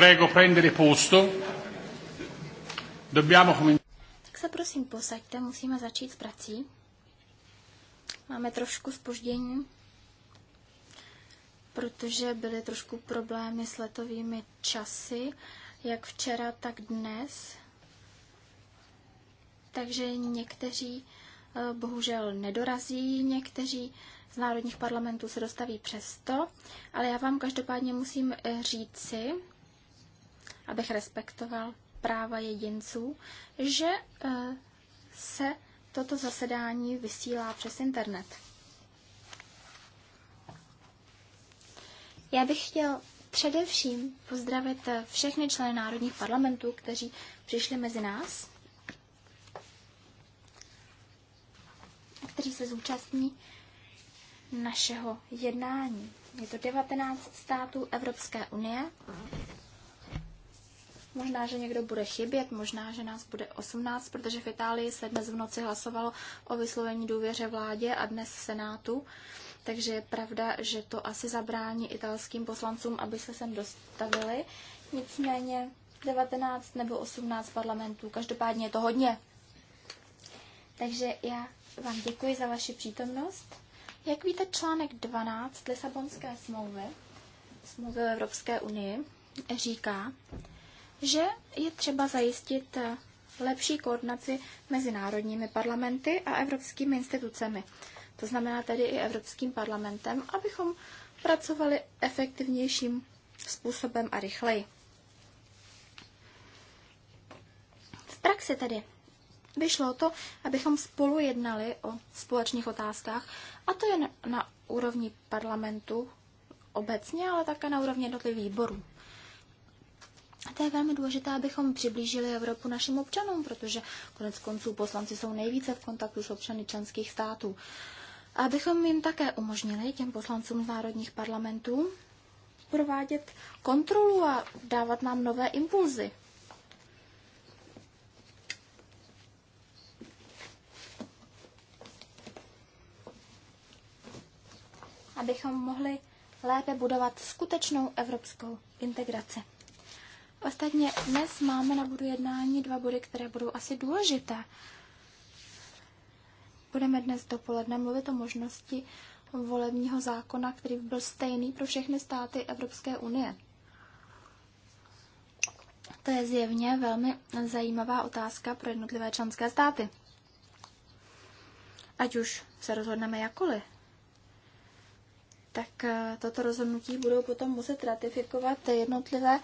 Prego prendere posto. Dobbiamo cominciare. Tak se prosím posaďte, musíme začít s prací. Máme trošku spoždění, protože byly trošku problémy s letovými časy, jak včera, tak dnes. Takže někteří eh, bohužel nedorazí, někteří z národních parlamentů se dostaví přesto, ale já vám každopádně musím eh, říci, abych respektoval práva jedinců, že eh, se toto zasedání vysílá přes internet. Já bych chtěl především pozdravit všechny členy národních parlamentů, kteří přišli mezi nás, kteří se zúčastní našeho jednání. Je to 19 států Evropské unie Možná, že někdo bude chybět, možná, že nás bude 18, protože v Itálii se dnes v noci hlasovalo o vyslovení důvěře vládě a dnes Senátu. Takže je pravda, že to asi zabrání italským poslancům, aby se sem dostavili. Nicméně 19 nebo 18 parlamentů, každopádně je to hodně. Takže já vám děkuji za vaši přítomnost. Jak víte, článek 12 Lisabonské smlouvy, smlouvy o Evropské unii, říká, že je třeba zajistit eh, lepší koordinaci mezi národními parlamenty a evropskými institucemi. To znamená tedy i Evropským parlamentem, abychom pracovali efektivnějším způsobem a rychleji. V praxi tedy vyšlo to, abychom spolu jednali o společných otázkách, a to je na úrovni parlamentu obecně, ale také na úrovni jednotlivých výborů. To je velmi důležité, abychom přiblížili Evropu našim občanům, protože konec konců poslanci jsou nejvíce v kontaktu s občany členských států. A abychom jim také umožnili, těm poslancům z národních parlamentů, provádět kontrolu a dávat nám nové impulzy. Abychom mohli lépe budovat skutečnou evropskou integraci. Ostatně dnes máme na budu jednání dva body, které budou asi důležité. Budeme dnes dopoledne mluvit o možnosti volebního zákona, který by byl stejný pro všechny státy Evropské unie. To je zjevně velmi zajímavá otázka pro jednotlivé členské státy. Ať už se rozhodneme jakoli, tak eh, toto rozhodnutí budou potom muset ratifikovat jednotlivé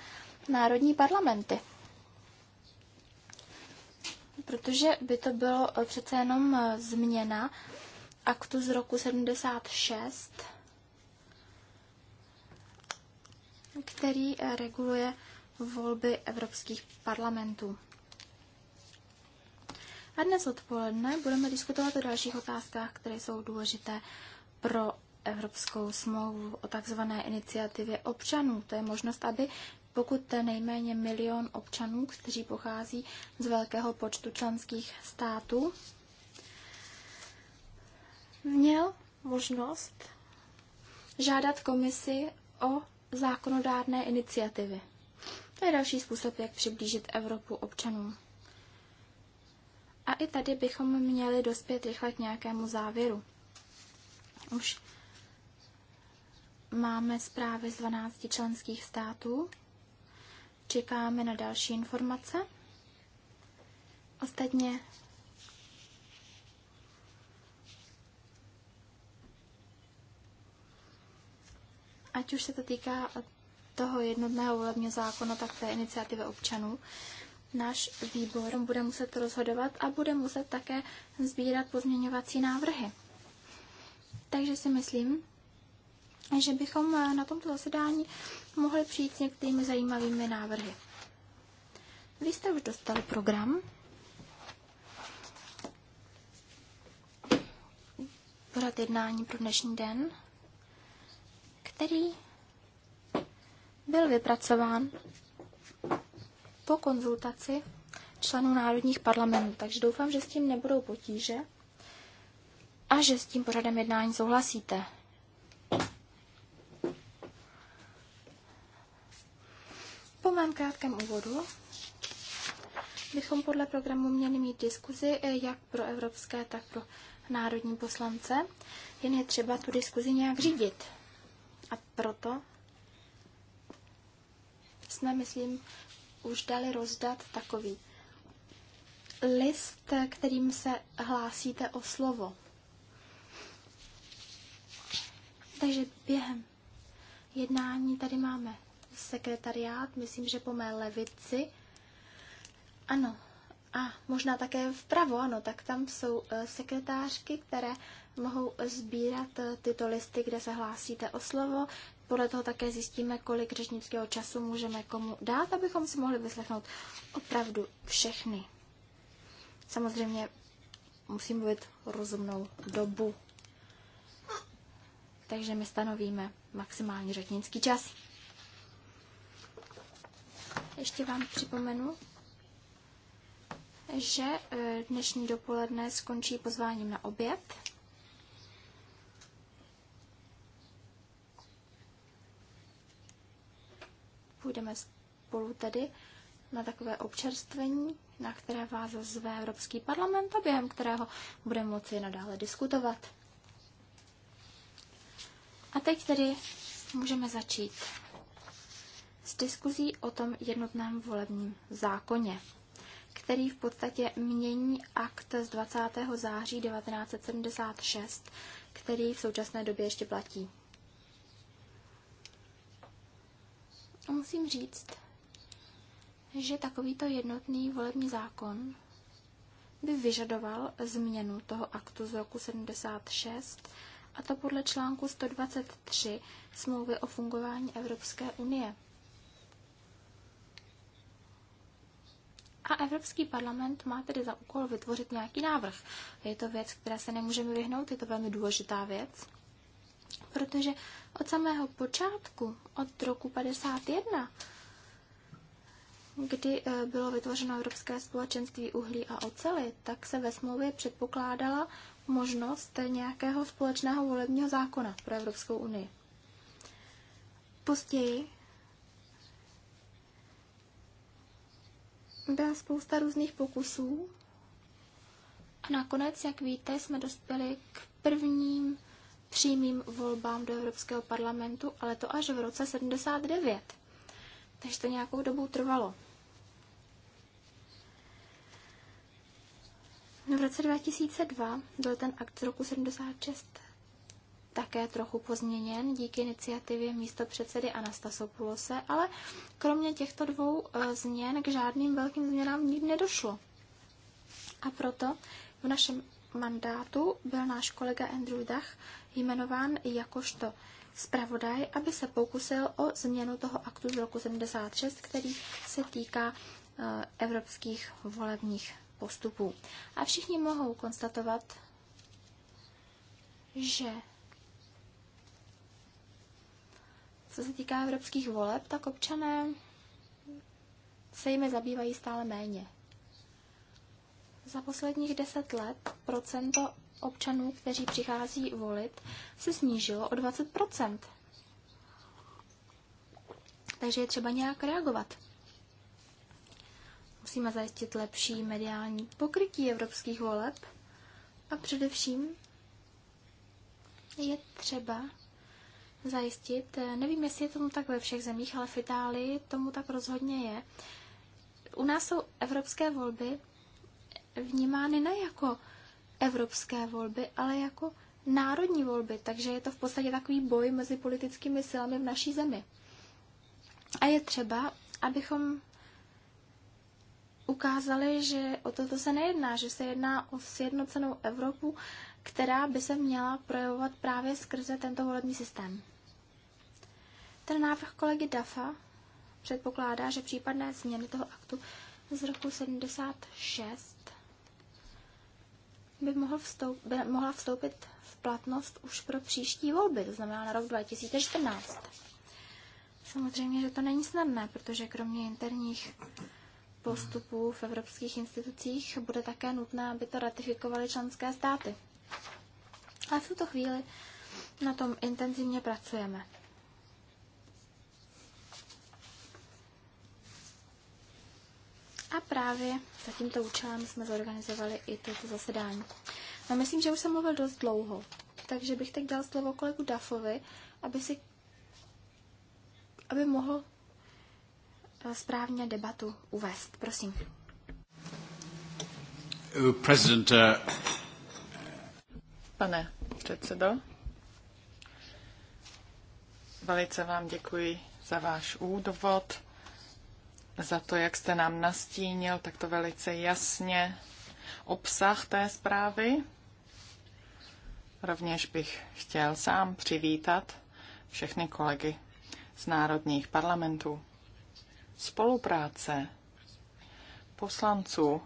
národní parlamenty. Protože by to bylo eh, přece jenom eh, změna aktu z roku 76, který eh, reguluje volby evropských parlamentů. A dnes odpoledne budeme diskutovat o dalších otázkách, které jsou důležité pro Evropskou smlouvu o takzvané iniciativě občanů. To je možnost, aby pokud nejméně milion občanů, kteří pochází z velkého počtu členských států, měl možnost žádat komisi o zákonodárné iniciativy. To je další způsob, jak přiblížit Evropu občanům. A i tady bychom měli dospět rychle k nějakému závěru. Už máme zprávy z 12 členských států, Čekáme na další informace. Ostatně ať už se to týká toho jednotného volebního zákona, tak té iniciativy občanů, náš výbor bude muset rozhodovat a bude muset také sbírat pozměňovací návrhy. Takže si myslím, že bychom eh, na tomto zasedání mohli přijít s některými zajímavými návrhy. Vy jste už dostali program. Pořad jednání pro dnešní den, který byl vypracován po konzultaci členů národních parlamentů, takže doufám, že s tím nebudou potíže a že s tím pořadem jednání souhlasíte. mém krátkém úvodu bychom podle programu měli mít diskuzi eh, jak pro evropské, tak pro národní poslance. Jen je třeba tu diskuzi nějak řídit. A proto jsme, myslím, už dali rozdat takový list, kterým se hlásíte o slovo. Takže během jednání tady máme sekretariát, myslím, že po mé levici. Ano, a možná také vpravo, ano, tak tam jsou eh, sekretářky, které mohou sbírat eh, tyto listy, kde se hlásíte o slovo. Podle toho také zjistíme, kolik řečnického času můžeme komu dát, abychom si mohli vyslechnout opravdu všechny. Samozřejmě musím mluvit rozumnou dobu. Takže my stanovíme maximální řečnický čas. Ještě vám připomenu, že e, dnešní dopoledne skončí pozváním na oběd. Půjdeme spolu tedy na takové občerstvení, na které vás zve Evropský parlament a během kterého budeme moci nadále diskutovat. A teď tedy můžeme začít s diskuzí o tom jednotném volebním zákoně, který v podstatě mění akt z 20. září 1976, který v současné době ještě platí. A musím říct, že takovýto jednotný volební zákon by vyžadoval změnu toho aktu z roku 76, a to podle článku 123 smlouvy o fungování Evropské unie. A Evropský parlament má tedy za úkol vytvořit nějaký návrh. Je to věc, která se nemůžeme vyhnout, je to velmi důležitá věc, protože od samého počátku, od roku 51, kdy eh, bylo vytvořeno Evropské společenství uhlí a ocely, tak se ve smlouvě předpokládala možnost nějakého společného volebního zákona pro Evropskou unii. Později byla spousta různých pokusů a nakonec, jak víte, jsme dospěli k prvním přímým volbám do Evropského parlamentu, ale to až v roce 79. Takže to nějakou dobu trvalo. V roce 2002 byl ten akt z roku 76 také trochu pozměněn díky iniciativě místo předsedy Anastasopulose, ale kromě těchto dvou eh, změn k žádným velkým změnám nikdy nedošlo. A proto v našem mandátu byl náš kolega Andrew Dach jmenován jakožto zpravodaj, aby se pokusil o změnu toho aktu z roku 76, který se týká eh, evropských volebních postupů. A všichni mohou konstatovat, že Co se týká evropských voleb, tak občané se jimi zabývají stále méně. Za posledních deset let procento občanů, kteří přichází volit, se snížilo o 20 Takže je třeba nějak reagovat. Musíme zajistit lepší mediální pokrytí evropských voleb a především je třeba zajistit. Eh, nevím, jestli je tomu tak ve všech zemích, ale v Itálii tomu tak rozhodně je. U nás jsou evropské volby vnímány ne jako evropské volby, ale jako národní volby, takže je to v podstatě takový boj mezi politickými silami v naší zemi. A je třeba, abychom ukázali, že o toto se nejedná, že se jedná o sjednocenou Evropu, která by se měla projevovat právě skrze tento volební systém. Ten návrh kolegy Dafa předpokládá, že případné změny toho aktu z roku 76 by, mohl vstoup, by mohla vstoupit v platnost už pro příští volby, to znamená na rok 2014. Samozřejmě, že to není snadné, protože kromě interních postupů v evropských institucích bude také nutné, aby to ratifikovaly členské státy. A v tuto chvíli na tom intenzivně pracujeme. A právě za tímto účelem jsme zorganizovali i toto zasedání. No, myslím, že už jsem mluvil dost dlouho, takže bych teď dal slovo kolegu Dafovi, aby si aby mohl eh, správně debatu uvést. Prosím. Uh, President, uh, Pane předsedo, velice vám děkuji za váš údovod za to, jak jste nám nastínil, tak to velice jasně obsah té zprávy. Rovněž bych chtěl sám přivítat všechny kolegy z národních parlamentů. Spolupráce poslanců,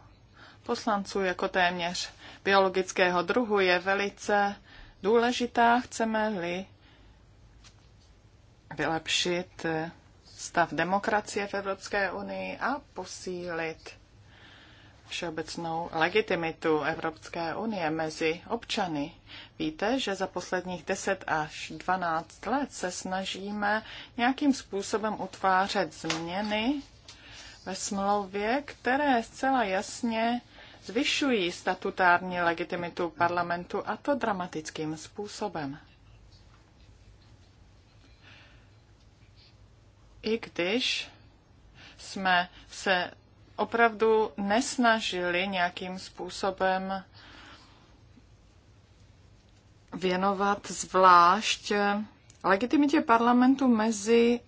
poslanců jako téměř biologického druhu je velice důležitá, chceme-li vylepšit stav demokracie v Evropské unii a posílit všeobecnou legitimitu Evropské unie mezi občany. Víte, že za posledních 10 až 12 let se snažíme nějakým způsobem utvářet změny ve smlouvě, které zcela jasně zvyšují statutární legitimitu parlamentu a to dramatickým způsobem. i když jsme se opravdu nesnažili nějakým způsobem věnovat zvlášť legitimitě parlamentu mezi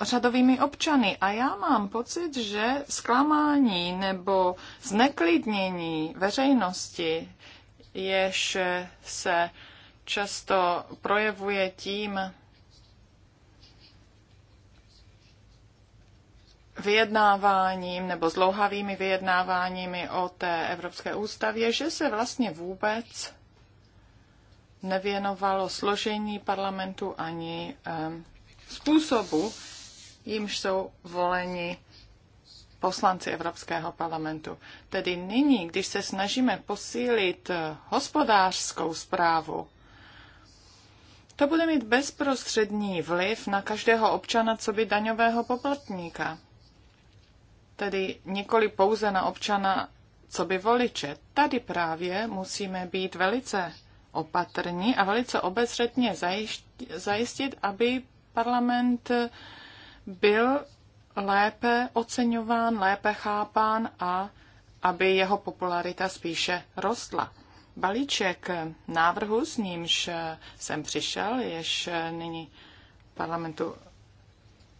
řadovými občany. A já mám pocit, že zklamání nebo zneklidnění veřejnosti, jež se často projevuje tím, vyjednáváním nebo zlouhavými vyjednáváními o té Evropské ústavě, že se vlastně vůbec nevěnovalo složení parlamentu ani způsobu, jimž jsou voleni poslanci Evropského parlamentu. Tedy nyní, když se snažíme posílit eh, hospodářskou zprávu, to bude mít bezprostřední vliv na každého občana, co by daňového poplatníka tedy nikoli pouze na občana, co by voliče. Tady právě musíme být velice opatrní a velice obezřetně zajistit, aby parlament byl lépe oceňován, lépe chápán a aby jeho popularita spíše rostla. Balíček návrhu, s nímž jsem přišel, jež nyní parlamentu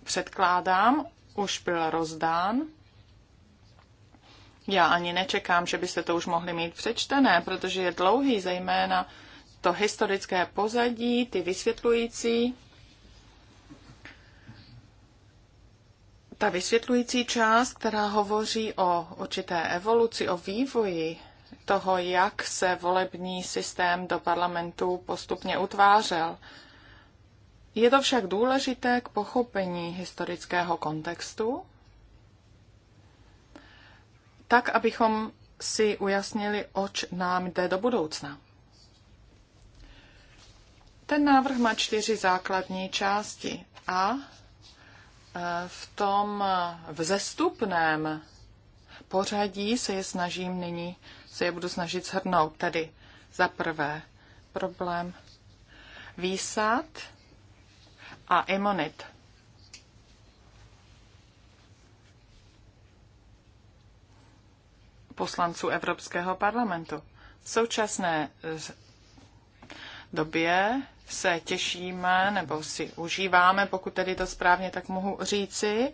předkládám, už byl rozdán já ani nečekám, že byste to už mohli mít přečtené, protože je dlouhý, zejména to historické pozadí, ty vysvětlující, ta vysvětlující část, která hovoří o určité evoluci, o vývoji toho, jak se volební systém do parlamentu postupně utvářel. Je to však důležité k pochopení historického kontextu tak abychom si ujasnili, oč nám jde do budoucna. Ten návrh má čtyři základní části a e, v tom vzestupném pořadí se je snažím nyní, se je budu snažit shrnout. Tedy za prvé problém výsad a imunit. poslanců Evropského parlamentu. V současné eh, době se těšíme, nebo si užíváme, pokud tedy to správně tak mohu říci,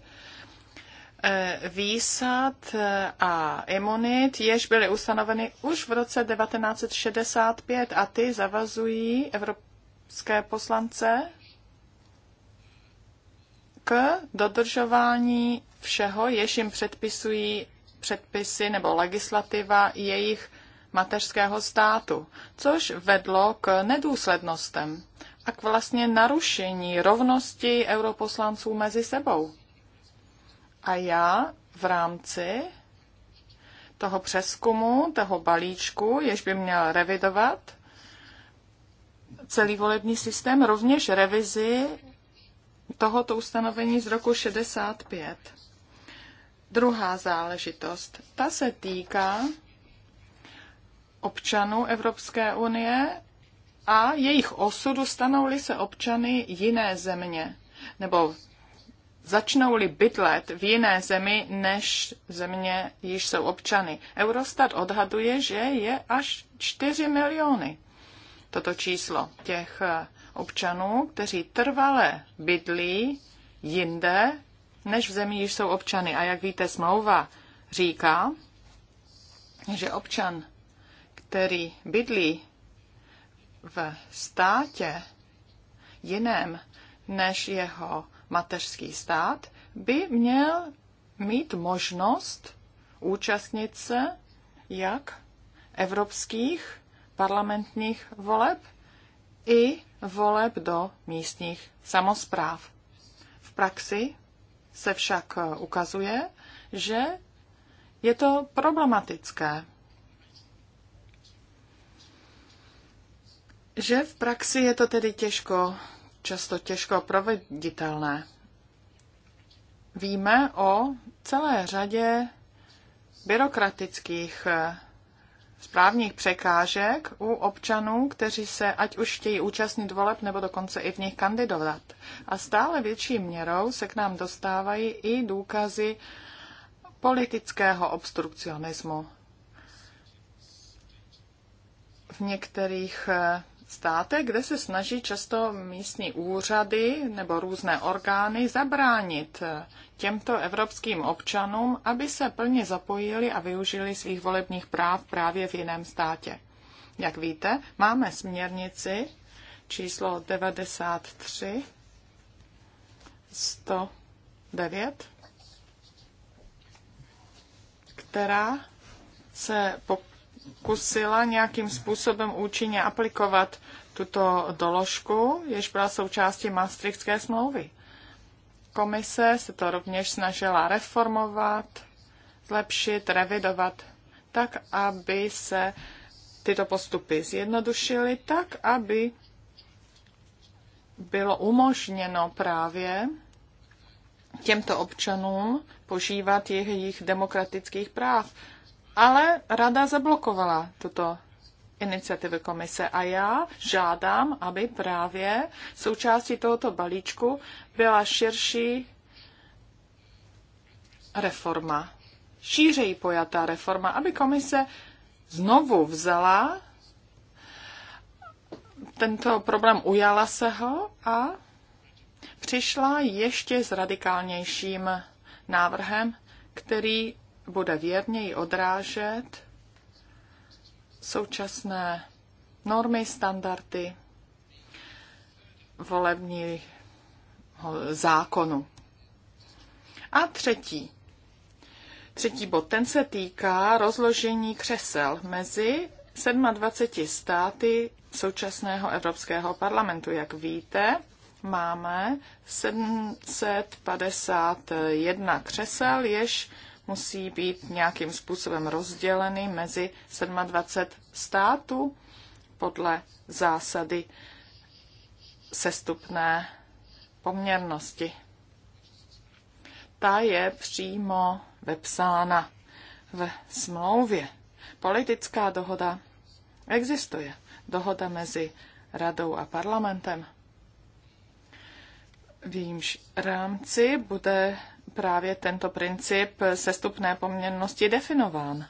eh, výsad eh, a imunit, jež byly ustanoveny už v roce 1965 a ty zavazují evropské poslance k dodržování všeho, jež jim předpisují předpisy nebo legislativa jejich mateřského státu, což vedlo k nedůslednostem a k vlastně narušení rovnosti europoslanců mezi sebou. A já v rámci toho přeskumu, toho balíčku, jež by měl revidovat celý volební systém, rovněž revizi tohoto ustanovení z roku 65. Druhá záležitost, ta se týká občanů Evropské unie a jejich osudu stanou-li se občany jiné země, nebo začnou-li bydlet v jiné zemi, než země již jsou občany. Eurostat odhaduje, že je až 4 miliony toto číslo těch občanů, kteří trvale bydlí jinde než v zemi již jsou občany. A jak víte, smlouva říká, že občan, který bydlí v státě jiném než jeho mateřský stát, by měl mít možnost účastnit se jak evropských parlamentních voleb, i voleb do místních samozpráv. V praxi se však eh, ukazuje, že je to problematické. Že v praxi je to tedy těžko, často těžko proveditelné. Víme o celé řadě byrokratických eh, správních překážek u občanů, kteří se ať už chtějí účastnit voleb nebo dokonce i v nich kandidovat. A stále větší měrou se k nám dostávají i důkazy politického obstrukcionismu. V některých eh, státech, kde se snaží často místní úřady nebo různé orgány zabránit eh, těmto evropským občanům, aby se plně zapojili a využili svých volebních práv právě v jiném státě. Jak víte, máme směrnici číslo 93 109, která se pokusila nějakým způsobem účinně aplikovat tuto doložku, jež byla součástí Maastrichtské smlouvy. Komise se to rovněž snažila reformovat, zlepšit, revidovat, tak, aby se tyto postupy zjednodušily, tak, aby bylo umožněno právě těmto občanům požívat jejich demokratických práv. Ale rada zablokovala tuto iniciativy komise. A já žádám, aby právě součástí tohoto balíčku byla širší reforma, šířeji pojatá reforma, aby komise znovu vzala tento problém, ujala se ho a přišla ještě s radikálnějším návrhem, který bude věrněji odrážet současné normy, standardy volebního zákonu. A třetí. Třetí bod, ten se týká rozložení křesel mezi 27 státy současného Evropského parlamentu. Jak víte, máme 751 křesel, jež musí být nějakým způsobem rozděleny mezi 27 států podle zásady sestupné poměrnosti. Ta je přímo vepsána v smlouvě. Politická dohoda existuje. Dohoda mezi radou a parlamentem. V jímž rámci bude právě tento princip sestupné poměrnosti definován.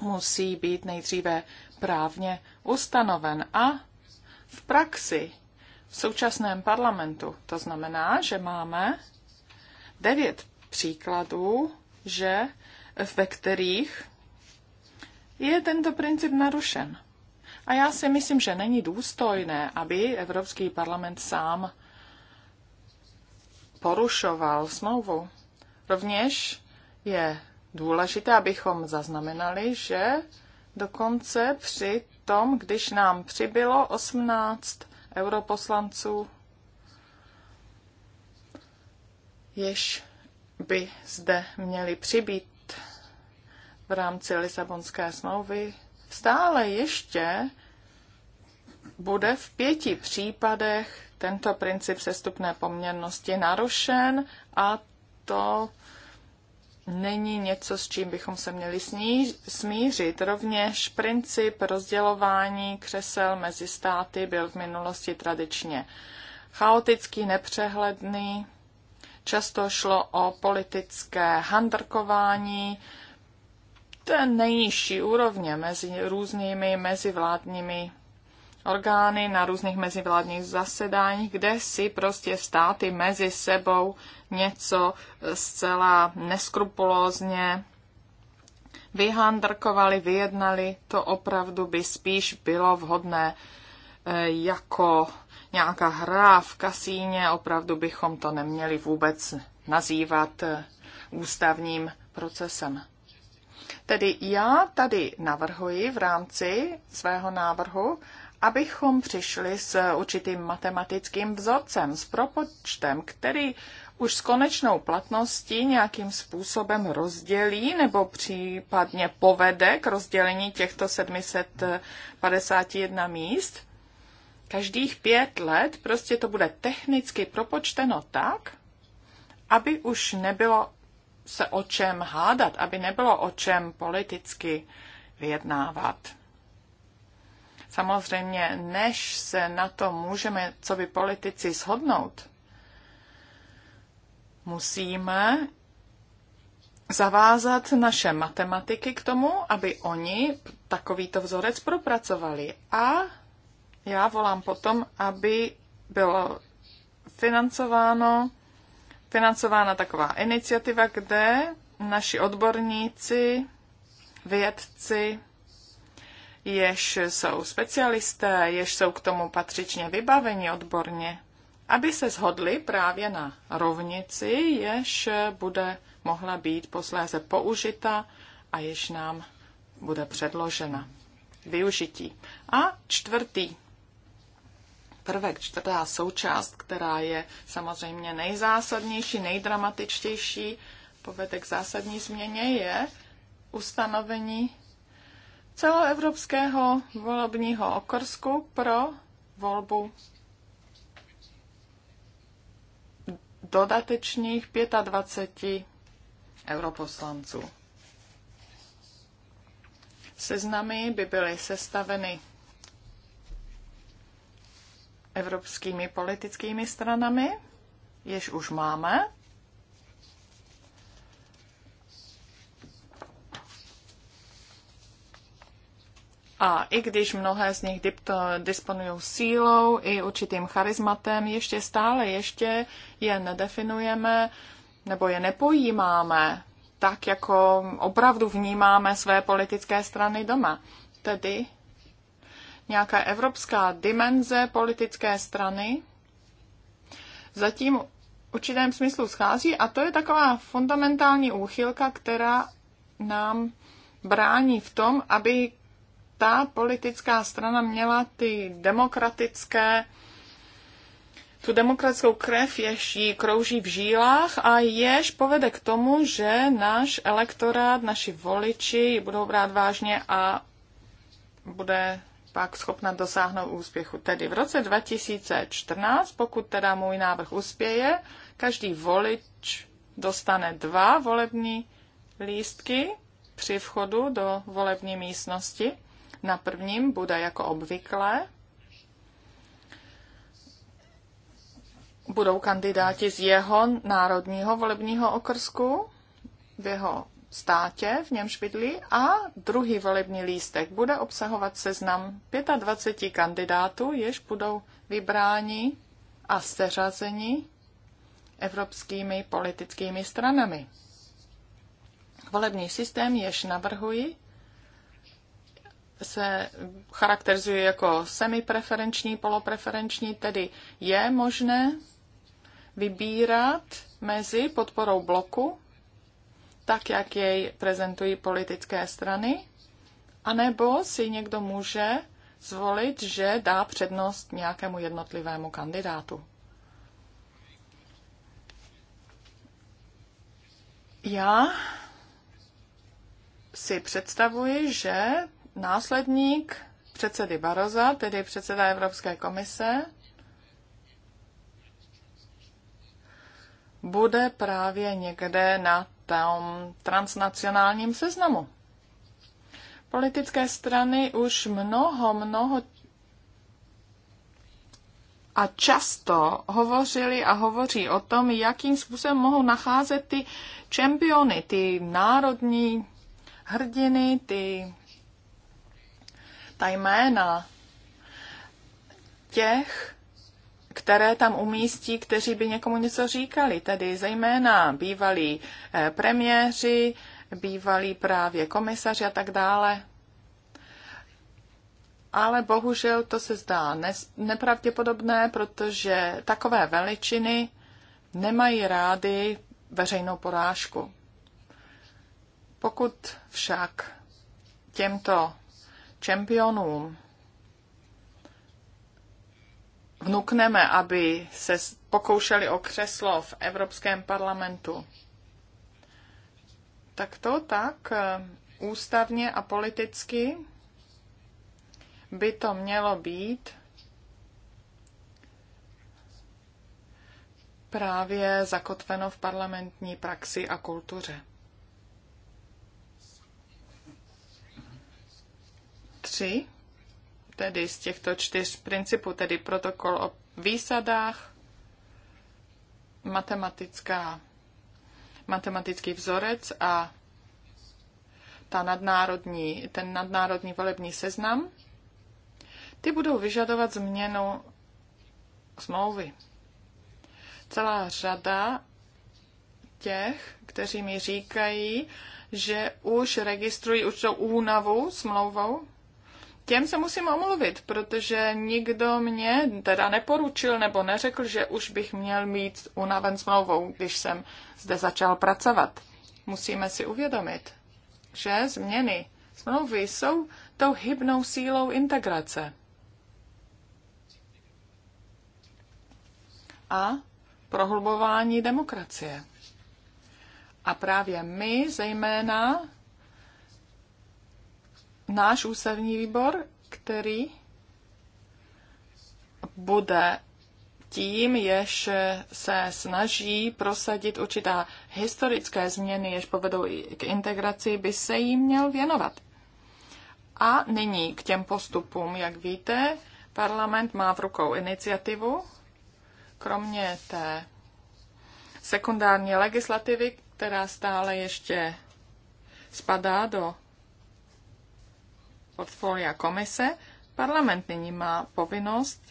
Musí být nejdříve právně ustanoven a v praxi v současném parlamentu. To znamená, že máme devět příkladů, že ve kterých je tento princip narušen. A já si myslím, že není důstojné, aby Evropský parlament sám porušoval smlouvu. Rovněž je důležité, abychom zaznamenali, že dokonce při tom, když nám přibylo 18 europoslanců, jež by zde měli přibít v rámci Lisabonské smlouvy, stále ještě bude v pěti případech tento princip sestupné poměrnosti narušen a to není něco, s čím bychom se měli sníž, smířit. Rovněž princip rozdělování křesel mezi státy byl v minulosti tradičně chaotický, nepřehledný. Často šlo o politické handrkování té nejnižší úrovně mezi různými mezivládními orgány na různých mezivládních zasedáních, kde si prostě státy mezi sebou něco eh, zcela neskrupulózně vyhandrkovali, vyjednali, to opravdu by spíš bylo vhodné eh, jako nějaká hra v kasíně, opravdu bychom to neměli vůbec nazývat eh, ústavním procesem. Tedy já tady navrhuji v rámci svého návrhu, abychom přišli s určitým matematickým vzorcem, s propočtem, který už s konečnou platností nějakým způsobem rozdělí nebo případně povede k rozdělení těchto 751 míst. Každých pět let prostě to bude technicky propočteno tak, aby už nebylo se o čem hádat, aby nebylo o čem politicky vyjednávat. Samozřejmě, než se na to můžeme, co by politici, shodnout, musíme zavázat naše matematiky k tomu, aby oni takovýto vzorec propracovali. A já volám potom, aby bylo financováno, financována taková iniciativa, kde naši odborníci, vědci, jež jsou specialisté, jež jsou k tomu patřičně vybaveni odborně, aby se shodli právě na rovnici, jež bude mohla být posléze použita a jež nám bude předložena využití. A čtvrtý prvek, čtvrtá součást, která je samozřejmě nejzásadnější, nejdramatičtější, povede k zásadní změně, je ustanovení celoevropského volebního okrsku pro volbu dodatečných 25 europoslanců. Seznamy by byly sestaveny evropskými politickými stranami, jež už máme, A i když mnohé z nich disponují sílou i určitým charizmatem, ještě stále ještě je nedefinujeme nebo je nepojímáme tak, jako opravdu vnímáme své politické strany doma. Tedy nějaká evropská dimenze politické strany zatím v určitém smyslu schází a to je taková fundamentální úchylka, která nám brání v tom, aby ta politická strana měla ty demokratické tu demokratickou krev, jež ji krouží v žílách a jež povede k tomu, že náš elektorát, naši voliči ji budou brát vážně a bude pak schopna dosáhnout úspěchu. Tedy v roce 2014, pokud teda můj návrh uspěje, každý volič dostane dva volební lístky při vchodu do volební místnosti na prvním bude jako obvykle budou kandidáti z jeho národního volebního okrsku v jeho státě, v němž bydlí, a druhý volební lístek bude obsahovat seznam 25 kandidátů, jež budou vybráni a seřazeni evropskými politickými stranami. Volební systém, jež navrhuji, se charakterizuje jako semipreferenční, polopreferenční, tedy je možné vybírat mezi podporou bloku, tak jak jej prezentují politické strany, anebo si někdo může zvolit, že dá přednost nějakému jednotlivému kandidátu. Já si představuji, že následník předsedy Baroza, tedy předseda Evropské komise, bude právě někde na tom transnacionálním seznamu. Politické strany už mnoho, mnoho a často hovořili a hovoří o tom, jakým způsobem mohou nacházet ty čempiony, ty národní hrdiny, ty ta jména těch, které tam umístí, kteří by někomu něco říkali, tedy zejména bývalí eh, premiéři, bývalí právě komisaři a tak dále. Ale bohužel to se zdá nepravděpodobné, protože takové veličiny nemají rády veřejnou porážku. Pokud však těmto čempionům vnukneme, aby se pokoušeli o křeslo v Evropském parlamentu, tak to tak eh, ústavně a politicky by to mělo být právě zakotveno v parlamentní praxi a kultuře. tři, tedy z těchto čtyř principů, tedy protokol o výsadách, matematická, matematický vzorec a ta nadnárodní, ten nadnárodní volební seznam, ty budou vyžadovat změnu smlouvy. Celá řada těch, kteří mi říkají, že už registrují určitou únavu smlouvou, těm se musím omluvit, protože nikdo mě teda neporučil nebo neřekl, že už bych měl mít unaven smlouvou, když jsem zde začal pracovat. Musíme si uvědomit, že změny smlouvy jsou tou hybnou sílou integrace. A prohlubování demokracie. A právě my, zejména náš ústavní výbor, který bude tím, jež se snaží prosadit určitá historické změny, jež povedou i k integraci, by se jí měl věnovat. A nyní k těm postupům. Jak víte, parlament má v rukou iniciativu, kromě té sekundární legislativy, která stále ještě spadá do portfolia komise, parlament nyní má povinnost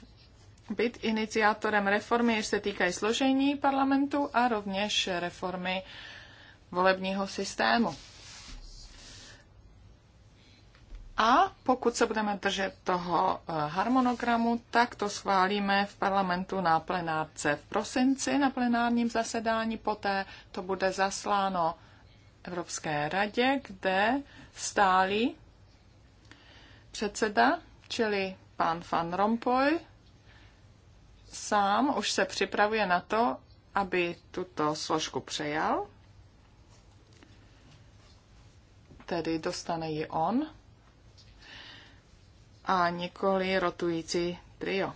být iniciátorem reformy, jež se týkají složení parlamentu a rovněž reformy volebního systému. A pokud se budeme držet toho eh, harmonogramu, tak to schválíme v parlamentu na plenárce v prosinci na plenárním zasedání. Poté to bude zasláno Evropské radě, kde stálí předseda, čili pan Van Rompuy, sám už se připravuje na to, aby tuto složku přejal, tedy dostane ji on a nikoli rotující trio.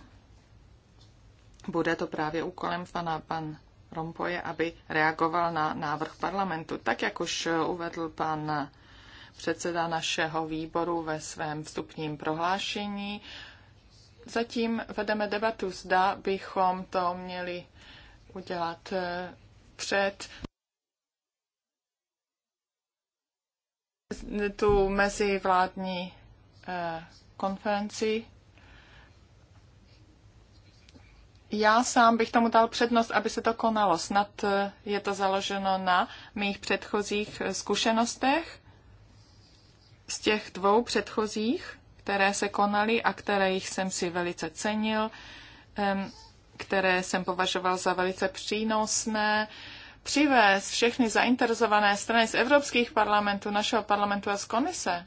Bude to právě úkolem pana pan Rompoje, aby reagoval na návrh parlamentu. Tak, jak už uvedl pan předseda našeho výboru ve svém vstupním prohlášení. Zatím vedeme debatu, zda bychom to měli udělat eh, před tu mezivládní eh, konferenci. Já sám bych tomu dal přednost, aby se to konalo. Snad eh, je to založeno na mých předchozích zkušenostech z těch dvou předchozích, které se konaly a které jich jsem si velice cenil, které jsem považoval za velice přínosné, přivést všechny zainteresované strany z evropských parlamentů, našeho parlamentu a z komise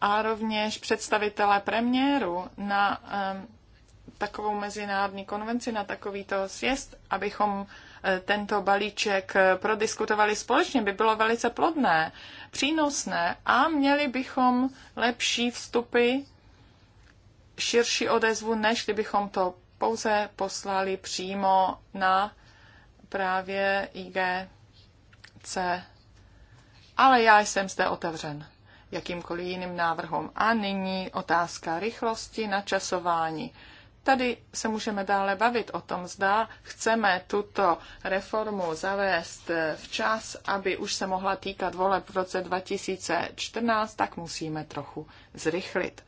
a rovněž představitele premiéru na takovou mezinárodní konvenci, na takovýto sjezd, abychom tento balíček prodiskutovali společně, by bylo velice plodné, přínosné a měli bychom lepší vstupy, širší odezvu, než kdybychom to pouze poslali přímo na právě IGC. Ale já jsem zde otevřen jakýmkoliv jiným návrhům. A nyní otázka rychlosti na časování Tady se můžeme dále bavit o tom, zda chceme tuto reformu zavést včas, aby už se mohla týkat voleb v roce 2014, tak musíme trochu zrychlit.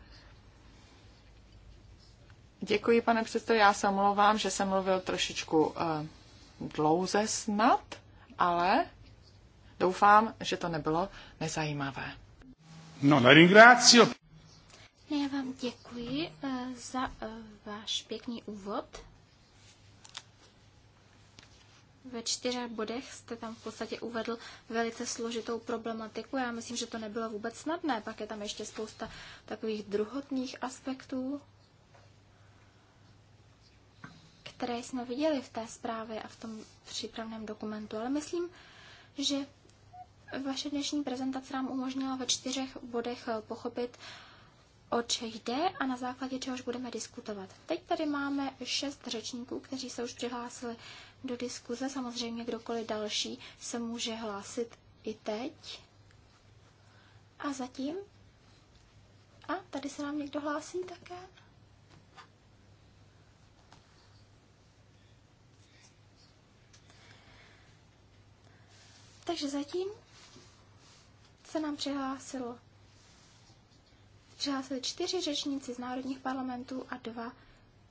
Děkuji, pane předsedo. Já se omlouvám, že jsem mluvil trošičku eh, dlouze snad, ale doufám, že to nebylo nezajímavé. No, no ringrazio. Já vám děkuji eh, za eh, váš pěkný úvod. Ve čtyřech bodech jste tam v podstatě uvedl velice složitou problematiku. Já myslím, že to nebylo vůbec snadné. Pak je tam ještě spousta takových druhotných aspektů, které jsme viděli v té zprávě a v tom přípravném dokumentu. Ale myslím, že vaše dnešní prezentace nám umožnila ve čtyřech bodech eh, pochopit, O oč jde a na základě čehož budeme diskutovat. Teď tady máme šest řečníků, kteří se už přihlásili do diskuze. Samozřejmě kdokoliv další se může hlásit i teď. A zatím... A tady se nám někdo hlásí také? Takže zatím se nám přihlásilo přihlásili čtyři řečníci z národních parlamentů a dva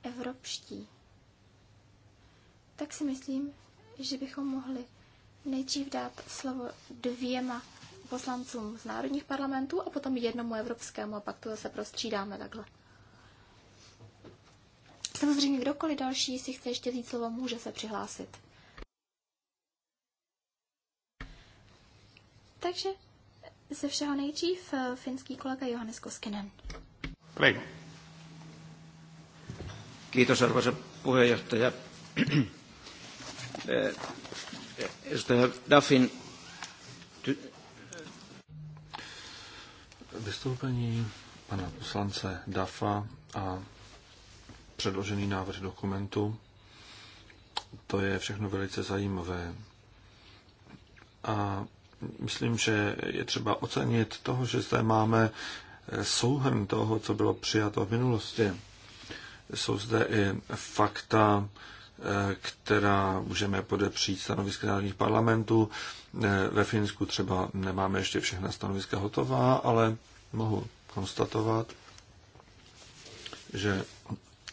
evropští. Tak si myslím, že bychom mohli nejdřív dát slovo dvěma poslancům z národních parlamentů a potom jednomu evropskému a pak to zase prostřídáme takhle. Samozřejmě kdokoliv další si chce ještě říct slovo, může se přihlásit. Takže ze všeho nejdřív eh, finský kolega Johannes Koskinen. Prego. Kiitos arvoisa puheenjohtaja. Eh, edustaja Duffin vystoupení pana poslance Dafa a předložený návrh dokumentu, to je všechno velice zajímavé. A myslím, že je třeba ocenit toho, že zde máme eh, souhrn toho, co bylo přijato v minulosti. Jsou zde i fakta, eh, která můžeme podepřít stanoviska národních parlamentů. Eh, ve Finsku třeba nemáme ještě všechna stanoviska hotová, ale mohu konstatovat, že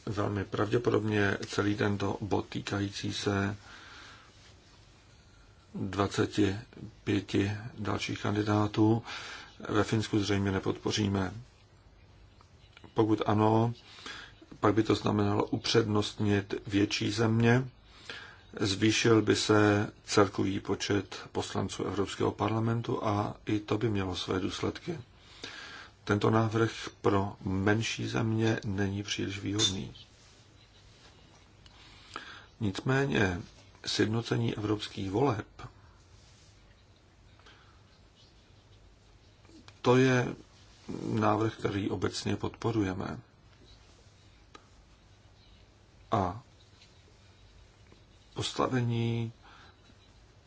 velmi pravděpodobně celý tento bod týkající se 25 dalších kandidátů ve Finsku zřejmě nepodpoříme. Pokud ano, pak by to znamenalo upřednostnit větší země, zvýšil by se celkový počet poslanců Evropského parlamentu a i to by mělo své důsledky. Tento návrh pro menší země není příliš výhodný. Nicméně sjednocení evropských voleb, to je návrh, který obecně podporujeme. A postavení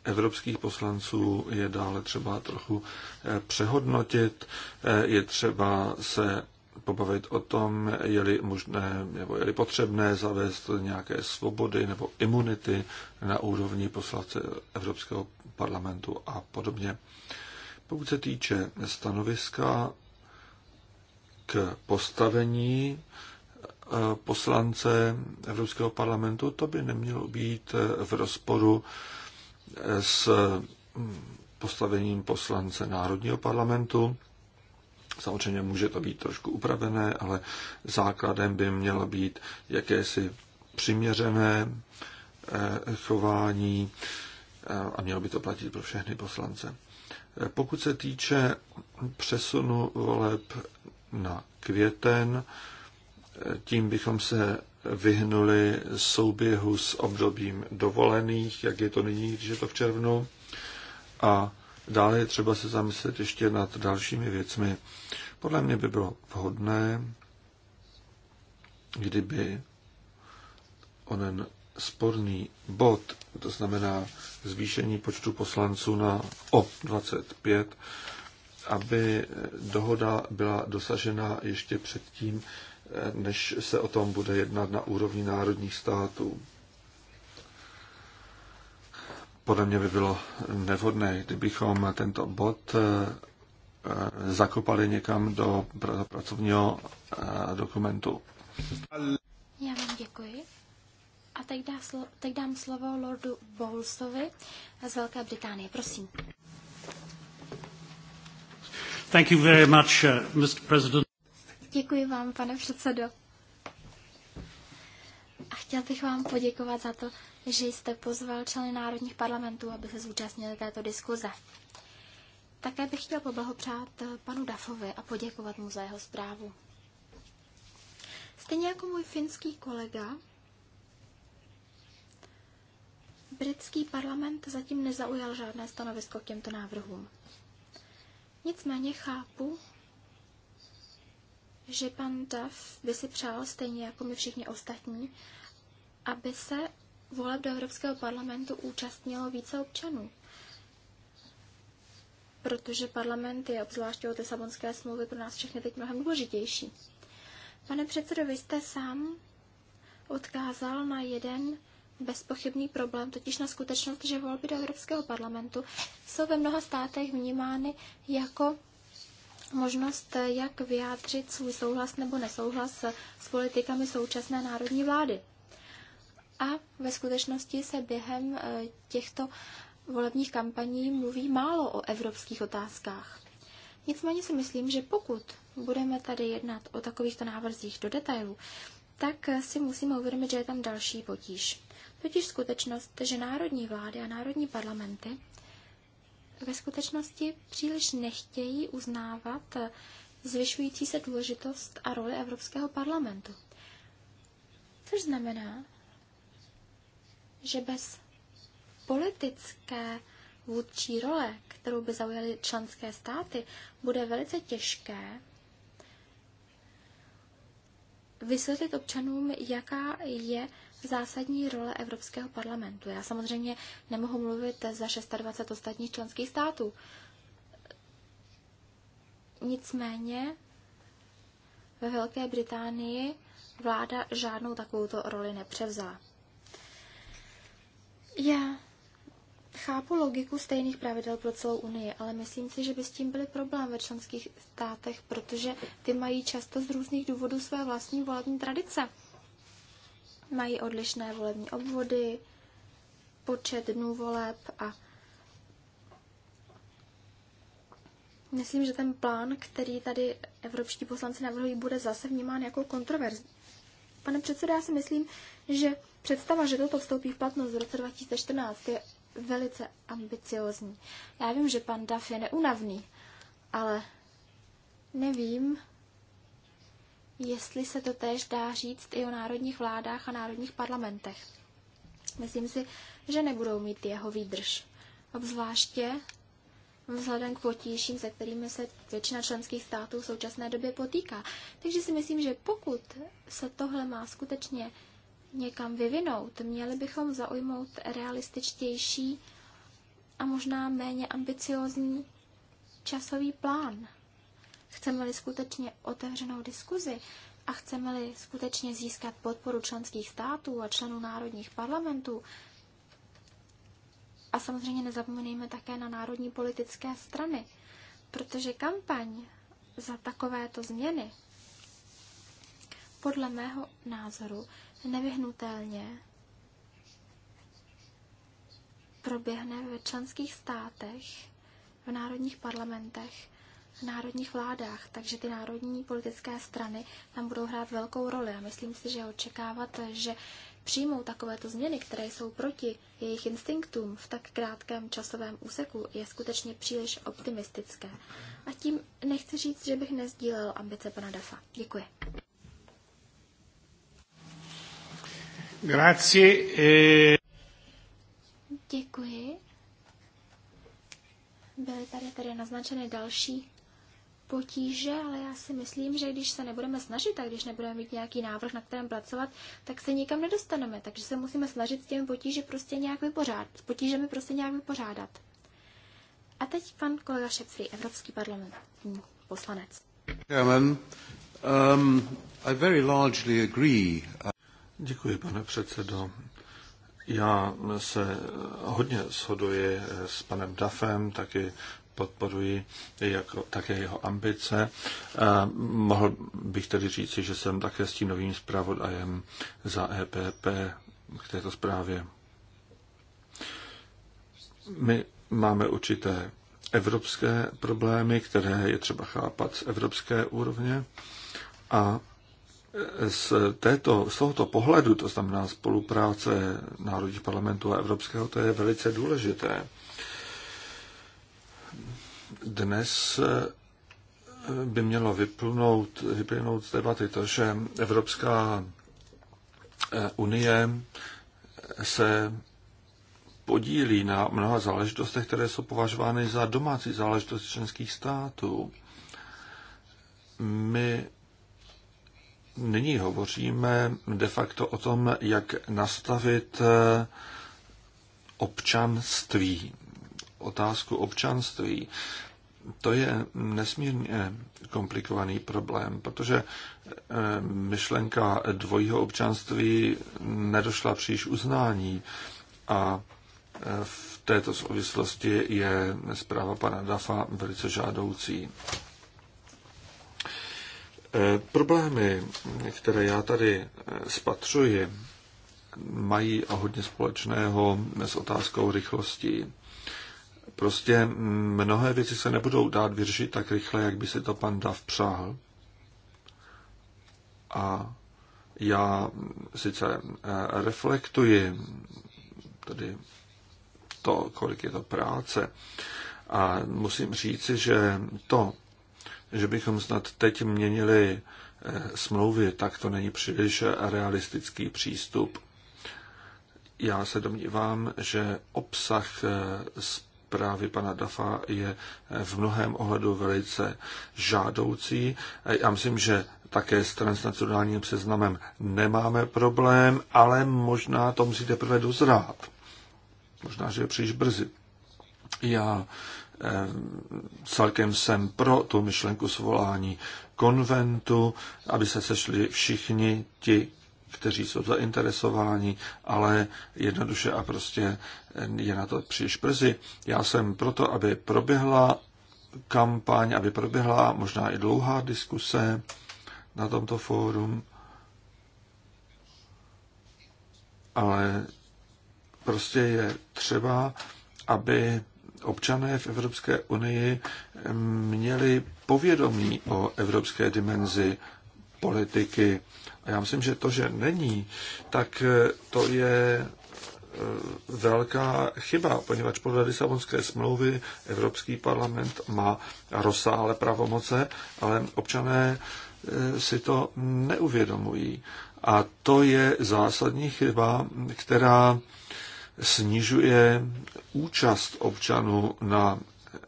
evropských poslanců je dále třeba trochu eh, přehodnotit, eh, je třeba se pobavit o tom, je-li možné nebo je-li potřebné zavést nějaké svobody nebo imunity na úrovni poslance Evropského parlamentu a podobně. Pokud se týče stanoviska k postavení eh, poslance Evropského parlamentu, to by nemělo být eh, v rozporu eh, s mm, postavením poslance Národního parlamentu Samozřejmě může to být trošku upravené, ale základem by mělo být jakési přiměřené eh, chování eh, a mělo by to platit pro všechny poslance. Eh, pokud se týče přesunu voleb na květen, tím bychom se vyhnuli souběhu s obdobím dovolených, jak je to nyní, když je to v červnu. A Dále je třeba se zamyslet ještě nad dalšími věcmi. Podle mě by bylo vhodné, kdyby onen sporný bod, to znamená zvýšení počtu poslanců na o 25, aby dohoda byla dosažena ještě předtím, než se o tom bude jednat na úrovni národních států podle mě by bylo nevhodné, kdybychom tento bod eh, zakopali někam do pracovního eh, dokumentu. Já vám děkuji. A teď, dá slo- teď dám slovo Lordu Bowlesovi z Velké Británie. Prosím. Thank you very much, uh, Mr. President. Děkuji vám, pane předsedo. A chtěl bych vám poděkovat za to, že jste pozval členy národních parlamentů, aby se zúčastnili této diskuze. Také bych chtěl poblahopřát eh, panu Dafovi a poděkovat mu za jeho zprávu. Stejně jako můj finský kolega, britský parlament zatím nezaujal žádné stanovisko k těmto návrhům. Nicméně chápu, že pan Duff by si přál, stejně jako my všichni ostatní, aby se voleb do Evropského parlamentu účastnilo více občanů. Protože parlament je obzvláště od Lisabonské smlouvy pro nás všechny teď mnohem důležitější. Pane předsedo, vy jste sám odkázal na jeden bezpochybný problém, totiž na skutečnost, že volby do Evropského parlamentu jsou ve mnoha státech vnímány jako možnost, jak vyjádřit svůj souhlas nebo nesouhlas s politikami současné národní vlády. A ve skutečnosti se během e, těchto volebních kampaní mluví málo o evropských otázkách. Nicméně si myslím, že pokud budeme tady jednat o takovýchto návrzích do detailů, tak e, si musíme uvědomit, že je tam další potíž. Totiž skutečnost, že národní vlády a národní parlamenty ve skutečnosti příliš nechtějí uznávat e, zvyšující se důležitost a roli Evropského parlamentu. Což znamená, že bez politické vůdčí role, kterou by zaujaly členské státy, bude velice těžké vysvětlit občanům, jaká je zásadní role Evropského parlamentu. Já samozřejmě nemohu mluvit za 26 ostatních členských států. Nicméně ve Velké Británii vláda žádnou takovouto roli nepřevzala. Já chápu logiku stejných pravidel pro celou Unii, ale myslím si, že by s tím byly problém ve členských státech, protože ty mají často z různých důvodů své vlastní volební tradice. Mají odlišné volební obvody, počet dnů voleb a Myslím, že ten plán, který tady evropští poslanci navrhují, bude zase vnímán jako kontroverzní. Pane předsedo, já si myslím, že představa, že toto vstoupí v platnost v roce 2014, je velice ambiciozní. Já vím, že pan Duff je neunavný, ale nevím, jestli se to též dá říct i o národních vládách a národních parlamentech. Myslím si, že nebudou mít jeho výdrž. Obzvláště vzhledem k potížím, se kterými se většina členských států v současné době potýká. Takže si myslím, že pokud se tohle má skutečně někam vyvinout, měli bychom zaujmout realističtější a možná méně ambiciozní časový plán. Chceme-li skutečně otevřenou diskuzi a chceme-li skutečně získat podporu členských států a členů národních parlamentů, a samozřejmě nezapomeňme také na národní politické strany, protože kampaň za takovéto změny podle mého názoru nevyhnutelně proběhne ve členských státech, v národních parlamentech, v národních vládách, takže ty národní politické strany tam budou hrát velkou roli a myslím si, že očekávat, že přijmou takovéto změny, které jsou proti jejich instinktům v tak krátkém časovém úseku, je skutečně příliš optimistické. A tím nechci říct, že bych nezdílel ambice pana Dafa. Děkuji. Grazie. Eh. Děkuji. Byly tady tady naznačeny další potíže, ale já si myslím, že když se nebudeme snažit a když nebudeme mít nějaký návrh, na kterém pracovat, tak se nikam nedostaneme. Takže se musíme snažit s těmi potíži prostě nějak vypořádat. S potížemi prostě nějak vypořádat. A teď pan kolega Šepfrý, Evropský parlament, poslanec. Chairman, um, I very largely agree. Děkuji, pane předsedo. Já se hodně shoduji s panem Dafem, taky podporuji jako, také jeho ambice. A mohl bych tedy říci, že jsem také s tím novým zpravodajem za EPP k této zprávě. My máme určité evropské problémy, které je třeba chápat z evropské úrovně a z, této, z tohoto pohledu, to znamená spolupráce národních parlamentů a evropského, to je velice důležité. Dnes eh, by mělo vyplnout, vyplnout z debaty to, že Evropská eh, unie eh, se podílí na mnoha záležitostech, které jsou považovány za domácí záležitosti členských států. My nyní hovoříme de facto o tom, jak nastavit občanství otázku občanství. To je nesmírně komplikovaný problém, protože eh, myšlenka dvojího občanství nedošla příliš uznání a eh, v této souvislosti je zpráva pana Dafa velice žádoucí. Eh, problémy, které já tady spatřuji, mají a hodně společného s otázkou rychlosti. Prostě mnohé věci se nebudou dát vyřešit tak rychle, jak by si to pan Dav přál. A já sice eh, reflektuji tedy to, kolik je to práce. A musím říci, že to, že bychom snad teď měnili eh, smlouvy, tak to není příliš realistický přístup. Já se domnívám, že obsah eh, právě pana Dafa je v mnohem ohledu velice žádoucí. Já myslím, že také s transnacionálním seznamem nemáme problém, ale možná to musí teprve dozrát. Možná, že je příliš brzy. Já eh, celkem jsem pro tu myšlenku svolání konventu, aby se sešli všichni ti, kteří jsou zainteresováni, ale jednoduše a prostě je na to příliš brzy. Já jsem proto, aby proběhla kampaň, aby proběhla možná i dlouhá diskuse na tomto fórum, ale prostě je třeba, aby občané v Evropské unii měli povědomí o evropské dimenzi politiky já myslím, že to, že není, tak eh, to je eh, velká chyba, poněvadž podle Lisabonské smlouvy Evropský parlament má rozsáhlé pravomoce, ale občané eh, si to neuvědomují. A to je zásadní chyba, která snižuje účast občanů na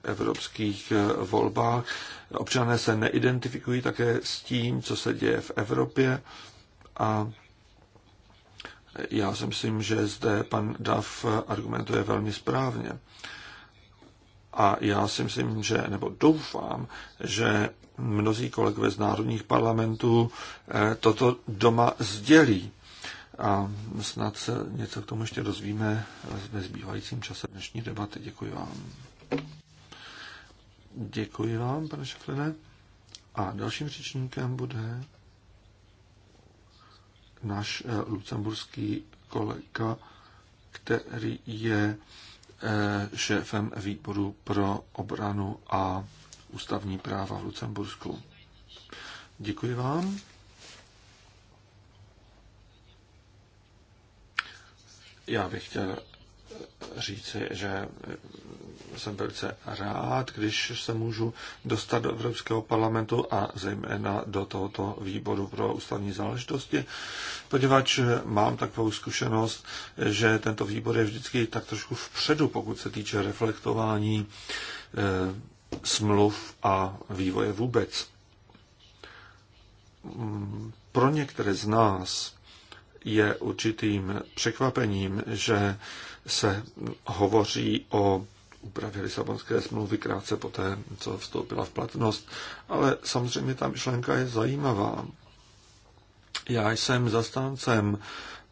evropských volbách. Občané se neidentifikují také s tím, co se děje v Evropě a já si myslím, že zde pan Duff argumentuje velmi správně. A já si myslím, že, nebo doufám, že mnozí kolegové z národních parlamentů eh, toto doma sdělí. A snad se něco k tomu ještě dozvíme ve zbývajícím čase dnešní debaty. Děkuji vám. Děkuji vám, pane Šafline. A dalším řečníkem bude náš eh, lucemburský kolega, který je eh, šéfem výboru pro obranu a ústavní práva v Lucembursku. Děkuji vám. Já bych chtěl říci, že jsem velice rád, když se můžu dostat do Evropského parlamentu a zejména do tohoto výboru pro ústavní záležitosti, poněvadž mám takovou zkušenost, že tento výbor je vždycky tak trošku vpředu, pokud se týče reflektování eh, smluv a vývoje vůbec. Pro některé z nás je určitým překvapením, že se hovoří o úpravě Lisabonské smlouvy krátce poté, co vstoupila v platnost, ale samozřejmě ta myšlenka je zajímavá. Já jsem zastáncem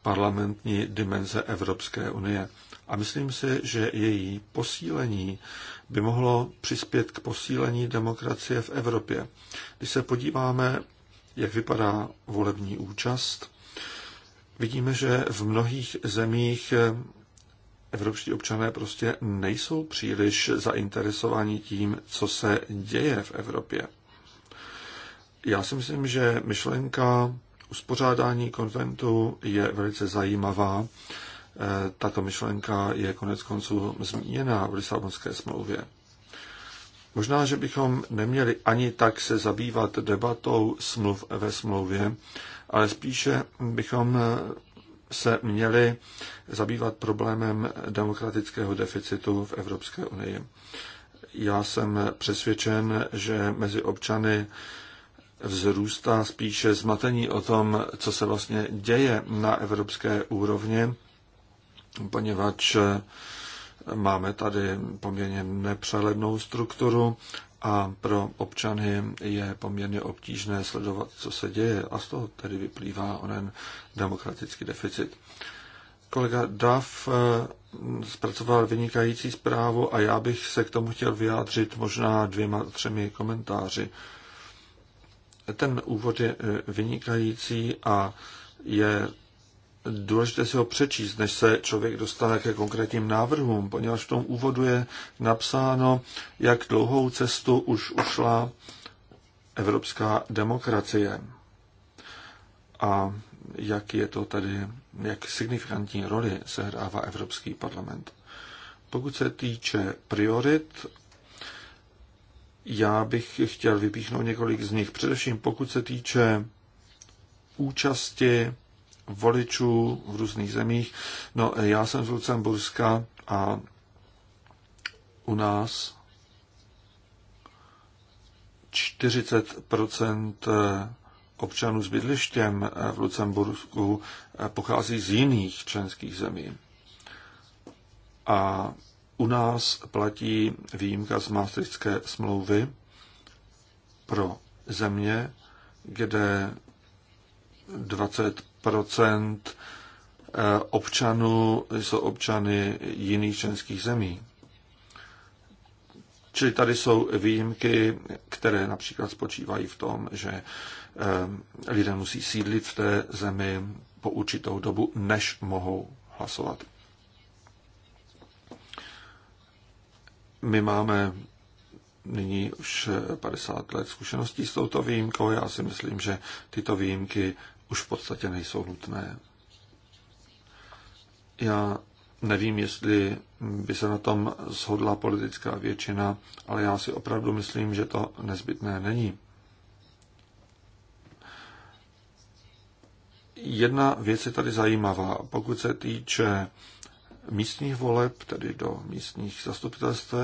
parlamentní dimenze Evropské unie a myslím si, že její posílení by mohlo přispět k posílení demokracie v Evropě. Když se podíváme, jak vypadá volební účast, vidíme, že v mnohých zemích evropští občané prostě nejsou příliš zainteresovaní tím, co se děje v Evropě. Já si myslím, že myšlenka uspořádání konventu je velice zajímavá. E, tato myšlenka je konec konců zmíněna v Lisabonské smlouvě. Možná, že bychom neměli ani tak se zabývat debatou smluv ve smlouvě, ale spíše bychom se měli zabývat problémem demokratického deficitu v Evropské unii. Já jsem přesvědčen, že mezi občany vzrůstá spíše zmatení o tom, co se vlastně děje na evropské úrovni, poněvadž máme tady poměrně nepřehlednou strukturu a pro občany je poměrně obtížné sledovat, co se děje a z toho tedy vyplývá onen demokratický deficit. Kolega Duff eh, zpracoval vynikající zprávu a já bych se k tomu chtěl vyjádřit možná dvěma, třemi komentáři. Ten úvod je eh, vynikající a je důležité si ho přečíst, než se člověk dostane ke konkrétním návrhům, poněvadž v tom úvodu je napsáno, jak dlouhou cestu už ušla evropská demokracie a jak je to tady, jak signifikantní roli sehrává Evropský parlament. Pokud se týče priorit, já bych chtěl vypíchnout několik z nich. Především pokud se týče účasti voličů v různých zemích. No, já jsem z Lucemburska a u nás 40 eh, občanů s bydlištěm eh, v Lucembursku eh, pochází z jiných členských zemí. A u nás platí výjimka z Maastrichtské smlouvy pro země, kde 20 Eh, občanů jsou občany jiných členských zemí. Čili tady jsou výjimky, které například spočívají v tom, že eh, lidé musí sídlit v té zemi po určitou dobu, než mohou hlasovat. My máme nyní už 50 eh, let zkušeností s touto výjimkou. Já si myslím, že tyto výjimky už v podstatě nejsou nutné. Já nevím, jestli by se na tom shodla politická většina, ale já si opravdu myslím, že to nezbytné není. Jedna věc je tady zajímavá. Pokud se týče místních voleb, tedy do místních zastupitelstv,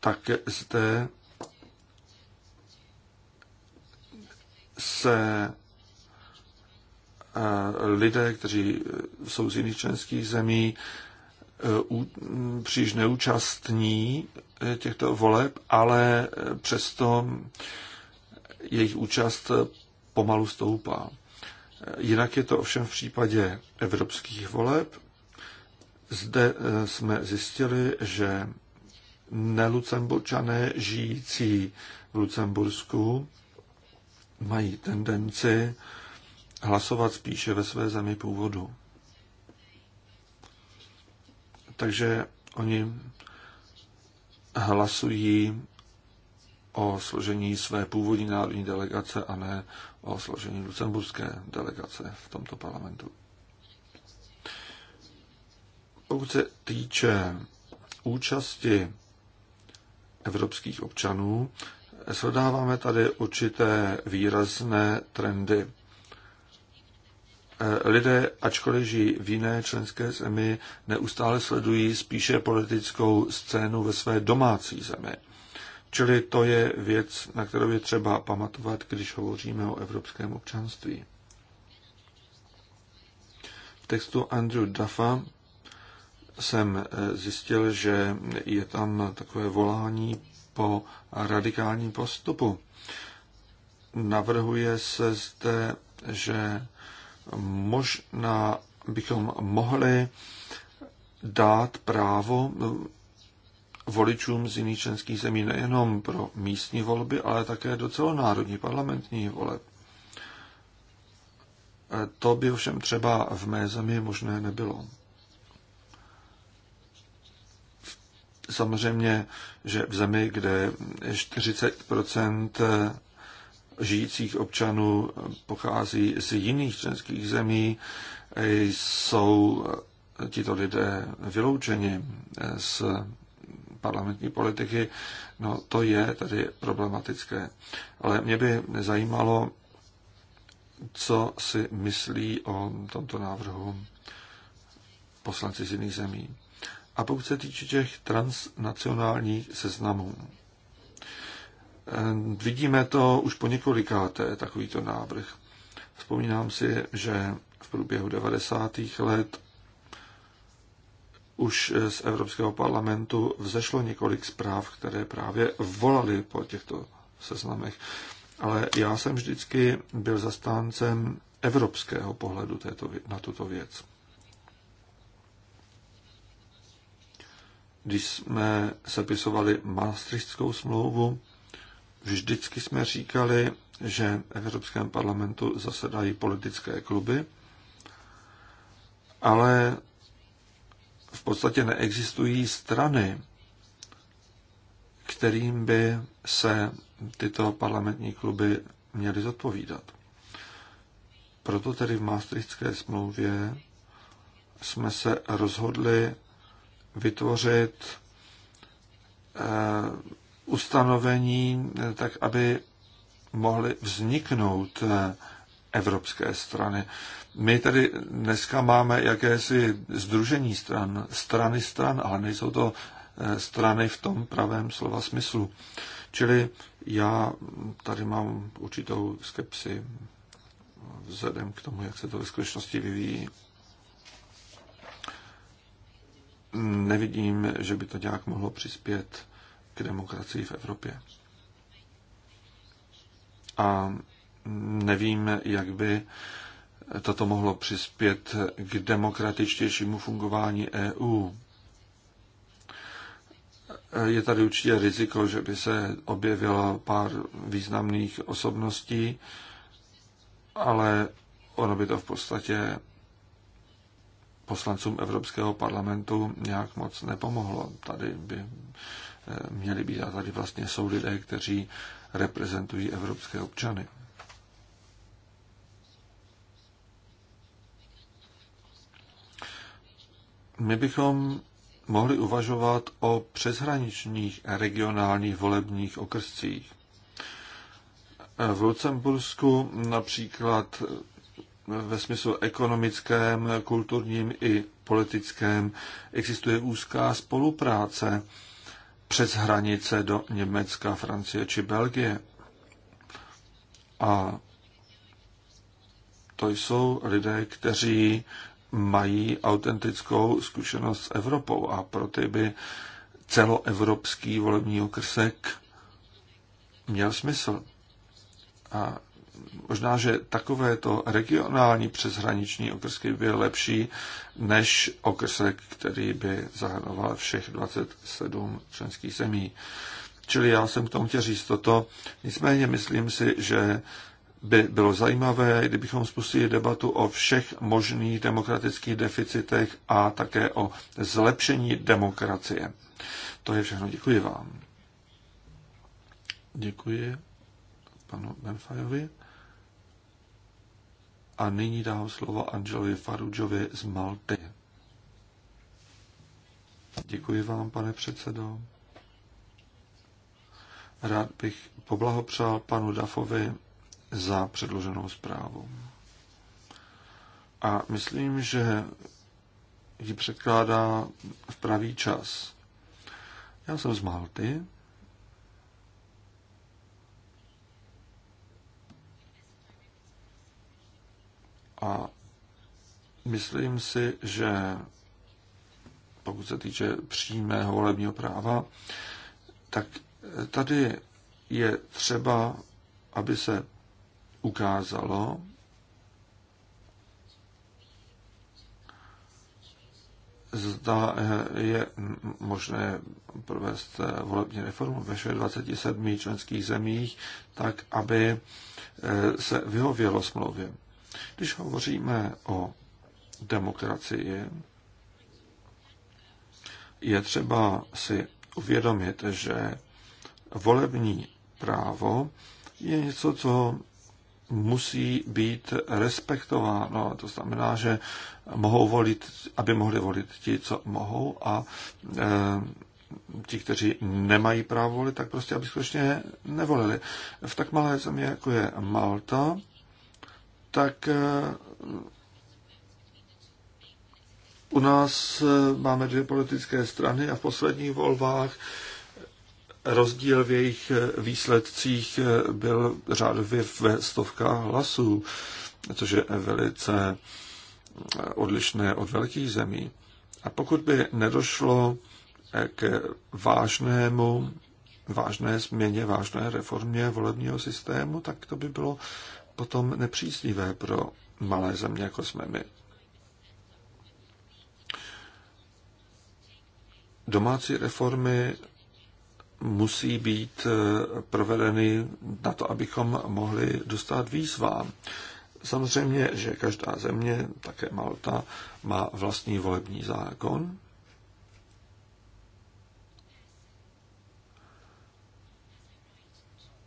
tak zde se eh, lidé, kteří eh, jsou z jiných členských zemí, eh, příliš neúčastní těchto voleb, ale přesto jejich účast pomalu stoupá. Jinak je to ovšem v případě evropských voleb. Zde jsme zjistili, že nelucemburčané žijící v Lucembursku mají tendenci hlasovat spíše ve své zemi původu. Takže oni hlasují o složení své původní národní delegace a ne o složení lucemburské delegace v tomto parlamentu. Pokud se týče účasti evropských občanů, Shodáváme tady určité výrazné trendy. Eh, lidé, ačkoliv žijí v jiné členské zemi, neustále sledují spíše politickou scénu ve své domácí zemi. Čili to je věc, na kterou je třeba pamatovat, když hovoříme o evropském občanství. V textu Andrew Duffa jsem eh, zjistil, že je tam takové volání po radikálním postupu. Navrhuje se zde, že možná bychom mohli dát právo voličům z jiných členských zemí nejenom pro místní volby, ale také do celonárodní parlamentní voleb. To by ovšem třeba v mé zemi možné nebylo. Samozřejmě, že v zemi, kde 40 žijících občanů pochází z jiných členských zemí, jsou tito lidé vyloučeni z parlamentní politiky, no to je tady problematické. Ale mě by zajímalo, co si myslí o tomto návrhu poslanci z jiných zemí. A pokud se týče těch transnacionálních seznamů, eh, vidíme to už po několikáté, takovýto návrh. Vzpomínám si, že v průběhu 90. let už eh, z Evropského parlamentu vzešlo několik zpráv, které právě volaly po těchto seznamech. Ale já jsem vždycky byl zastáncem evropského pohledu této, na tuto věc. když jsme sepisovali Maastrichtskou smlouvu, vždycky jsme říkali, že v Evropském parlamentu zasedají politické kluby, ale v podstatě neexistují strany, kterým by se tyto parlamentní kluby měly zodpovídat. Proto tedy v Maastrichtské smlouvě jsme se rozhodli vytvořit eh, ustanovení, eh, tak aby mohly vzniknout eh, evropské strany. My tady dneska máme jakési združení stran, strany stran, ale nejsou to strany v tom pravém slova smyslu. Čili já tady mám určitou skepsi vzhledem k tomu, jak se to ve skutečnosti vyvíjí. nevidím, že by to nějak mohlo přispět k demokracii v Evropě. A nevím, jak by toto mohlo přispět k demokratičtějšímu fungování EU. Je tady určitě riziko, že by se objevilo pár významných osobností, ale ono by to v podstatě poslancům Evropského parlamentu nějak moc nepomohlo. Tady by eh, měli být a tady vlastně jsou lidé, kteří reprezentují evropské občany. My bychom mohli uvažovat o přeshraničních regionálních volebních okrscích. Eh, v Lucembursku například ve smyslu ekonomickém, kulturním i politickém existuje úzká spolupráce přes hranice do Německa, Francie či Belgie. A to jsou lidé, kteří mají autentickou zkušenost s Evropou a pro ty by celoevropský volební okrsek měl smysl. A Možná, že takové to regionální přeshraniční okrsky by lepší než okrsek, který by zahrnoval všech 27 členských zemí. Čili já jsem k tomu chtěl říct toto. Nicméně myslím si, že by bylo zajímavé, kdybychom spustili debatu o všech možných demokratických deficitech a také o zlepšení demokracie. To je všechno. Děkuji vám. Děkuji panu Benfajovi. A nyní dám slovo Angelovi Farudžovi z Malty. Děkuji vám, pane předsedo. Rád bych poblahopřál panu Dafovi za předloženou zprávu. A myslím, že ji předkládá v pravý čas. Já jsem z Malty A myslím si, že pokud se týče přímého volebního práva, tak tady je třeba, aby se ukázalo, zda eh, je možné provést eh, volební reformu ve všech 27 členských zemích, tak aby eh, se vyhovělo smlouvě. Když hovoříme o demokracii, je třeba si uvědomit, že volební právo je něco, co musí být respektováno. To znamená, že mohou volit, aby mohli volit ti, co mohou a e, ti, kteří nemají právo volit, tak prostě, aby skutečně nevolili. V tak malé zemi, jako je Malta, tak eh, u nás eh, máme dvě politické strany a v posledních volbách rozdíl v jejich eh, výsledcích byl řádově ve stovkách hlasů, což je velice odlišné od velkých zemí. A pokud by nedošlo k vážnému, vážné změně, vážné reformě volebního systému, tak to by bylo potom nepříznivé pro malé země, jako jsme my. Domácí reformy musí být eh, provedeny na to, abychom mohli dostat výzvám. Samozřejmě, že každá země, také Malta, má vlastní volební zákon.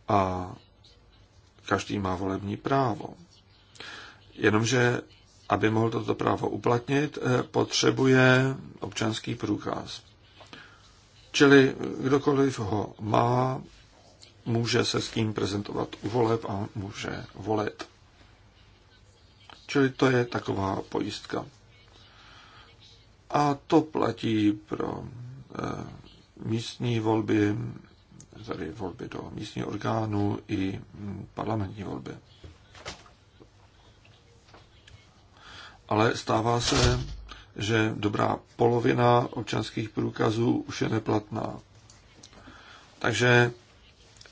A každý má volební právo. Jenomže, aby mohl toto právo uplatnit, eh, potřebuje občanský průkaz. Čili kdokoliv ho má, může se s tím prezentovat u voleb a může volit. Čili to je taková pojistka. A to platí pro eh, místní volby, tedy volby do místního orgánu i mm, parlamentní volby. Ale stává se, že dobrá polovina občanských průkazů už je neplatná. Takže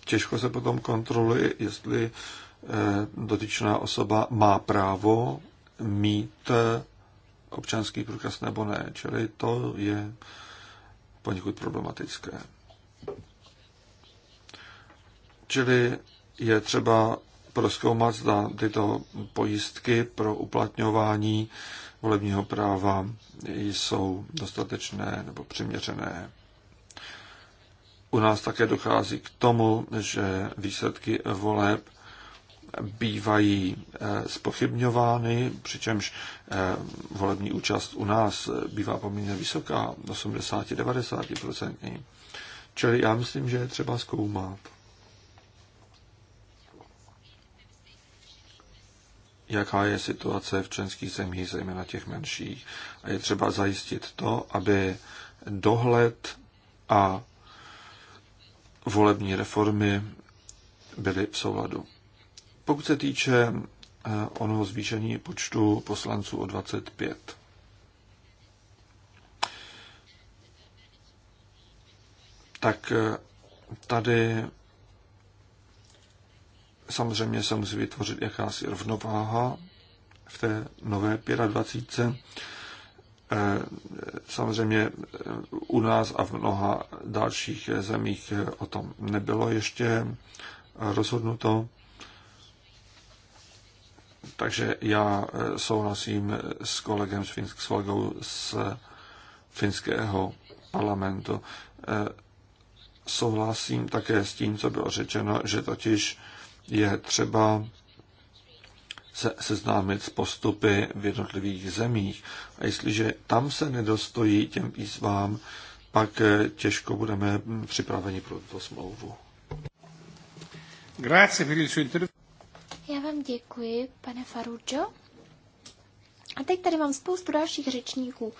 těžko se potom kontroluje, jestli eh, dotyčná osoba má právo mít eh, občanský průkaz nebo ne. Čili to je poněkud problematické. Čili je třeba proskoumat, zda tyto pojistky pro uplatňování volebního práva jsou dostatečné nebo přiměřené. U nás také dochází k tomu, že výsledky voleb bývají eh, spochybňovány, přičemž eh, volební účast u nás bývá poměrně vysoká, 80-90%. Čili já myslím, že je třeba zkoumat. jaká je situace v členských zemích, zejména těch menších. A je třeba zajistit to, aby dohled a volební reformy byly v souladu. Pokud se týče eh, onoho zvýšení počtu poslanců o 25. Tak eh, tady samozřejmě se musí vytvořit jakási rovnováha v té nové 25. Eh, samozřejmě eh, u nás a v mnoha dalších eh, zemích o tom nebylo ještě rozhodnuto. Takže já souhlasím s kolegem s, finsk, z finského parlamentu. Souhlasím také s tím, co bylo řečeno, že totiž je třeba se seznámit s postupy v jednotlivých zemích. A jestliže tam se nedostojí těm výzvám, pak eh, těžko budeme hm, připraveni pro tuto smlouvu. Já vám děkuji, pane Farujo. A teď tady mám spoustu dalších řečníků,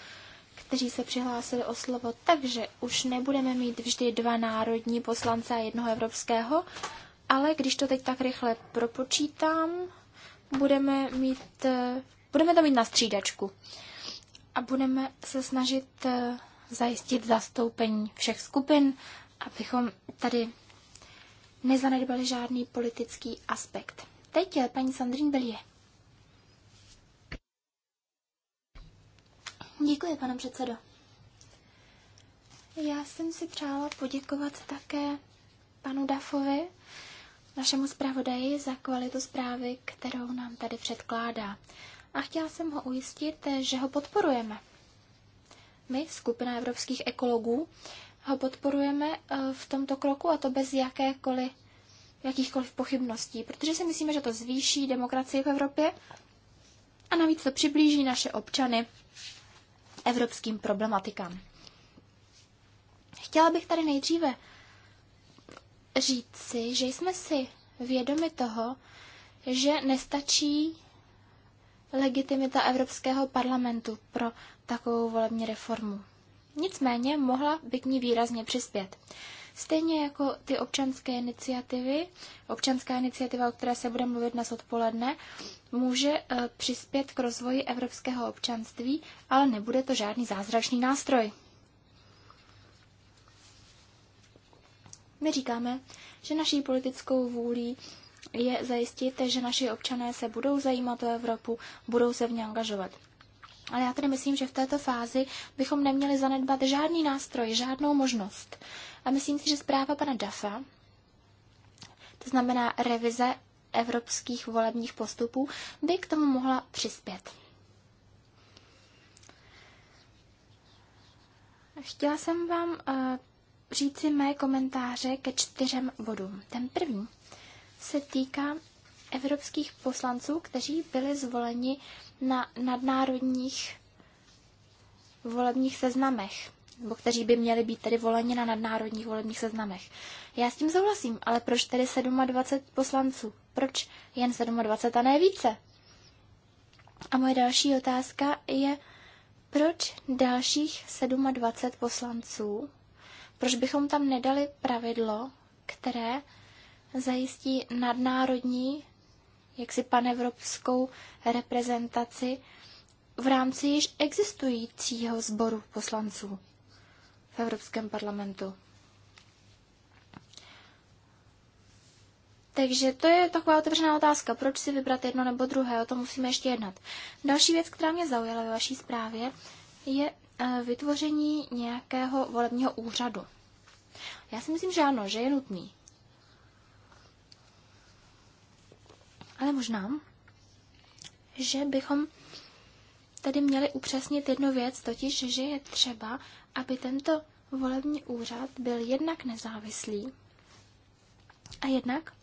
kteří se přihlásili o slovo, takže už nebudeme mít vždy dva národní poslance a jednoho evropského, ale když to teď tak rychle propočítám, budeme mít, eh, budeme to mít na střídačku. A budeme se snažit eh, zajistit zastoupení všech skupin, abychom tady nezanedbali žádný politický aspekt. Teď je eh, paní Sandrine Belie. Děkuji, pane předsedo. Já jsem si přála poděkovat také panu Dafovi našemu zpravodaji za kvalitu zprávy, kterou nám tady předkládá. A chtěla jsem ho ujistit, že ho podporujeme. My, skupina evropských ekologů, ho podporujeme eh, v tomto kroku a to bez jakékoliv, jakýchkoliv pochybností, protože si myslíme, že to zvýší demokracii v Evropě a navíc to přiblíží naše občany evropským problematikám. Chtěla bych tady nejdříve říci, že jsme si vědomi toho, že nestačí legitimita Evropského parlamentu pro takovou volební reformu. Nicméně mohla by k ní výrazně přispět. Stejně jako ty občanské iniciativy, občanská iniciativa, o které se bude mluvit dnes odpoledne, může eh, přispět k rozvoji evropského občanství, ale nebude to žádný zázračný nástroj. My říkáme, že naší politickou vůlí je zajistit, že naši občané se budou zajímat o Evropu, budou se v ní angažovat. Ale já tedy myslím, že v této fázi bychom neměli zanedbat žádný nástroj, žádnou možnost. A myslím si, že zpráva pana Dafa, to znamená revize evropských volebních postupů, by k tomu mohla přispět. Chtěla jsem vám eh, říci mé komentáře ke čtyřem bodům. Ten první se týká evropských poslanců, kteří byli zvoleni na nadnárodních volebních seznamech, nebo kteří by měli být tedy voleni na nadnárodních volebních seznamech. Já s tím souhlasím, ale proč tedy 27 poslanců? Proč jen 27 a ne více? A moje další otázka je, proč dalších 27 poslanců proč bychom tam nedali pravidlo, které zajistí nadnárodní, jaksi panevropskou reprezentaci v rámci již existujícího sboru poslanců v Evropském parlamentu? Takže to je taková otevřená otázka, proč si vybrat jedno nebo druhé, o tom musíme ještě jednat. Další věc, která mě zaujala ve vaší zprávě, je E, vytvoření nějakého volebního úřadu. Já si myslím, že ano, že je nutný. Ale možná, že bychom tady měli upřesnit jednu věc, totiž, že je třeba, aby tento volební úřad byl jednak nezávislý a jednak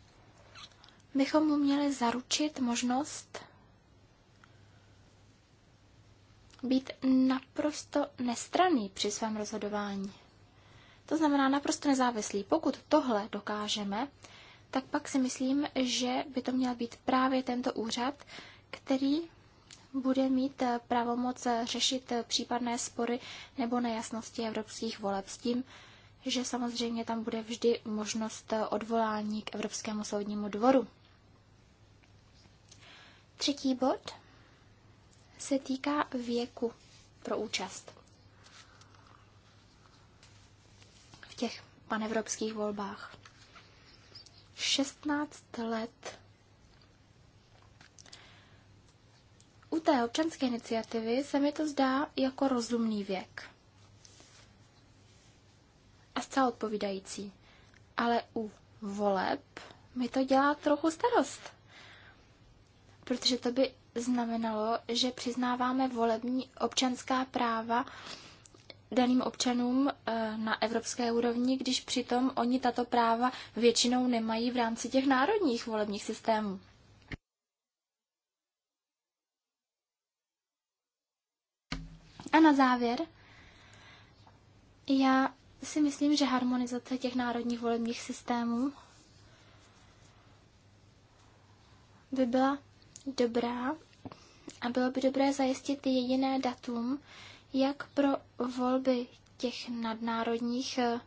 bychom mu měli zaručit možnost být naprosto nestraný při svém rozhodování. To znamená naprosto nezávislý. Pokud tohle dokážeme, tak pak si myslím, že by to měl být právě tento úřad, který bude mít pravomoc řešit případné spory nebo nejasnosti evropských voleb s tím, že samozřejmě tam bude vždy možnost odvolání k Evropskému soudnímu dvoru. Třetí bod se týká věku pro účast v těch panevropských volbách. 16 let u té občanské iniciativy se mi to zdá jako rozumný věk. A zcela odpovídající. Ale u voleb mi to dělá trochu starost. Protože to by znamenalo, že přiznáváme volební občanská práva daným občanům eh, na evropské úrovni, když přitom oni tato práva většinou nemají v rámci těch národních volebních systémů. A na závěr, já si myslím, že harmonizace těch národních volebních systémů by byla dobrá a bylo by dobré zajistit jediné datum, jak pro volby těch nadnárodních eh,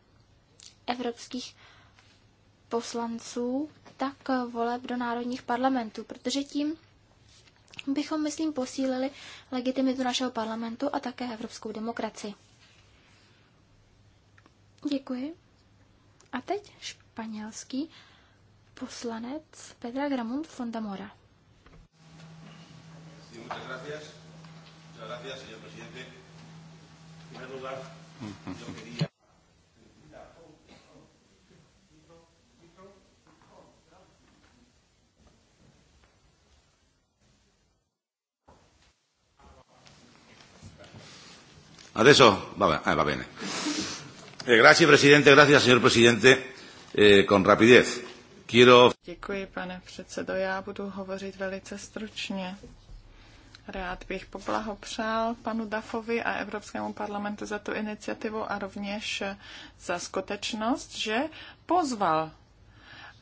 evropských poslanců, tak eh, voleb do národních parlamentů, protože tím bychom, myslím, posílili legitimitu našeho parlamentu a také evropskou demokracii. Děkuji. A teď španělský poslanec Petra Gramund Fondamora. Muchas gracias. Muchas gracias, señor presidente. En primer lugar, yo quería. Adesso va, bene. Ah, va bene. Eh, grazie Presidente, grazie signor Presidente, eh, con rapidez. Quiero... Děkuji, pane předsedo. Já budu hovořit velice stručně. Rád bych poblahopřál panu Dafovi a Evropskému parlamentu za tu iniciativu a rovněž za skutečnost, že pozval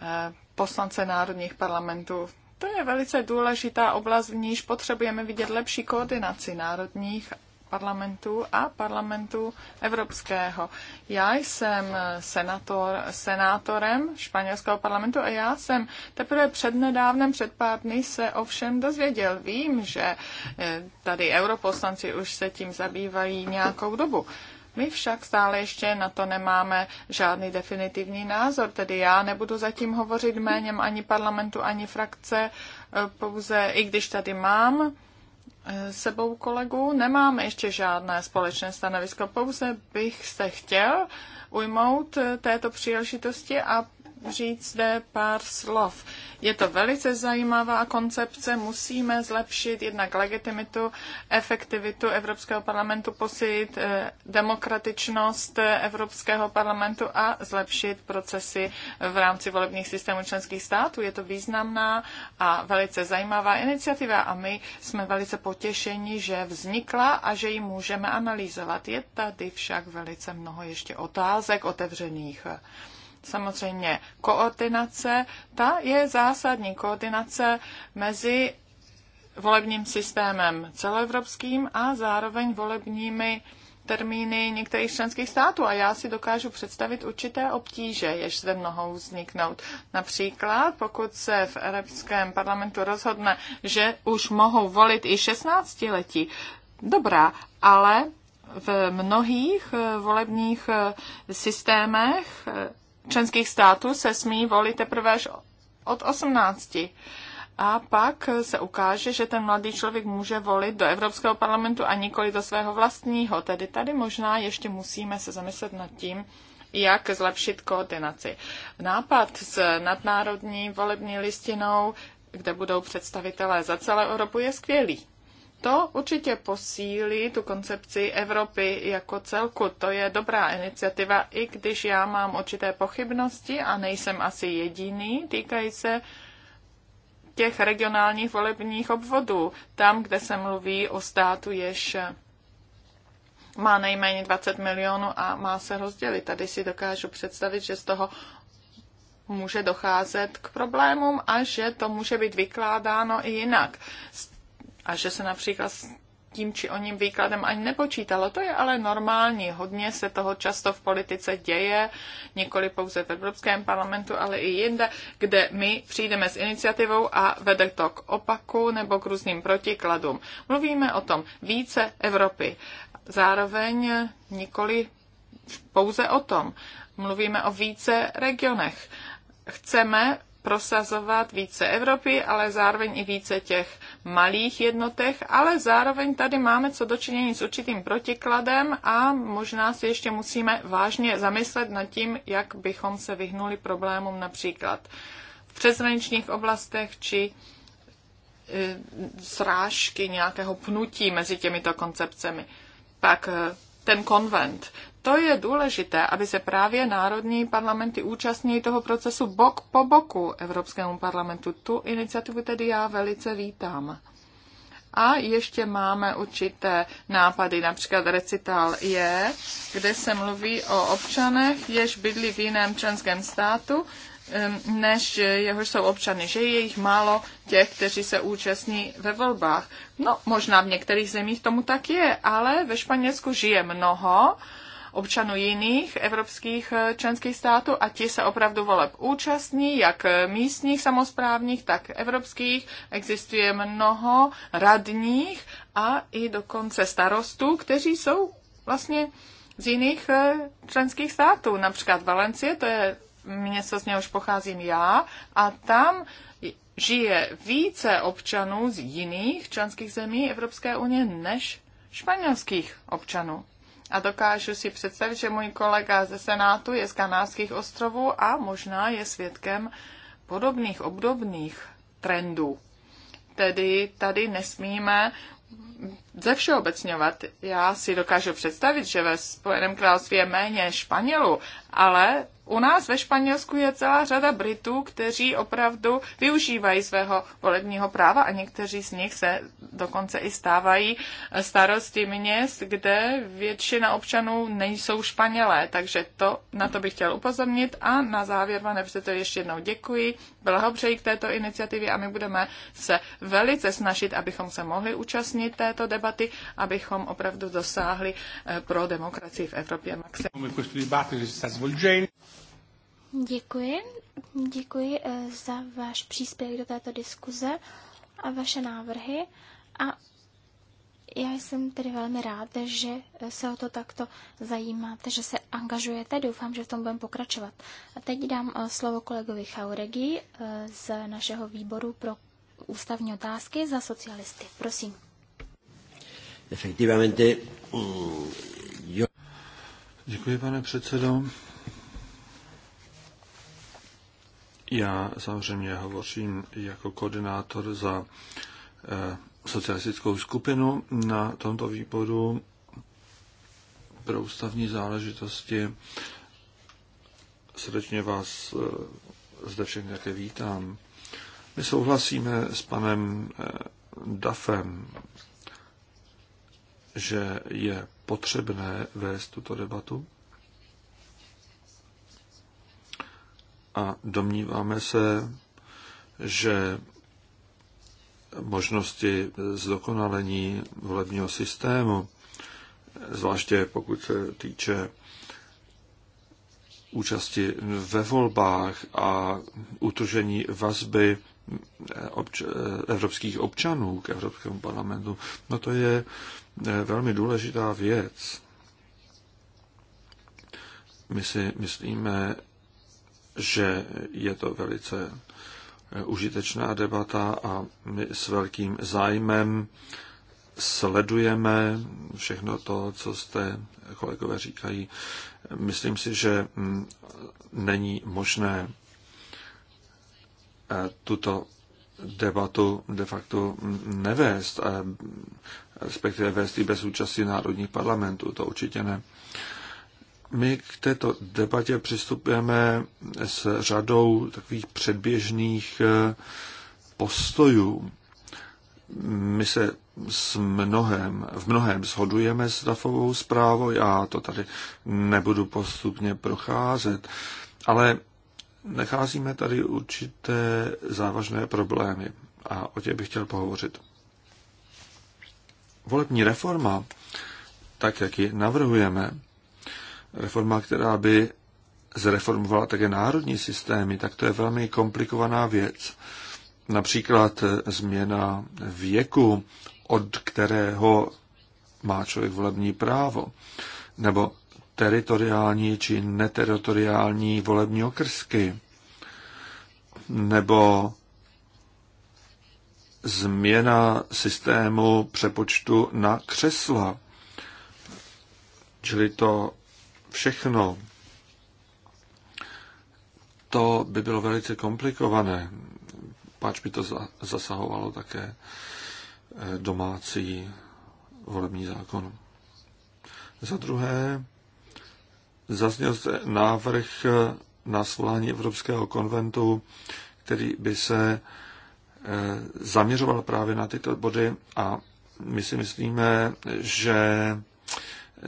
eh, poslance národních parlamentů. To je velice důležitá oblast, v níž potřebujeme vidět lepší koordinaci národních parlamentu a parlamentu evropského. Já jsem senator, senátorem španělského parlamentu a já jsem teprve přednedávnem, před pár dny se ovšem dozvěděl. Vím, že eh, tady europoslanci už se tím zabývají nějakou dobu. My však stále ještě na to nemáme žádný definitivní názor, tedy já nebudu zatím hovořit jménem ani parlamentu, ani frakce, eh, pouze i když tady mám sebou kolegů. Nemáme ještě žádné společné stanovisko, pouze bych se chtěl ujmout této příležitosti a říct zde pár slov. Je to velice zajímavá koncepce, musíme zlepšit jednak legitimitu, efektivitu Evropského parlamentu, posílit eh, demokratičnost eh, Evropského parlamentu a zlepšit procesy v rámci volebních systémů členských států. Je to významná a velice zajímavá iniciativa a my jsme velice potěšeni, že vznikla a že ji můžeme analyzovat. Je tady však velice mnoho ještě otázek otevřených samozřejmě koordinace, ta je zásadní koordinace mezi volebním systémem celoevropským a zároveň volebními termíny některých členských států a já si dokážu představit určité obtíže, jež zde mohou vzniknout. Například, pokud se v Evropském parlamentu rozhodne, že už mohou volit i 16 letí, dobrá, ale v mnohých eh, volebních eh, systémech eh, členských států se smí volit teprve až od 18. A pak se ukáže, že ten mladý člověk může volit do Evropského parlamentu a nikoli do svého vlastního. Tedy tady možná ještě musíme se zamyslet nad tím, jak zlepšit koordinaci. Nápad s nadnárodní volební listinou, kde budou představitelé za celé Evropu, je skvělý. To určitě posílí tu koncepci Evropy jako celku. To je dobrá iniciativa, i když já mám určité pochybnosti a nejsem asi jediný, týkají se těch regionálních volebních obvodů, tam, kde se mluví o státu, jež má nejméně 20 milionů a má se rozdělit. Tady si dokážu představit, že z toho může docházet k problémům a že to může být vykládáno i jinak. Z a že se například s tím či oním výkladem ani nepočítalo. To je ale normální. Hodně se toho často v politice děje, nikoli pouze v Evropském parlamentu, ale i jinde, kde my přijdeme s iniciativou a vede to k opaku nebo k různým protikladům. Mluvíme o tom více Evropy. Zároveň nikoli pouze o tom. Mluvíme o více regionech. Chceme prosazovat více Evropy, ale zároveň i více těch malých jednotek, ale zároveň tady máme co dočinění s určitým protikladem a možná si ještě musíme vážně zamyslet nad tím, jak bychom se vyhnuli problémům například v přeshraničních oblastech či e, srážky nějakého pnutí mezi těmito koncepcemi. Pak e, ten konvent to je důležité, aby se právě národní parlamenty účastnili toho procesu bok po boku Evropskému parlamentu. Tu iniciativu tedy já velice vítám. A ještě máme určité nápady, například recital je, kde se mluví o občanech, jež bydlí v jiném členském státu, než jehož jsou občany, že je jich málo těch, kteří se účastní ve volbách. No, možná v některých zemích tomu tak je, ale ve Španělsku žije mnoho občanů jiných evropských eh, členských států a ti se opravdu voleb účastní, jak eh, místních samozprávních, tak evropských. Existuje mnoho radních a i dokonce starostů, kteří jsou vlastně z jiných eh, členských států. Například Valencie, to je město, z něhož pocházím já, a tam žije více občanů z jiných členských zemí Evropské unie než španělských občanů. A dokážu si představit, že můj kolega ze Senátu je z Kanářských ostrovů a možná je svědkem podobných, obdobných trendů. Tedy tady nesmíme ze všeobecňovat. Já si dokážu představit, že ve Spojeném království je méně Španělů, ale u nás ve Španělsku je celá řada Britů, kteří opravdu využívají svého volebního práva a někteří z nich se dokonce i stávají starosti měst, kde většina občanů nejsou Španělé. Takže to, na to bych chtěl upozornit a na závěr, pane to ještě jednou děkuji. Blahopřeji k této iniciativě a my budeme se velice snažit, abychom se mohli účastnit této debaty, abychom opravdu dosáhli eh, pro demokracii v Evropě maximum. Děkuji. Děkuji eh, za váš příspěvek do této diskuze a vaše návrhy. A já jsem tedy velmi rád, že se o to takto zajímáte, že se angažujete. Doufám, že v tom budeme pokračovat. A teď dám eh, slovo kolegovi Chauregi eh, z našeho výboru pro ústavní otázky za socialisty. Prosím. Efektivamente, mm, Děkuji, pane předsedo. Já samozřejmě hovořím jako koordinátor za eh, socialistickou skupinu na tomto výboru pro ústavní záležitosti. Srdečně vás eh, zde všechny také vítám. My souhlasíme s panem eh, Dafem, že je potřebné vést tuto debatu. a domníváme se, že možnosti zdokonalení volebního systému, zvláště pokud se týče účasti ve volbách a utržení vazby obč- evropských občanů k Evropskému parlamentu, no to je eh, velmi důležitá věc. My si myslíme, že je to velice eh, užitečná debata a my s velkým zájmem sledujeme všechno to, co jste, kolegové, říkají. Myslím si, že mm, není možné eh, tuto debatu de facto mm, nevést, eh, respektive vést i bez účasti národních parlamentů, to určitě ne. My k této debatě přistupujeme s řadou takových předběžných eh, postojů. My se s mnohem, v mnohem shodujeme s DAFovou zprávou, já to tady nebudu postupně procházet, ale nacházíme tady určité závažné problémy a o těch bych chtěl pohovořit. Volební reforma, tak jak ji navrhujeme, reforma, která by zreformovala také národní systémy, tak to je velmi komplikovaná věc. Například změna věku, od kterého má člověk volební právo, nebo teritoriální či neteritoriální volební okrsky, nebo změna systému přepočtu na křesla. Čili to všechno, to by bylo velice komplikované, páč by to zasahovalo také eh, domácí volební zákon. Za druhé, zazněl zde návrh eh, na svolání Evropského konventu, který by se eh, zaměřoval právě na tyto body a my si myslíme, že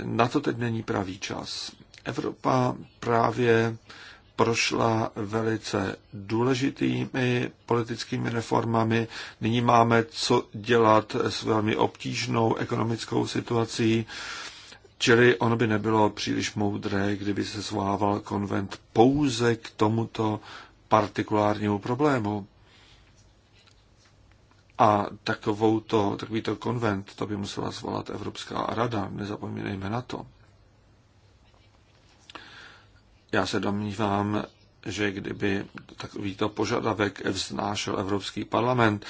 na to teď není pravý čas. Evropa právě prošla velice důležitými politickými reformami. Nyní máme co dělat s velmi obtížnou ekonomickou situací, čili ono by nebylo příliš moudré, kdyby se svával konvent pouze k tomuto partikulárnímu problému. A takovouto, takovýto konvent, to by musela zvolat Evropská rada, nezapomínejme na to. Já se domnívám, že kdyby takovýto požadavek vznášel Evropský parlament,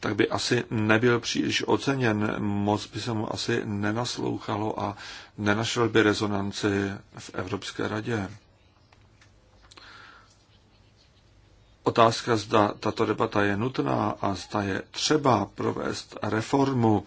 tak by asi nebyl příliš oceněn, moc by se mu asi nenaslouchalo a nenašel by rezonanci v Evropské radě. Otázka, zda tato debata je nutná a zda je třeba provést reformu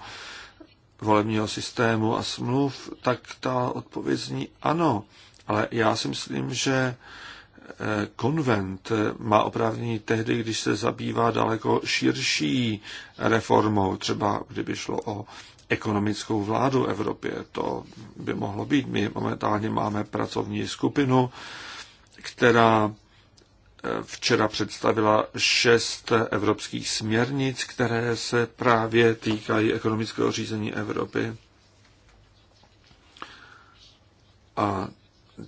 volebního systému a smluv, tak ta odpověď zní ano. Ale já si myslím, že eh, konvent má oprávnění tehdy, když se zabývá daleko širší reformou, třeba kdyby šlo o ekonomickou vládu Evropě. To by mohlo být. My momentálně máme pracovní skupinu, která včera představila šest evropských směrnic, které se právě týkají ekonomického řízení Evropy. A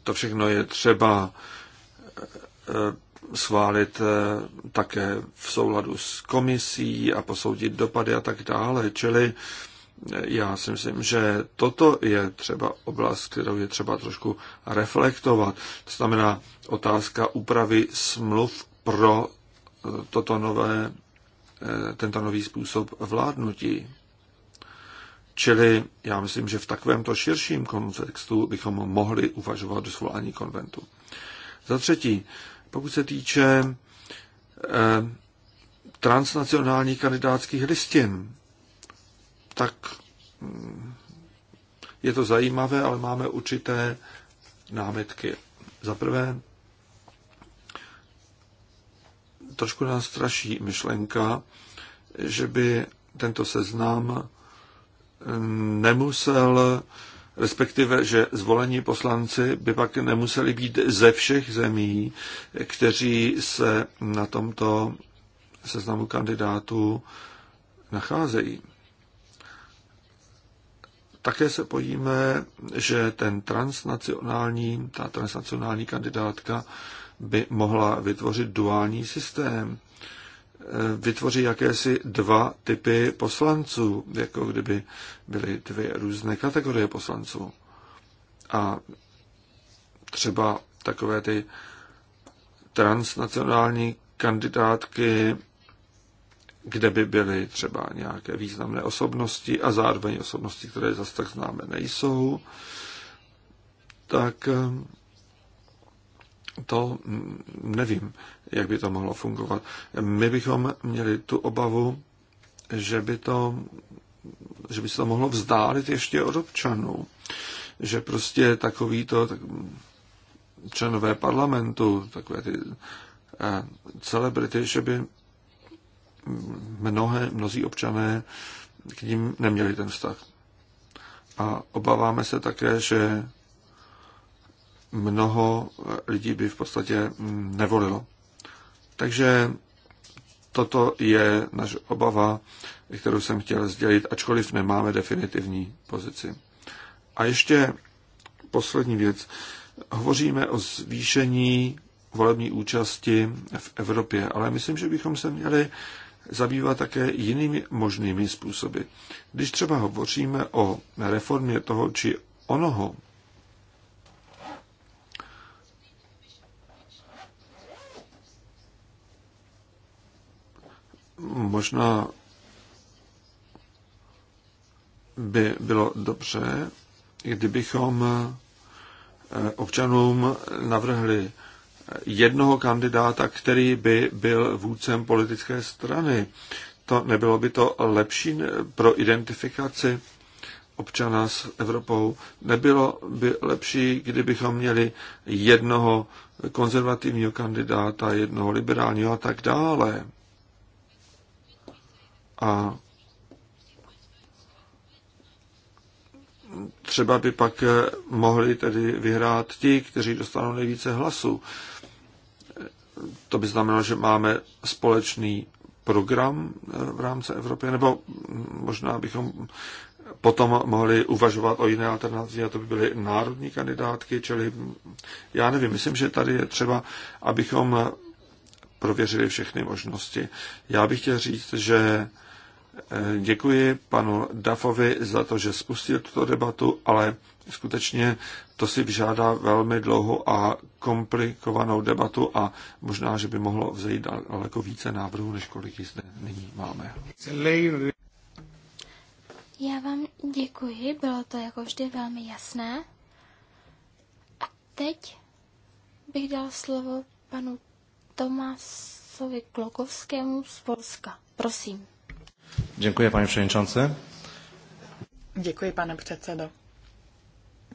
to všechno je třeba eh, schválit eh, také v souladu s komisí a posoudit dopady a tak dále. Čili já si myslím, že toto je třeba oblast, kterou je třeba trošku reflektovat. To znamená otázka úpravy smluv pro eh, toto nové, eh, tento nový způsob vládnutí. Čili já myslím, že v takovémto širším kontextu bychom mohli uvažovat o svolání konventu. Za třetí, pokud se týče eh, transnacionálních kandidátských listin, tak mm, je to zajímavé, ale máme určité námitky. Za prvé, trošku nás straší myšlenka, že by tento seznam mm, nemusel, respektive, že zvolení poslanci by pak nemuseli být ze všech zemí, kteří se na tomto seznamu kandidátů nacházejí. Také se bojíme, že ten transnacionální, ta transnacionální kandidátka by mohla vytvořit duální systém. Vytvoří jakési dva typy poslanců, jako kdyby byly dvě různé kategorie poslanců. A třeba takové ty transnacionální kandidátky kde by byly třeba nějaké významné osobnosti a zároveň osobnosti, které zase tak známe nejsou, tak ehm, to hm, nevím, jak by to mohlo fungovat. My bychom měli tu obavu, že by, to, že by se to mohlo vzdálit ještě od občanů. Že prostě takovýto tak, členové parlamentu, takové ty eh, celebrity, že by mnohé, mnozí občané k ním neměli ten vztah. A obáváme se také, že mnoho lidí by v podstatě nevolilo. Takže toto je naše obava, kterou jsem chtěl sdělit, ačkoliv nemáme definitivní pozici. A ještě poslední věc. Hovoříme o zvýšení volební účasti v Evropě, ale myslím, že bychom se měli zabývá také jinými možnými způsoby. Když třeba hovoříme o reformě toho či onoho, možná by bylo dobře, kdybychom občanům navrhli jednoho kandidáta, který by byl vůdcem politické strany. To nebylo by to lepší pro identifikaci občana s Evropou? Nebylo by lepší, kdybychom měli jednoho konzervativního kandidáta, jednoho liberálního a tak dále? A třeba by pak mohli tedy vyhrát ti, kteří dostanou nejvíce hlasů to by znamenalo, že máme společný program eh, v rámci Evropy, nebo možná bychom potom mohli uvažovat o jiné alternativě, a to by byly národní kandidátky, čili já nevím, myslím, že tady je třeba, abychom prověřili všechny možnosti. Já bych chtěl říct, že Děkuji panu Dafovi za to, že spustil tuto debatu, ale skutečně to si vyžádá velmi dlouhou a komplikovanou debatu a možná, že by mohlo vzejít daleko více návrhů, než kolik zde nyní máme. Já vám děkuji, bylo to jako vždy velmi jasné. A teď bych dal slovo panu Tomasovi Klokovskému z Polska. Prosím. Děkuji, pane předsedající. Děkuji, pane předsedo.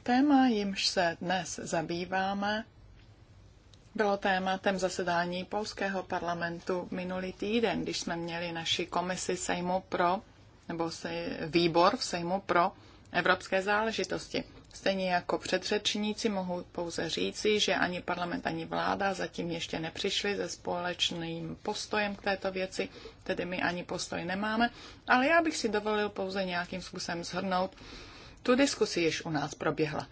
Téma, jimž se dnes zabýváme, bylo tématem zasedání polského parlamentu minulý týden, když jsme měli naši komisi Sejmu pro, nebo se, výbor v Sejmu pro evropské záležitosti. Stejně jako předřečníci mohu pouze říci, že ani parlament, ani vláda zatím ještě nepřišli se společným postojem k této věci, tedy my ani postoj nemáme, ale já bych si dovolil pouze nějakým způsobem zhrnout. Tu diskusi již u nás proběhla.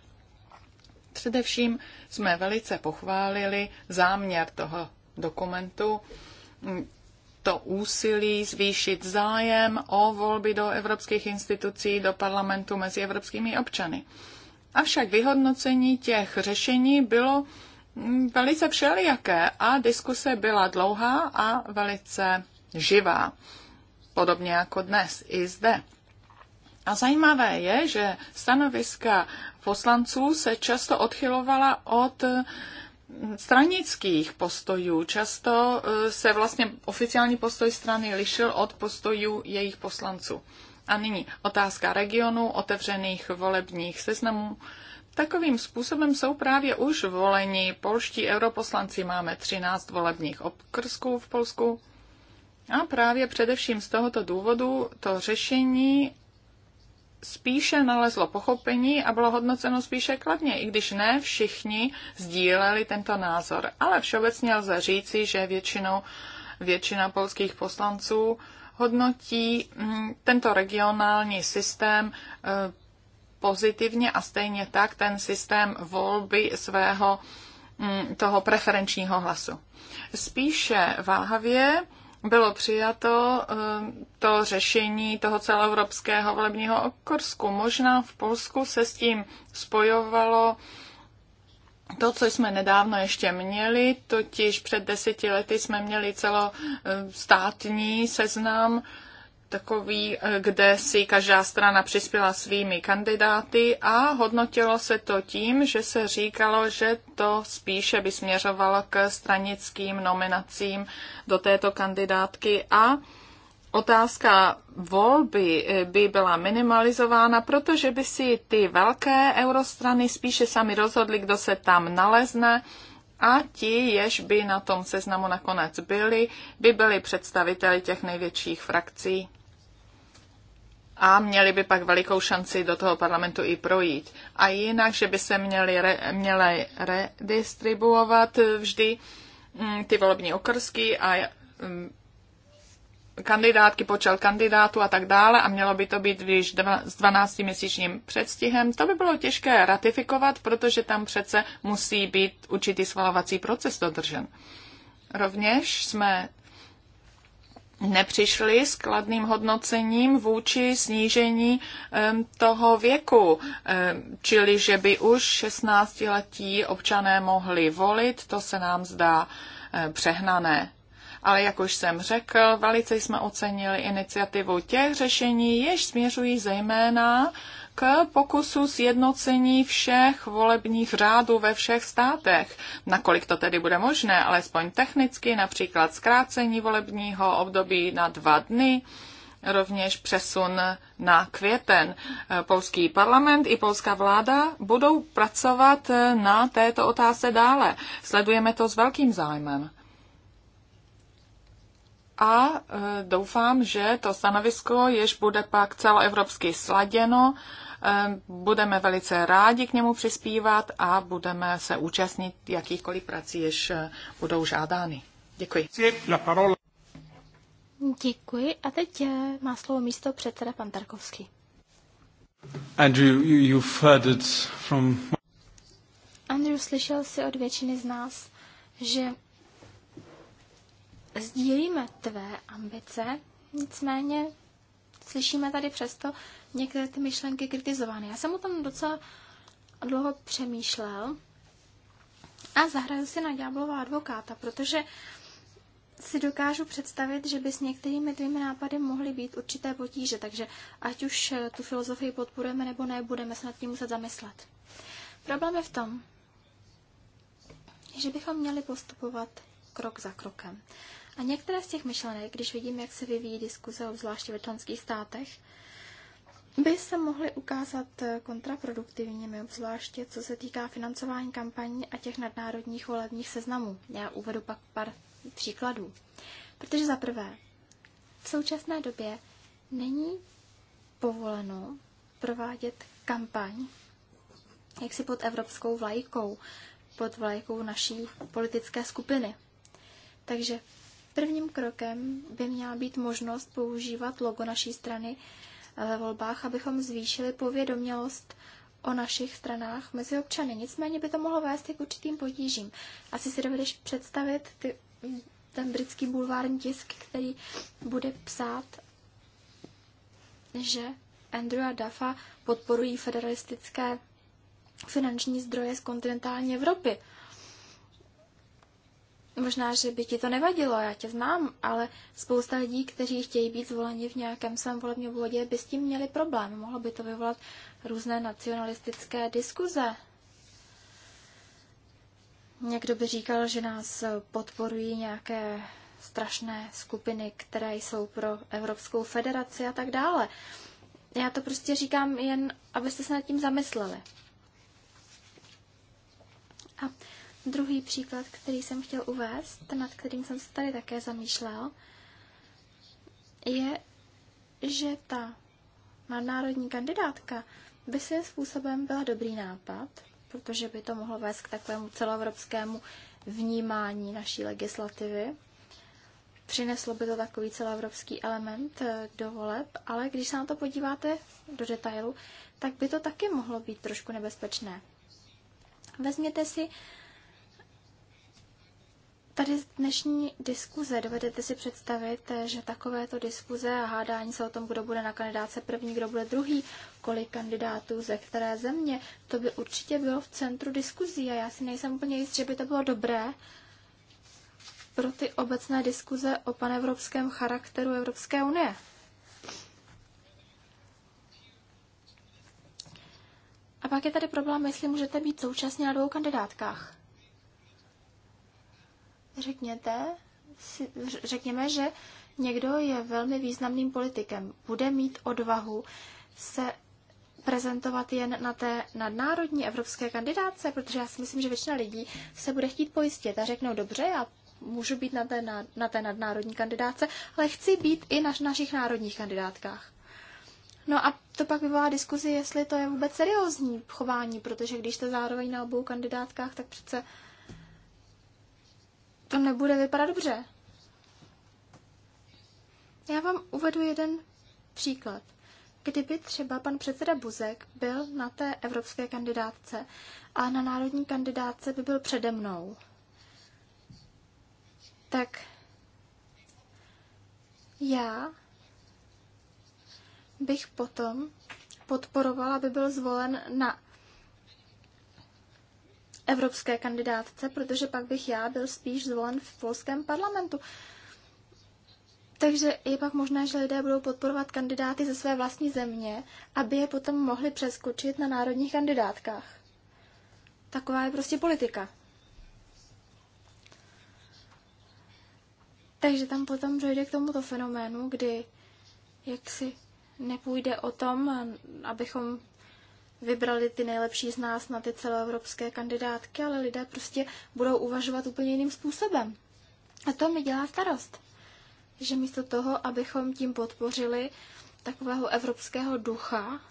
Především jsme velice pochválili záměr toho dokumentu, to úsilí zvýšit zájem o volby do evropských institucí, do parlamentu mezi evropskými občany. Avšak vyhodnocení těch řešení bylo mm, velice všelijaké a diskuse byla dlouhá a velice živá, podobně jako dnes i zde. A zajímavé je, že stanoviska poslanců se často odchylovala od mm, stranických postojů. Často e, se vlastně oficiální postoj strany lišil od postojů jejich poslanců. A nyní otázka regionu otevřených volebních seznamů. Takovým způsobem jsou právě už voleni polští europoslanci. Máme 13 volebních obkrsků v Polsku. A právě především z tohoto důvodu to řešení spíše nalezlo pochopení a bylo hodnoceno spíše kladně, i když ne všichni sdíleli tento názor. Ale všeobecně lze říci, že většinou, většina polských poslanců hodnotí mm, tento regionální systém eh, pozitivně a stejně tak ten systém volby svého mm, toho preferenčního hlasu. Spíše váhavě bylo přijato eh, to řešení toho celoevropského volebního okorsku. Možná v Polsku se s tím spojovalo to, co jsme nedávno ještě měli, totiž před deseti lety jsme měli celostátní eh, seznam takový, eh, kde si každá strana přispěla svými kandidáty a hodnotilo se to tím, že se říkalo, že to spíše by směřovalo k stranickým nominacím do této kandidátky a otázka volby eh, by byla minimalizována, protože by si ty velké eurostrany spíše sami rozhodly, kdo se tam nalezne a ti, jež by na tom seznamu nakonec byli, by byli představiteli těch největších frakcí a měli by pak velikou šanci do toho parlamentu i projít. A jinak, že by se měli, re, měli redistribuovat vždy mm, ty volební okrsky a mm, kandidátky, počel kandidátů a tak dále a mělo by to být již s 12-měsíčním předstihem. To by bylo těžké ratifikovat, protože tam přece musí být určitý svalovací proces dodržen. Rovněž jsme nepřišli s kladným hodnocením vůči snížení toho věku, čili že by už 16-letí občané mohli volit, to se nám zdá přehnané ale jak už jsem řekl, velice jsme ocenili iniciativu těch řešení, jež směřují zejména k pokusu sjednocení všech volebních řádů ve všech státech. Nakolik to tedy bude možné, alespoň technicky, například zkrácení volebního období na dva dny, rovněž přesun na květen. Polský parlament i polská vláda budou pracovat na této otázce dále. Sledujeme to s velkým zájmem a e, doufám, že to stanovisko, jež bude pak celoevropsky sladěno, e, budeme velice rádi k němu přispívat a budeme se účastnit jakýchkoliv prací, jež e, budou žádány. Děkuji. Děkuji. A teď má slovo místo předseda pan Tarkovský. Andrew, you've heard it from... Andrew, slyšel si od většiny z nás, že sdílíme tvé ambice, nicméně slyšíme tady přesto některé ty myšlenky kritizovány. Já jsem o tom docela dlouho přemýšlel a zahraju si na ďáblová advokáta, protože si dokážu představit, že by s některými tvými nápady mohly být určité potíže, takže ať už tu filozofii podporujeme nebo ne, budeme se nad tím muset zamyslet. Problém je v tom, že bychom měli postupovat krok za krokem. A některé z těch myšlenek, když vidím, jak se vyvíjí diskuze, zvláště ve členských státech, by se mohly ukázat kontraproduktivními, zvláště co se týká financování kampaní a těch nadnárodních volebních seznamů. Já uvedu pak pár příkladů. Protože za prvé, v současné době není povoleno provádět kampaň jaksi pod evropskou vlajkou, pod vlajkou naší politické skupiny. Takže Prvním krokem by měla být možnost používat logo naší strany eh, ve volbách, abychom zvýšili povědomělost o našich stranách mezi občany. Nicméně by to mohlo vést i k určitým potížím. Asi si dovedeš představit ty, ten britský bulvární tisk, který bude psát, že Andrew a Dafa podporují federalistické finanční zdroje z kontinentální Evropy. Možná, že by ti to nevadilo, já tě znám, ale spousta lidí, kteří chtějí být zvoleni v nějakém svém volebním obvodě, by s tím měli problém. Mohlo by to vyvolat různé nacionalistické diskuze. Někdo by říkal, že nás podporují nějaké strašné skupiny, které jsou pro Evropskou federaci a tak dále. Já to prostě říkám jen, abyste se nad tím zamysleli. A Druhý příklad, který jsem chtěl uvést, nad kterým jsem se tady také zamýšlel, je, že ta nadnárodní kandidátka by svým způsobem byla dobrý nápad, protože by to mohlo vést k takovému celoevropskému vnímání naší legislativy. Přineslo by to takový celoevropský element eh, do voleb, ale když se na to podíváte do detailu, tak by to taky mohlo být trošku nebezpečné. Vezměte si Tady z dnešní diskuze dovedete si představit, že takovéto diskuze a hádání se o tom, kdo bude na kandidáce první, kdo bude druhý, kolik kandidátů ze které země, to by určitě bylo v centru diskuzí a já si nejsem úplně jist, že by to bylo dobré pro ty obecné diskuze o panevropském charakteru Evropské unie. A pak je tady problém, jestli můžete být současně na dvou kandidátkách řekněte, si, řekněme, že někdo je velmi významným politikem, bude mít odvahu se prezentovat jen na té nadnárodní evropské kandidáce, protože já si myslím, že většina lidí se bude chtít pojistit a řeknou, dobře, já můžu být na té, na, na té nadnárodní kandidáce, ale chci být i na našich národních kandidátkách. No a to pak vyvolá diskuzi, jestli to je vůbec seriózní chování, protože když jste zároveň na obou kandidátkách, tak přece uh, to nebude vypadat dobře. Já vám uvedu jeden příklad. Kdyby třeba pan předseda Buzek byl na té evropské kandidátce a na národní kandidátce by byl přede mnou, tak já bych potom podporovala, aby byl zvolen na evropské kandidátce, protože pak bych já byl spíš zvolen v polském parlamentu. Takže je pak možné, že lidé budou podporovat kandidáty ze své vlastní země, aby je potom mohli přeskočit na národních kandidátkách. Taková je prostě politika. Takže tam potom dojde k tomuto fenoménu, kdy jaksi nepůjde o tom, abychom vybrali ty nejlepší z nás na ty celoevropské kandidátky, ale lidé prostě budou uvažovat úplně jiným způsobem. A to mi dělá starost, že místo toho, abychom tím podpořili takového evropského ducha,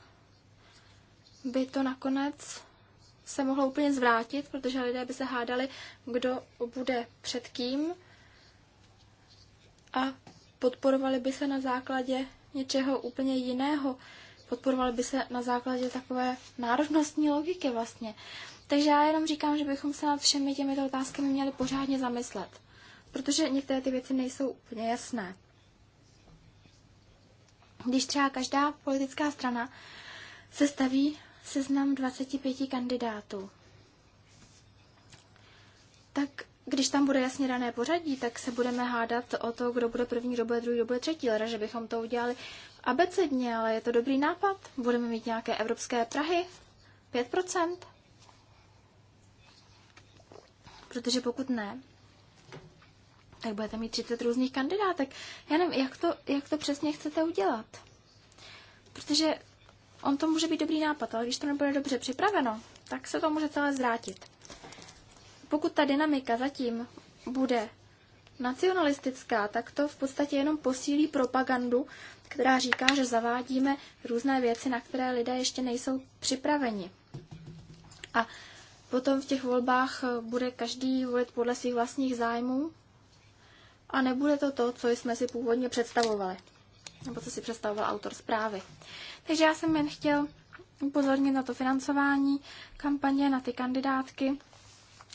by to nakonec se mohlo úplně zvrátit, protože lidé by se hádali, kdo bude před kým a podporovali by se na základě něčeho úplně jiného, podporovaly by se na základě takové národnostní logiky vlastně. Takže já jenom říkám, že bychom se nad všemi těmito otázkami měli pořádně zamyslet, protože některé ty věci nejsou úplně jasné. Když třeba každá politická strana se staví seznam 25 kandidátů, tak když tam bude jasně dané pořadí, tak se budeme hádat o to, kdo bude první, kdo bude druhý, kdo bude třetí. ale že bychom to udělali abecedně, ale je to dobrý nápad. Budeme mít nějaké evropské Prahy, 5%. Protože pokud ne, tak budete mít 30 různých kandidátek. Já nevím, jak to, jak to přesně chcete udělat. Protože on to může být dobrý nápad, ale když to nebude dobře připraveno, tak se to může celé zvrátit. Pokud ta dynamika zatím bude nacionalistická, tak to v podstatě jenom posílí propagandu, která říká, že zavádíme různé věci, na které lidé ještě nejsou připraveni. A potom v těch volbách eh, bude každý volit podle svých vlastních zájmů a nebude to to, co jsme si původně představovali, nebo co si představoval autor zprávy. Takže já jsem jen chtěl upozornit na to financování kampaně, na ty kandidátky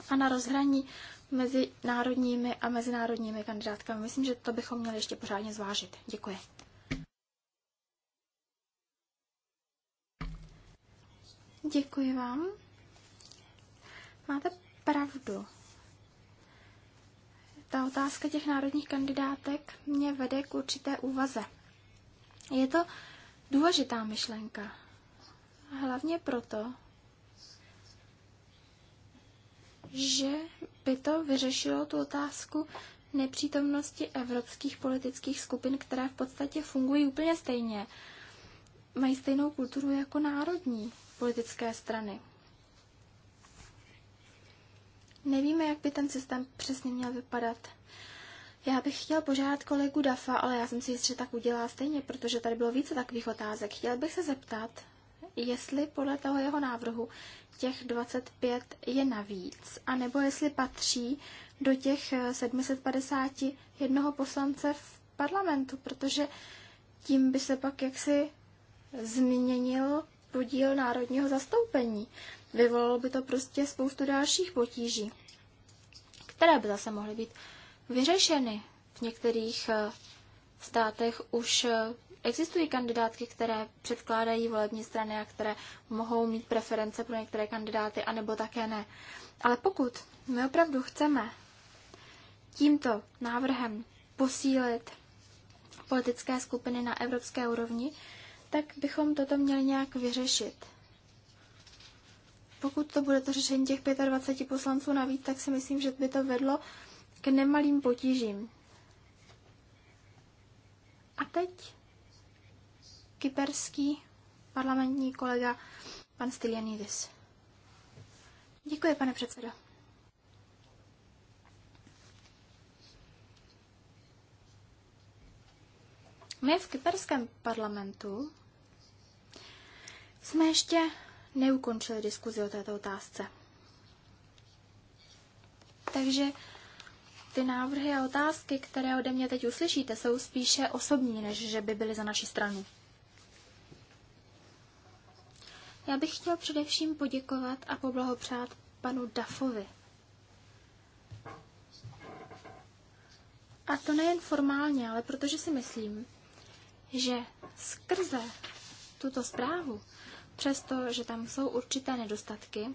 a na rozhraní mezi národními a mezinárodními kandidátkami. Myslím, že to bychom měli ještě pořádně zvážit. Děkuji. Děkuji vám. Máte pravdu. Ta otázka těch národních kandidátek mě vede k určité úvaze. Je to důležitá myšlenka. Hlavně proto, že by to vyřešilo tu otázku nepřítomnosti evropských politických skupin, které v podstatě fungují úplně stejně. Mají stejnou kulturu jako národní politické strany. Nevíme, jak by ten systém přesně měl vypadat. Já bych chtěl požádat kolegu Dafa, ale já jsem si jistě, že tak udělá stejně, protože tady bylo více takových otázek. Chtěl bych se zeptat, jestli podle toho jeho návrhu těch 25 je navíc, anebo jestli patří do těch 751 eh, poslance v parlamentu, protože tím by se pak jaksi změnil podíl národního zastoupení. Vyvolalo by to prostě spoustu dalších potíží, které by zase mohly být vyřešeny. V některých eh, státech už eh, Existují kandidátky, které předkládají volební strany a které mohou mít preference pro některé kandidáty, anebo také ne. Ale pokud my opravdu chceme tímto návrhem posílit politické skupiny na evropské úrovni, tak bychom toto měli nějak vyřešit. Pokud to bude to řešení těch 25 poslanců navíc, tak si myslím, že by to vedlo k nemalým potížím. A teď kyperský parlamentní kolega pan Stylianidis. Děkuji, pane předsedo. My v kyperském parlamentu jsme ještě neukončili diskuzi o této otázce. Takže ty návrhy a otázky, které ode mě teď uslyšíte, jsou spíše osobní, než že by byly za naší stranu. Já bych chtěl především poděkovat a poblahopřát panu Dafovi. A to nejen formálně, ale protože si myslím, že skrze tuto zprávu, přesto, že tam jsou určité nedostatky,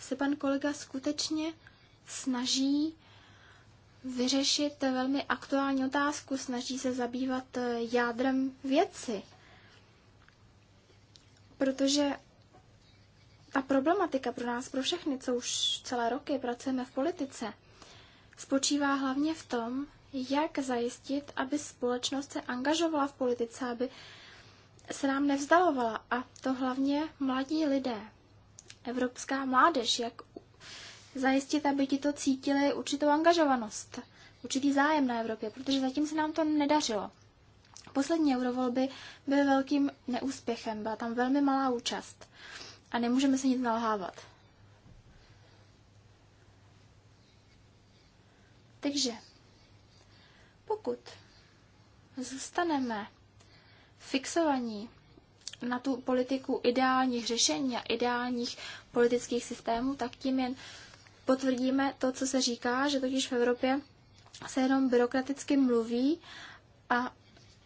se pan kolega skutečně snaží vyřešit velmi aktuální otázku, snaží se zabývat jádrem věci protože ta problematika pro nás, pro všechny, co už celé roky pracujeme v politice, spočívá hlavně v tom, jak zajistit, aby společnost se angažovala v politice, aby se nám nevzdalovala. A to hlavně mladí lidé, evropská mládež, jak zajistit, aby ti to cítili určitou angažovanost, určitý zájem na Evropě, protože zatím se nám to nedařilo. Poslední eurovolby byly velkým neúspěchem, byla tam velmi malá účast a nemůžeme se nic nalhávat. Takže pokud zůstaneme fixovaní na tu politiku ideálních řešení a ideálních politických systémů, tak tím jen potvrdíme to, co se říká, že totiž v Evropě se jenom byrokraticky mluví a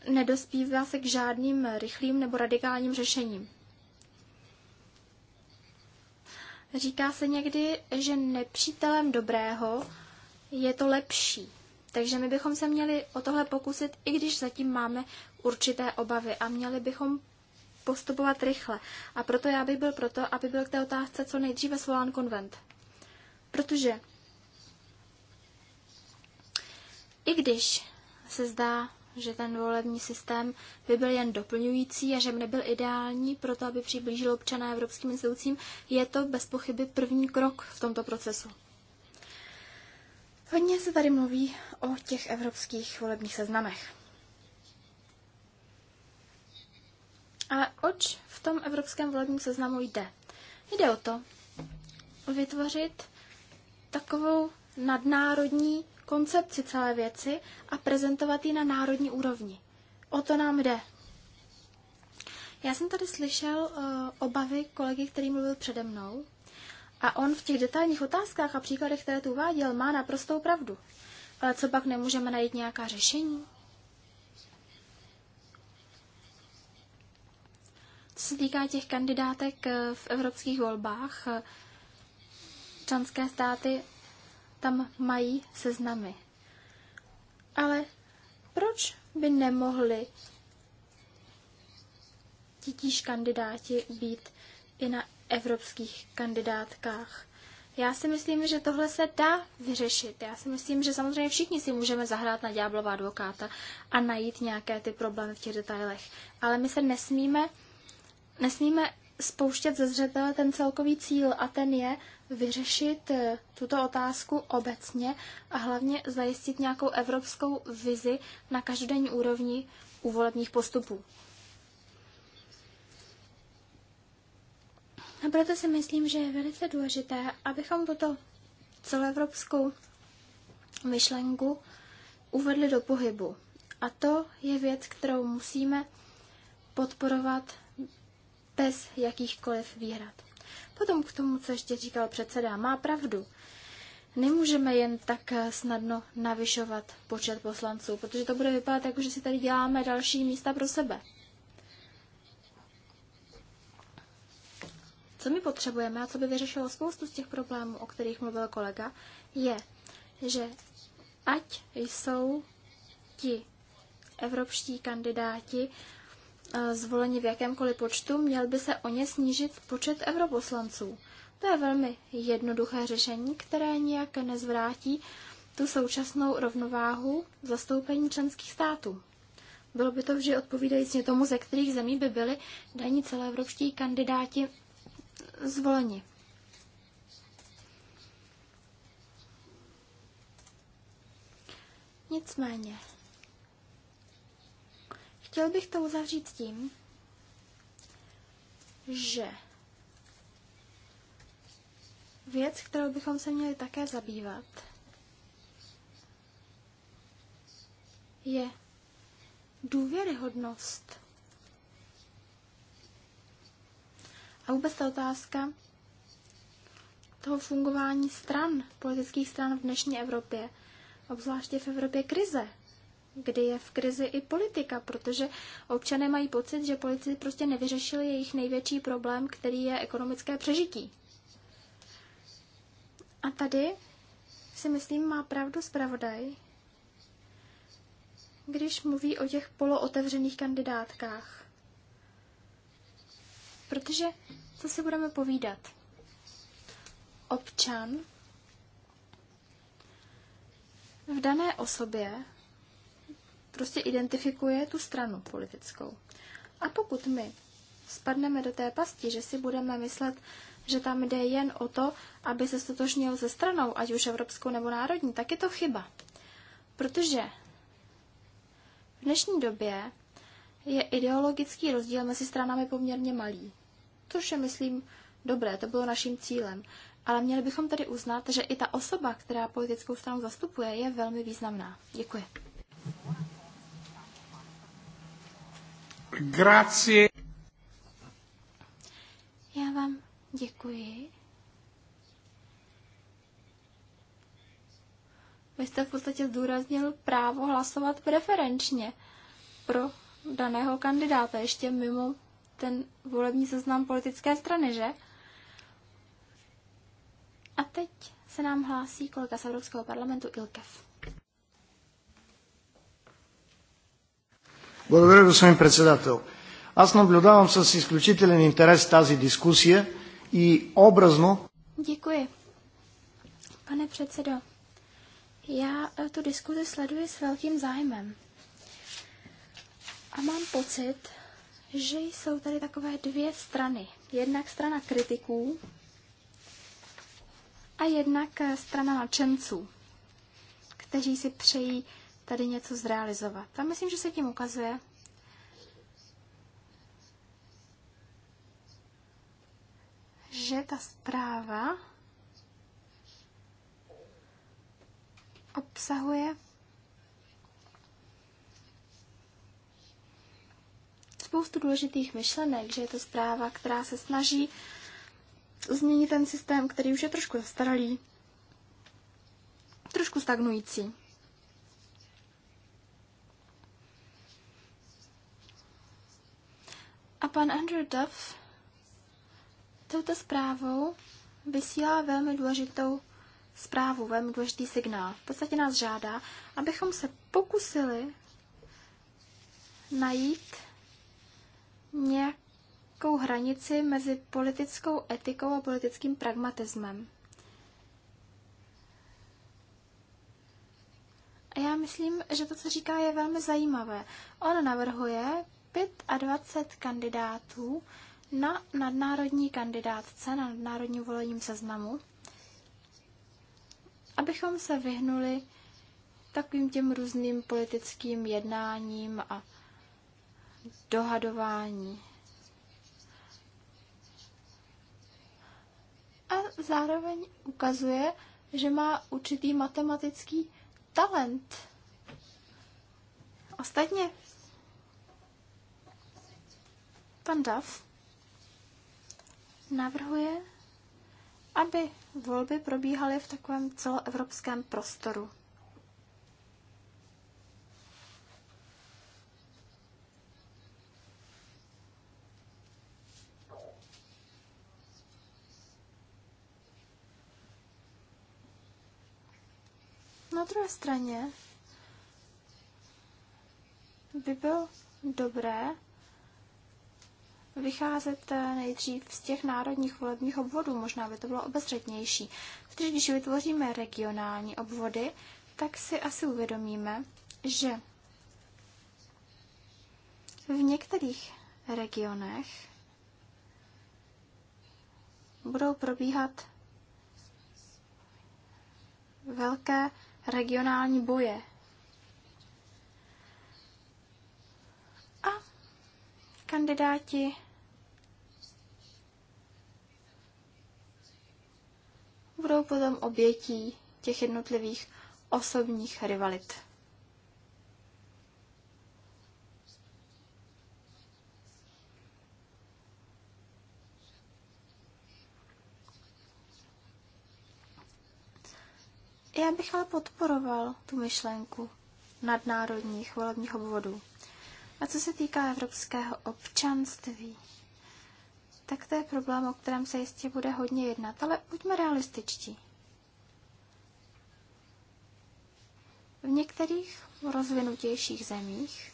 nedospívá se k žádným rychlým nebo radikálním řešením. Říká se někdy, že nepřítelem dobrého je to lepší. Takže my bychom se měli o tohle pokusit, i když zatím máme určité obavy a měli bychom postupovat rychle. A proto já bych byl proto, aby byl k té otázce co nejdříve svolán konvent. Protože i když se zdá, že ten volební systém by byl jen doplňující a že nebyl ideální pro to, aby přiblížil občana evropským institucím, je to bez pochyby první krok v tomto procesu. Hodně se tady mluví o těch evropských volebních seznamech. Ale oč v tom evropském volebním seznamu jde? Jde o to vytvořit takovou nadnárodní koncepci celé věci a prezentovat ji na národní úrovni. O to nám jde. Já jsem tady slyšel uh, obavy kolegy, který mluvil přede mnou, a on v těch detailních otázkách a příkladech, které tu uváděl, má naprostou pravdu. Ale co pak nemůžeme najít nějaká řešení? Co se týká těch kandidátek eh, v evropských volbách, eh, členské státy tam mají seznamy. Ale proč by nemohli titíž kandidáti být i na evropských kandidátkách? Já si myslím, že tohle se dá vyřešit. Já si myslím, že samozřejmě všichni si můžeme zahrát na ďáblová advokáta a najít nějaké ty problémy v těch detailech. Ale my se nesmíme, nesmíme spouštět ze zřetele ten celkový cíl a ten je vyřešit eh, tuto otázku obecně a hlavně zajistit nějakou evropskou vizi na každodenní úrovni u volebních postupů. A proto si myslím, že je velice důležité, abychom tuto celoevropskou myšlenku uvedli do pohybu. A to je věc, kterou musíme podporovat bez jakýchkoliv výhrad. Potom k tomu, co ještě říkal předseda, má pravdu. Nemůžeme jen tak eh, snadno navyšovat počet poslanců, protože to bude vypadat jako, že si tady děláme další místa pro sebe. Co my potřebujeme a co by vyřešilo spoustu z těch problémů, o kterých mluvil kolega, je, že ať jsou ti evropští kandidáti Eh, zvoleni v jakémkoliv počtu, měl by se o ně snížit počet europoslanců. To je velmi jednoduché řešení, které nijak nezvrátí tu současnou rovnováhu zastoupení členských států. Bylo by to vždy odpovídající tomu, ze kterých zemí by byli daní celoevropští kandidáti zvoleni. Nicméně, Chtěl bych to uzavřít tím, že věc, kterou bychom se měli také zabývat, je důvěryhodnost. A vůbec ta otázka toho fungování stran, politických stran v dnešní Evropě, obzvláště v Evropě krize kdy je v krizi i politika, protože občané mají pocit, že politici prostě nevyřešili jejich největší problém, který je ekonomické přežití. A tady si myslím, má pravdu zpravodaj, když mluví o těch polootevřených kandidátkách. Protože, co si budeme povídat? Občan v dané osobě prostě identifikuje tu stranu politickou. A pokud my spadneme do té pasti, že si budeme myslet, že tam jde jen o to, aby se stotožnil ze stranou, ať už evropskou nebo národní, tak je to chyba. Protože v dnešní době je ideologický rozdíl mezi stranami poměrně malý. Což je, myslím, dobré, to bylo naším cílem. Ale měli bychom tedy uznat, že i ta osoba, která politickou stranu zastupuje, je velmi významná. Děkuji. Grazie. Já vám děkuji. Vy jste v podstatě zdůraznil právo hlasovat preferenčně pro daného kandidáta, ještě mimo ten volební seznam politické strany, že? A teď se nám hlásí kolega z Evropského parlamentu Ilkev. Благодаря, господин председател. Аз наблюдавам с изключителен интерес тази дискусия и образно... Děkuji. Pane předsedo, já eh, tu diskuzi sleduji s velkým zájmem. A mám pocit, že jsou tady takové dvě strany. Jednak strana kritiků a jednak eh, strana nadšenců, kteří si přejí tady něco zrealizovat. A myslím, že se tím ukazuje, že ta zpráva obsahuje spoustu důležitých myšlenek, že je to zpráva, která se snaží změnit ten systém, který už je trošku zastaralý, trošku stagnující. pan Andrew Duff touto zprávou vysílá velmi důležitou zprávu, velmi důležitý signál. V podstatě nás žádá, abychom se pokusili najít nějakou hranici mezi politickou etikou a politickým pragmatismem. A já myslím, že to, co říká, je velmi zajímavé. On navrhuje 25 kandidátů na nadnárodní kandidátce, na nadnárodní volením seznamu, abychom se vyhnuli takovým těm různým politickým jednáním a dohadování. A zároveň ukazuje, že má určitý matematický talent. Ostatně Pan Dav navrhuje, aby volby probíhaly v takovém celoevropském prostoru. Na druhé straně by bylo dobré, vycházet eh, nejdřív z těch národních volebních obvodů, možná by to bylo obezřetnější. Protože když vytvoříme regionální obvody, tak si asi uvědomíme, že v některých regionech budou probíhat velké regionální boje kandidáti. Budou potom obětí těch jednotlivých osobních rivalit. Já bych ale podporoval tu myšlenku nadnárodních volebních obvodů. A co se týká evropského občanství, tak to je problém, o kterém se jistě bude hodně jednat, ale buďme realističtí. V některých rozvinutějších zemích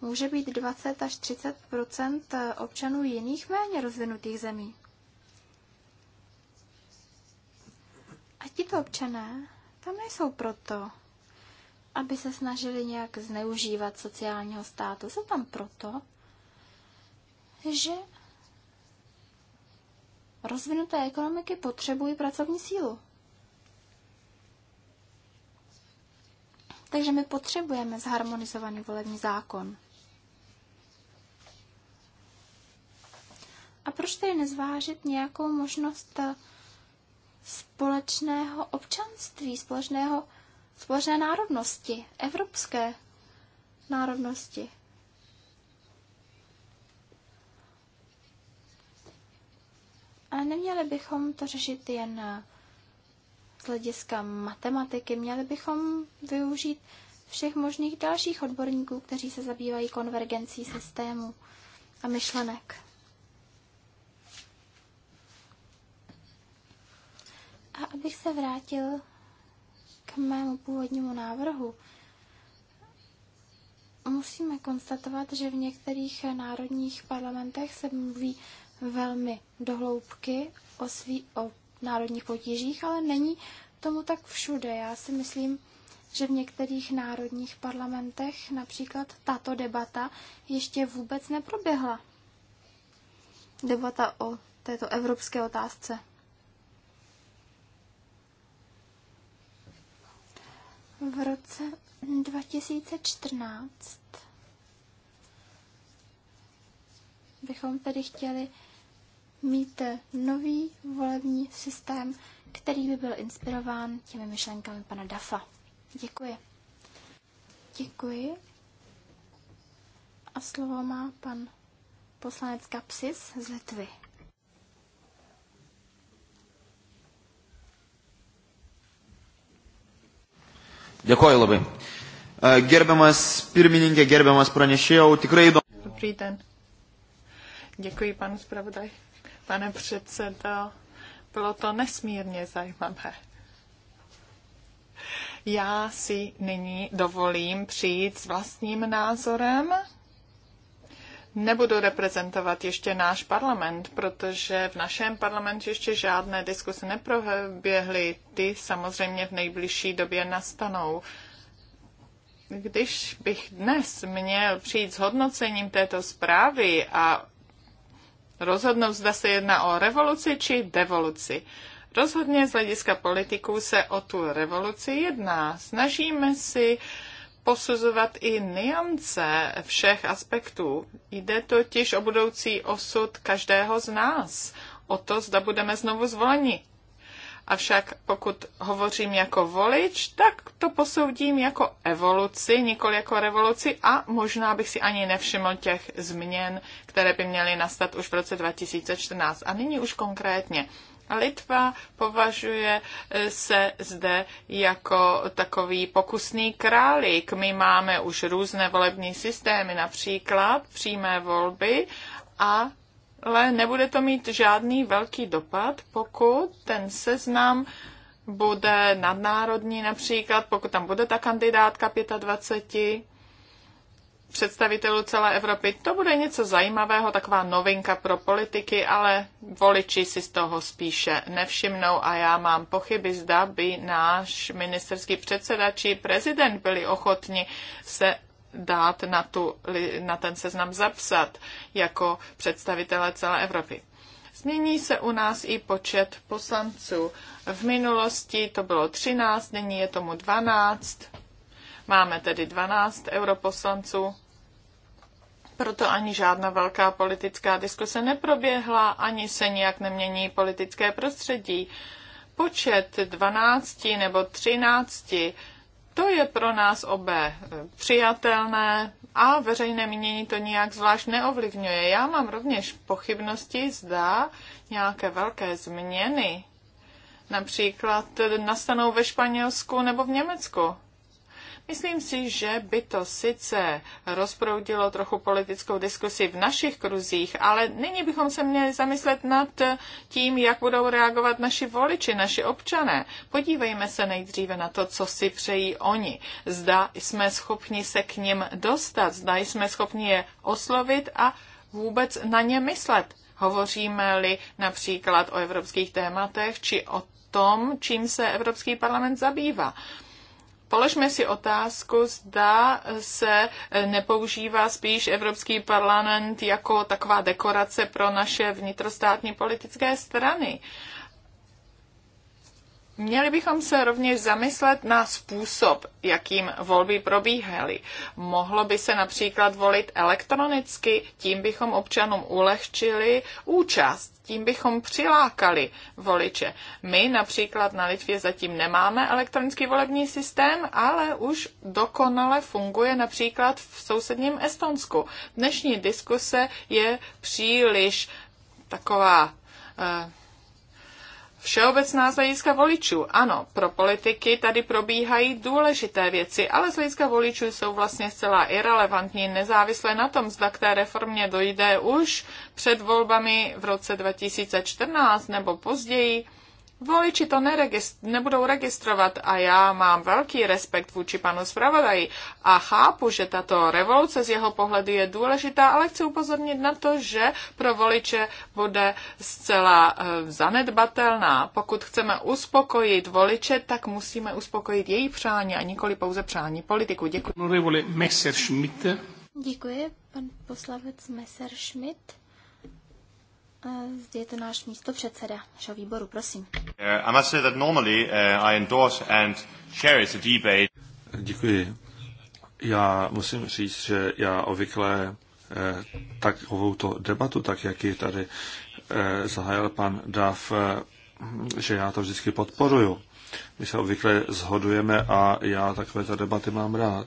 může být 20 až 30 občanů jiných méně rozvinutých zemí. A tito občané tam nejsou proto, aby se snažili nějak zneužívat sociálního státu. Jsou tam proto, že rozvinuté ekonomiky potřebují pracovní sílu. Takže my potřebujeme zharmonizovaný volební zákon. A proč tedy nezvážit nějakou možnost společného občanství, společného zbožné národnosti, evropské národnosti. Ale neměli bychom to řešit jen z hlediska matematiky, měli bychom využít všech možných dalších odborníků, kteří se zabývají konvergencí systému a myšlenek. A abych se vrátil k mému původnímu návrhu, musíme konstatovat, že v některých národních parlamentech se mluví velmi dohloubky o, svý, o národních potížích, ale není tomu tak všude. Já si myslím, že v některých národních parlamentech například tato debata ještě vůbec neproběhla. Debata o této evropské otázce. V roce 2014 bychom tedy chtěli mít nový volební systém, který by byl inspirován těmi myšlenkami pana Dafa. Děkuji. Děkuji. A slovo má pan poslanec Kapsis z Litvy. Dėkoju labai. Eh, gerbiamas pirmininkė, gerbiamas pranešėjau, tikrai įdomu. Dobrý den. Děkuji, pan zpravodaj. Pane předsedo, bylo to nesmírně zajímavé. Já si nyní dovolím přijít s vlastním názorem nebudu reprezentovat ještě náš parlament, protože v našem parlamentu ještě žádné diskuse neproběhly. Ty samozřejmě v nejbližší době nastanou. Když bych dnes měl přijít s hodnocením této zprávy a rozhodnout, zda se jedná o revoluci či devoluci, rozhodně z hlediska politiků se o tu revoluci jedná. Snažíme si uh, posuzovat i niance všech aspektů. Jde totiž o budoucí osud každého z nás, o to, zda budeme znovu zvoleni. Avšak pokud hovořím jako volič, tak to posoudím jako evoluci, nikoli jako revoluci a možná bych si ani nevšiml těch změn, které by měly nastat už v roce 2014. A nyní už konkrétně a Litva považuje eh, se zde jako takový pokusný králík. My máme už různé volební systémy, například přímé volby ale nebude to mít žádný velký dopad, pokud ten seznam bude nadnárodní například, pokud tam bude ta kandidátka 25 představitelů celé Evropy. To bude něco zajímavého, taková novinka pro politiky, ale voliči si z toho spíše nevšimnou a já mám pochyby, zda by náš ministerský předseda či prezident byli ochotni se dát na, tu, na ten seznam zapsat jako představitele celé Evropy. Změní se u nás i počet poslanců. V minulosti to bylo 13, nyní je tomu 12 Máme tedy 12 europoslanců, proto ani žádná velká politická diskuse neproběhla, ani se nijak nemění politické prostředí. Počet 12 nebo 13, to je pro nás obé eh, přijatelné a veřejné mínění to nijak zvlášť neovlivňuje. Já mám rovněž pochybnosti, zda nějaké velké změny například nastanou ve Španělsku nebo v Německu Myslím si, že by to sice rozproudilo trochu politickou diskusi v našich kruzích, ale nyní bychom se měli zamyslet nad tím, jak budou reagovat naši voliči, naši občané. Podívejme se nejdříve na to, co si přejí oni. Zda jsme schopni se k ním dostat, zda jsme schopni je oslovit a vůbec na ně myslet. Hovoříme-li například o evropských tématech či o tom, čím se Evropský parlament zabývá. Položme si otázku, zda se nepoužívá spíš Evropský parlament jako taková dekorace pro naše vnitrostátní politické strany. Měli bychom se rovněž zamyslet na způsob, jakým volby probíhaly. Mohlo by se například volit elektronicky, tím bychom občanům ulehčili účast tím bychom přilákali voliče. My například na Litvě zatím nemáme elektronický volební systém, ale už dokonale funguje například v sousedním Estonsku. Dnešní diskuse je příliš taková eh, Všeobecná z hlediska voličů. Ano, pro politiky tady probíhají důležité věci, ale z hlediska voličů jsou vlastně zcela irrelevantní, nezávisle na tom, zda k té reformě dojde už před volbami v roce 2014 nebo později. Voliči to neregistr- nebudou registrovat a já mám velký respekt vůči panu zpravodaji a chápu, že tato revoluce z jeho pohledu je důležitá, ale chci upozornit na to, že pro voliče bude zcela uh, zanedbatelná. Pokud chceme uspokojit voliče, tak musíme uspokojit její přání a nikoli pouze přání politiku. Děkuji. Děkuji, pan poslavec Messerschmidt. Eh, zde je to náš místo předseda našeho výboru, prosím. Uh, I uh, Děkuji. Já musím říct, že já obvykle eh, to debatu, tak jak ji tady eh, zahájil pan Dav, že já to vždycky podporuju. My se obvykle zhodujeme a já takové ta debaty mám rád.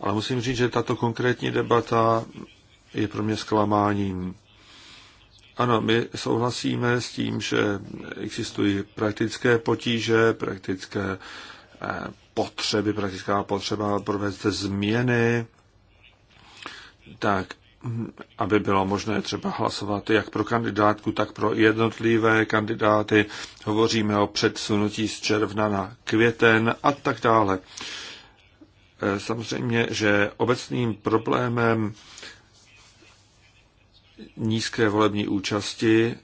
Ale musím říct, že tato konkrétní debata je pro mě zklamáním. Ano, my souhlasíme s tím, že existují praktické potíže, praktické eh, potřeby, praktická potřeba provést změny, tak hm, aby bylo možné třeba hlasovat jak pro kandidátku, tak pro jednotlivé kandidáty. Hovoříme o předsunutí z června na květen a tak dále. Eh, samozřejmě, že obecným problémem nízké volební účasti,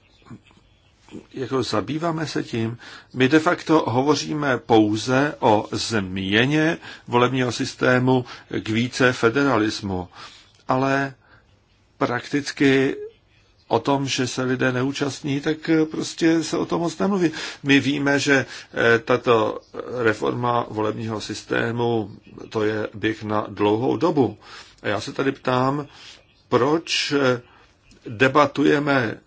jako zabýváme se tím, my de facto hovoříme pouze o změně volebního systému k více federalismu, ale prakticky o tom, že se lidé neúčastní, tak prostě se o tom moc nemluví. My víme, že eh, tato reforma volebního systému, to je běh na dlouhou dobu. A já se tady ptám, proč eh, debatujeme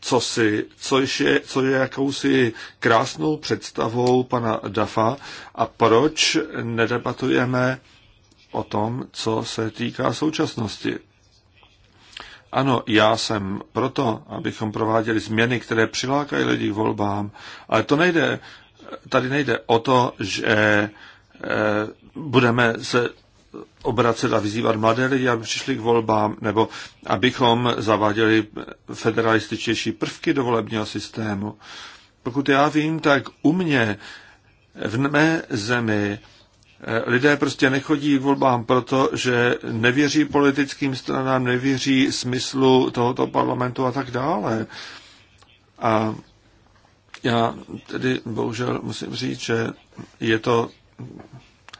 co si, co je, co je jakousi krásnou představou pana Dafa a proč nedebatujeme o tom, co se týká současnosti. Ano, já jsem proto, abychom prováděli změny, které přilákají lidi k volbám, ale to nejde, tady nejde o to, že eh, budeme se obracet a vyzývat mladé lidi, aby přišli k volbám, nebo abychom zaváděli federalističtější prvky do volebního systému. Pokud já vím, tak u mě v mé zemi eh, lidé prostě nechodí k volbám proto, že nevěří politickým stranám, nevěří smyslu tohoto parlamentu a tak dále. A já tedy bohužel musím říct, že je to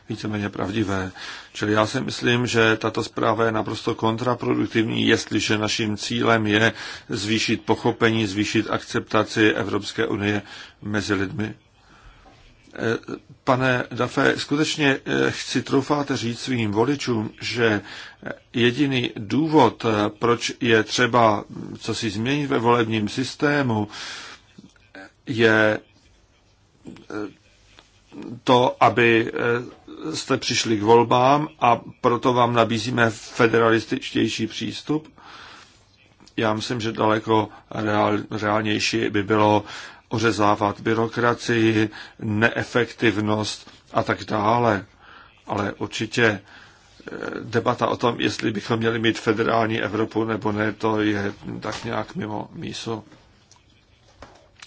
víceméně pravdivé. Čili já si myslím, že tato zpráva je naprosto kontraproduktivní, jestliže naším cílem je zvýšit pochopení, zvýšit akceptaci Evropské unie mezi lidmi. Eh, pane Dafe, skutečně eh, chci troufáte říct svým voličům, že eh, jediný důvod, proč je třeba hm, co si změnit ve volebním systému, je to, aby jste přišli k volbám a proto vám nabízíme federalističtější přístup. Já myslím, že daleko reál, reálnější by bylo ořezávat byrokracii, neefektivnost a tak dále. Ale určitě eh, debata o tom, jestli bychom měli mít federální Evropu nebo ne, to je tak nějak mimo mísu.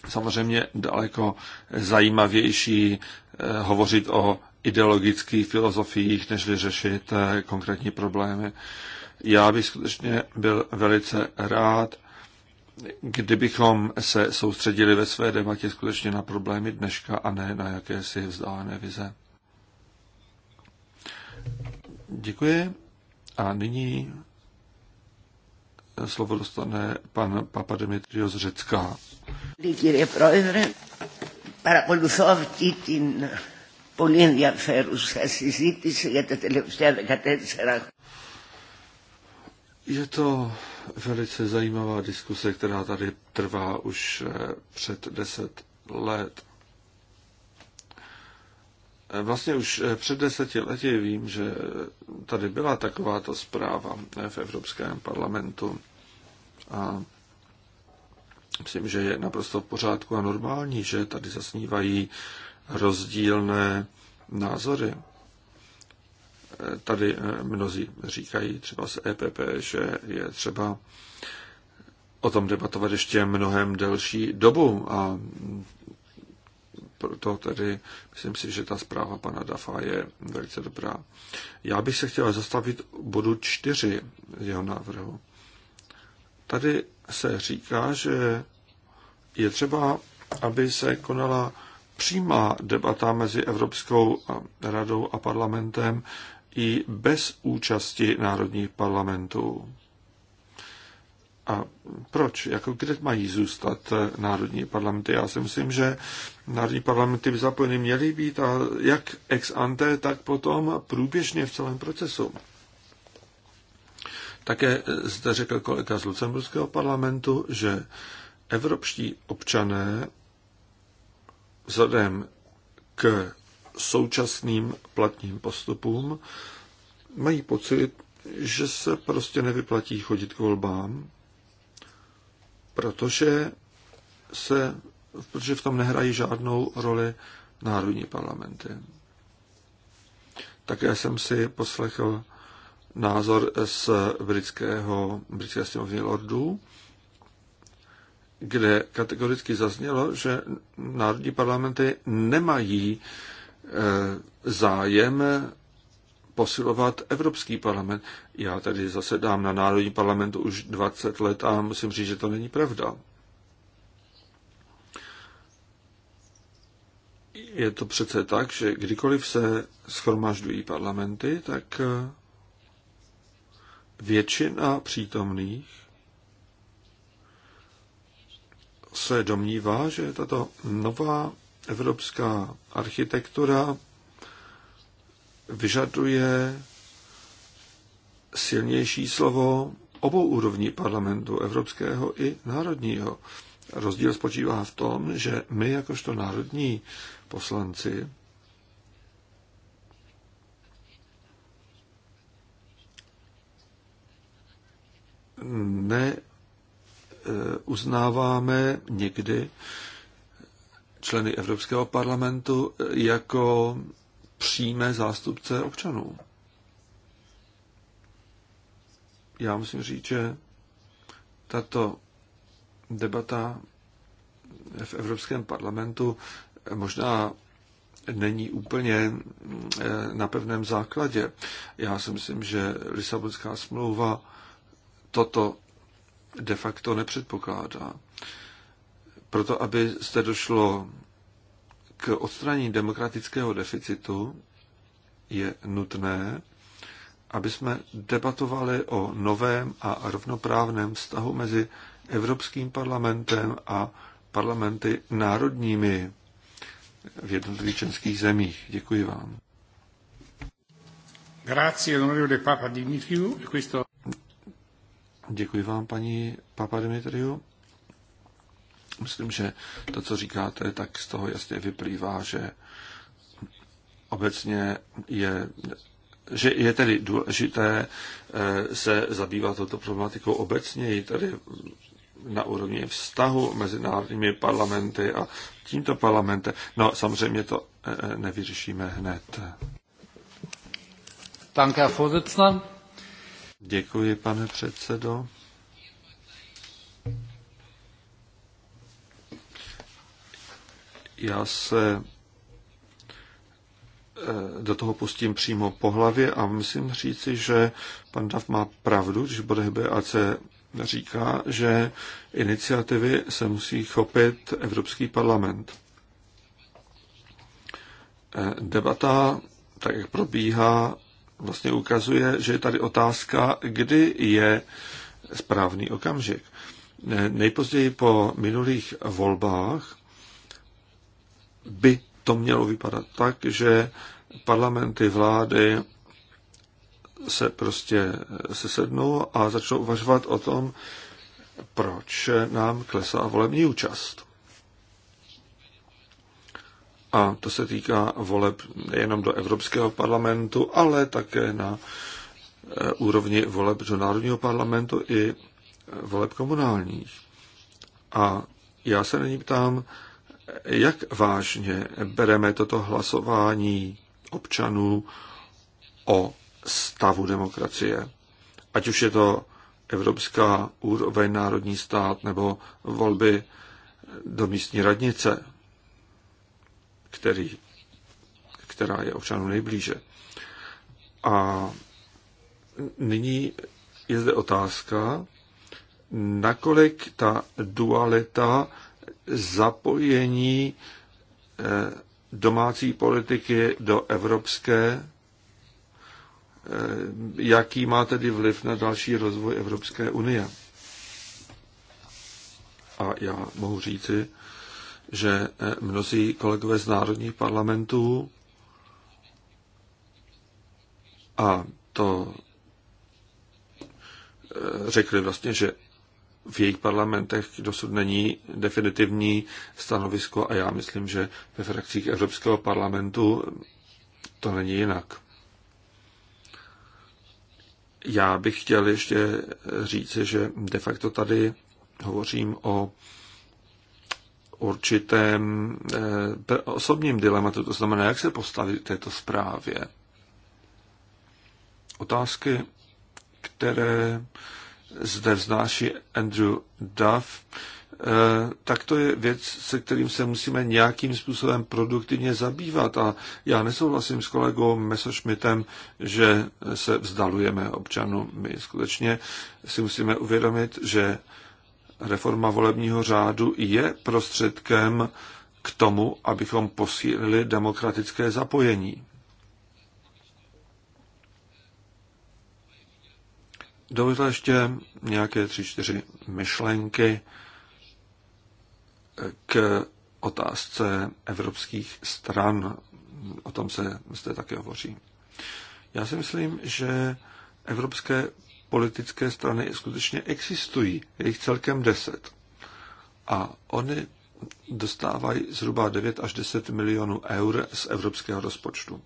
Samozřejmě daleko zajímavější eh, hovořit o ideologických filozofiích, než řešit eh, konkrétní problémy. Já bych skutečně byl velice rád, kdybychom se soustředili ve své debatě skutečně na problémy dneška a ne na jakési vzdálené vize. Děkuji. A nyní slovo dostane pan Papa Dimitrios Řecka. Děkuji, πολύ ενδιαφέρουσα συζήτηση για τα τελευταία 14 Je to velice zajímavá diskuse, která tady trvá už eh, před deset let. Eh, vlastně už eh, před deseti lety vím, že tady byla takováto zpráva v Evropském parlamentu a myslím, že je naprosto v pořádku a normální, že tady zasnívají rozdílné názory. Tady eh, mnozí říkají třeba z EPP, že je třeba o tom debatovat ještě mnohem delší dobu a proto tedy myslím si, že ta zpráva pana Dafa je velice dobrá. Já bych se chtěl zastavit bodu čtyři jeho návrhu. Tady se říká, že je třeba, aby se konala přímá debata mezi Evropskou radou a parlamentem i bez účasti národních parlamentů. A proč? Jako kde mají zůstat národní parlamenty? Já si myslím, že národní parlamenty by zapojeny měly být a jak ex ante, tak potom průběžně v celém procesu. Také zde řekl kolega z Lucemburského parlamentu, že evropští občané vzhledem k současným platním postupům mají pocit, že se prostě nevyplatí chodit k volbám, protože, se, protože v tom nehrají žádnou roli národní parlamenty. Také jsem si poslechl názor z britského, britského sněmovny lordů, kde kategoricky zaznělo, že národní parlamenty nemají e, zájem posilovat Evropský parlament. Já tady zasedám na Národní parlamentu už 20 let a musím říct, že to není pravda. Je to přece tak, že kdykoliv se schromažďují parlamenty, tak e, většina přítomných se domnívá, že tato nová evropská architektura vyžaduje silnější slovo obou úrovní parlamentu, evropského i národního. Rozdíl spočívá v tom, že my jakožto národní poslanci ne Eh, uznáváme někdy členy Evropského parlamentu eh, jako přímé zástupce občanů. Já musím říct, že tato debata v Evropském parlamentu možná není úplně eh, na pevném základě. Já si myslím, že Lisabonská smlouva toto de facto nepředpokládá. Proto, aby se došlo k odstranění demokratického deficitu, je nutné, aby jsme debatovali o novém a rovnoprávném vztahu mezi Evropským parlamentem a parlamenty národními v jednotlivých členských zemích. Děkuji vám. Grazie, onorevole Papa Dimitriu. E questo... Děkuji vám, paní Dimitriu. Myslím, že to, co říkáte, tak z toho jasně vyplývá, že obecně je že je tedy důležité eh, se zabývat touto problematikou obecně, tedy na úrovni vztahu mezi národními parlamenty a tímto parlamentem. No, samozřejmě to eh, nevyřešíme hned. Danke, Herr Vorsitzender. Děkuji, pane předsedo. Já se eh, do toho pustím přímo po hlavě a musím říci, že pan Dav má pravdu, když bude HBAC říká, že iniciativy se musí chopit Evropský parlament. Eh, debata, tak jak probíhá, vlastně ukazuje, že je tady otázka, kdy je správný okamžik. Nejpozději po minulých volbách by to mělo vypadat tak, že parlamenty vlády se prostě sesednou a začnou uvažovat o tom, proč nám klesá volební účast. A to se týká voleb nejenom do Evropského parlamentu, ale také na e, úrovni voleb do Národního parlamentu i voleb komunálních. A já se nyní ptám, jak vážně bereme toto hlasování občanů o stavu demokracie. Ať už je to evropská úroveň, národní stát nebo volby do místní radnice který, která je občanům nejblíže. A nyní je zde otázka, nakolik ta dualita zapojení eh, domácí politiky do evropské, eh, jaký má tedy vliv na další rozvoj Evropské unie. A já mohu říci, že eh, mnozí kolegové z národních parlamentů a to eh, řekli vlastně, že v jejich parlamentech dosud není definitivní stanovisko a já myslím, že ve frakcích Evropského parlamentu to není jinak. Já bych chtěl ještě říci, že de facto tady hovořím o určitém eh, osobním dilematu, to znamená, jak se postavit této zprávě. Otázky, které zde vznáší Andrew Duff, eh, tak to je věc, se kterým se musíme nějakým způsobem produktivně zabývat. A já nesouhlasím s kolegou Messerschmittem, že se vzdalujeme občanům. My skutečně si musíme uvědomit, že reforma volebního řádu je prostředkem k tomu, abychom posílili demokratické zapojení. Dovedla ještě nějaké tři, čtyři myšlenky k otázce evropských stran. O tom se zde také hovoří. Já si myslím, že evropské politické strany skutečně existují. Je jich celkem deset. A oni dostávají zhruba 9 až 10 milionů eur z evropského rozpočtu.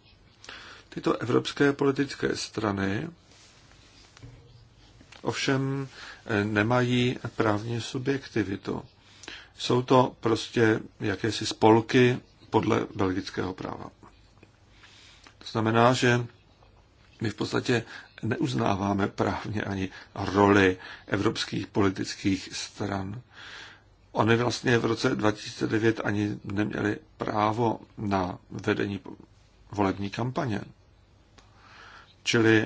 Tyto evropské politické strany ovšem eh, nemají právní subjektivitu. Jsou to prostě jakési spolky podle belgického práva. To znamená, že my v podstatě neuznáváme právně ani roli evropských politických stran. Oni vlastně v roce 2009 ani neměli právo na vedení volební kampaně. Čili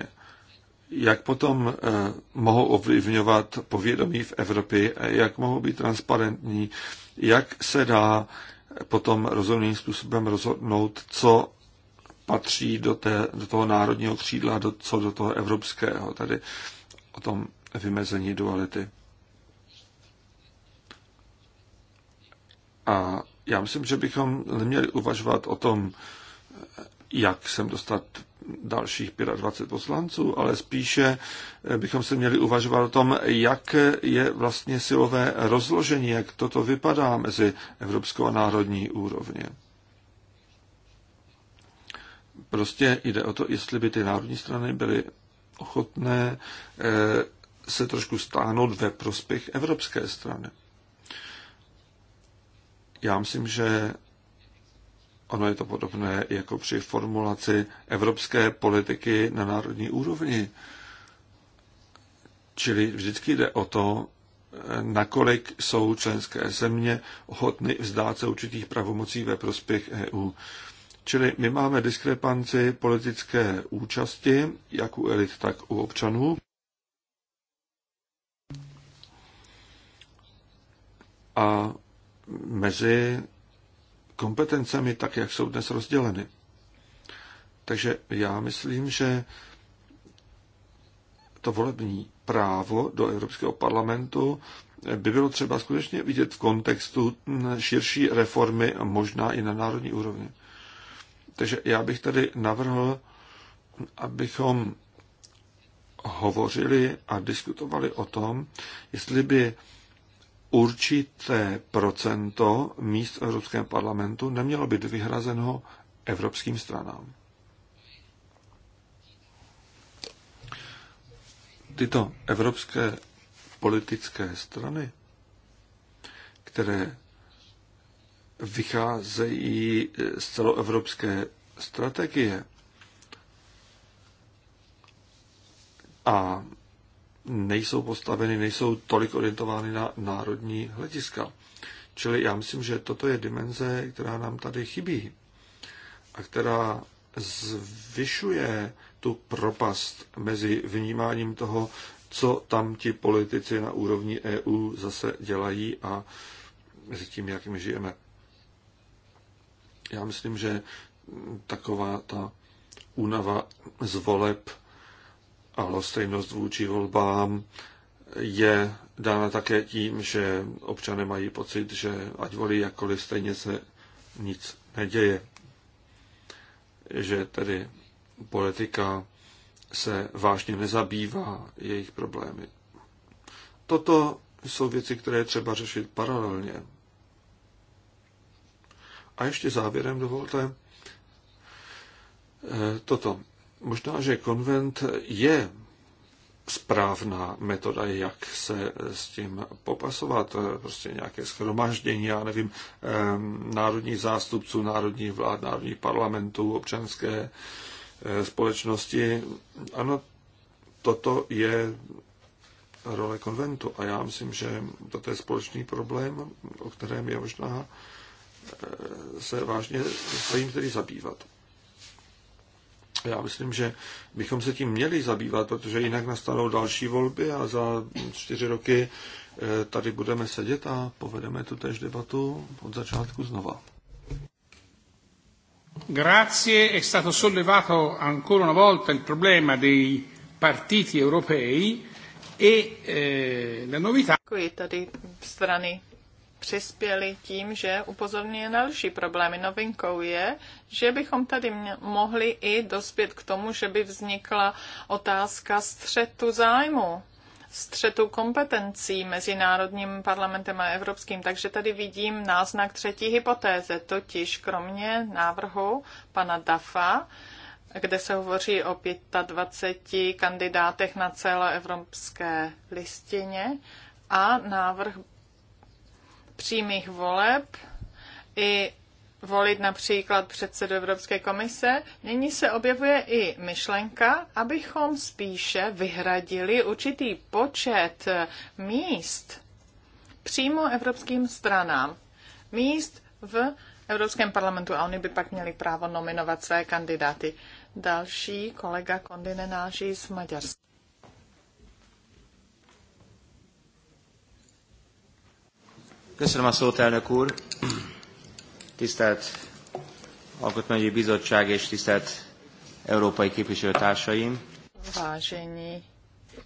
jak potom eh, mohou ovlivňovat povědomí v Evropě, jak mohou být transparentní, jak se dá potom rozumným způsobem rozhodnout, co patří do, té, do toho národního křídla, do, co do toho evropského, tady o tom vymezení duality. A já myslím, že bychom neměli uvažovat o tom, jak sem dostat dalších 25 poslanců, ale spíše bychom se měli uvažovat o tom, jak je vlastně silové rozložení, jak toto vypadá mezi evropskou a národní úrovně. Prostě jde o to, jestli by ty národní strany byly ochotné eh, se trošku stáhnout ve prospěch evropské strany. Já myslím, že ono je to podobné jako při formulaci evropské politiky na národní úrovni. Čili vždycky jde o to, eh, nakolik jsou členské země ochotny vzdát se určitých pravomocí ve prospěch EU. Čili my máme diskrepanci politické účasti, jak u elit, tak u občanů. A mezi kompetencemi, tak jak jsou dnes rozděleny. Takže já myslím, že to volební právo do Evropského parlamentu by bylo třeba skutečně vidět v kontextu širší reformy, možná i na národní úrovni. Takže já bych tady navrhl, abychom hovořili a diskutovali o tom, jestli by určité procento míst v Evropském parlamentu nemělo být vyhrazeno evropským stranám. Tyto evropské politické strany, které vycházejí eh, z celoevropské strategie. A nejsou postaveny, nejsou tolik orientovány na národní hlediska. Čili já myslím, že toto je dimenze, která nám tady chybí a která zvyšuje tu propast mezi vnímáním toho, co tam ti politici na úrovni EU zase dělají a mezi tím, jak my žijeme. Já myslím, že taková ta únava z voleb a lhostejnost vůči volbám je dána také tím, že občané mají pocit, že ať volí jakkoliv, stejně se nic neděje. Že tedy politika se vážně nezabývá jejich problémy. Toto jsou věci, které je třeba řešit paralelně. A ještě závěrem dovolte eh, toto. Možná, že konvent je správná metoda, jak se s tím popasovat, eh, prostě nějaké schromaždění, já nevím, eh, národních zástupců, národních vlád, národních parlamentů, občanské společnosti. Ano, toto je role konventu a já myslím, že toto je společný problém, o kterém je možná se vážně se jim tedy zabývat. Já myslím, že bychom se tím měli zabývat, protože jinak nastanou další volby a za čtyři roky eh, tady budeme sedět a povedeme tu tež debatu od začátku znova. Grazie, è stato sollevato ancora una volta il problema dei partiti europei e eh, la novità. Qui, tady strany přispěli tím, že upozorňuje na další problémy. Novinkou je, že bychom tady mohli i dospět k tomu, že by vznikla otázka střetu zájmu střetu kompetencí mezi Národním parlamentem a Evropským. Takže tady vidím náznak třetí hypotéze, totiž kromě návrhu pana Dafa, kde se hovoří o 25 kandidátech na celoevropské listině a návrh přímých voleb i volit například předsedu Evropské komise, nyní se objevuje i myšlenka, abychom spíše vyhradili určitý počet míst přímo evropským stranám. Míst v Evropském parlamentu a oni by pak měli právo nominovat své kandidáty. Další kolega Kondinenáží z Maďarska. Köszönöm a szót, elnök úr. Tisztelt Alkotmányi Bizottság és tisztelt Európai Képviselőtársaim. Vážení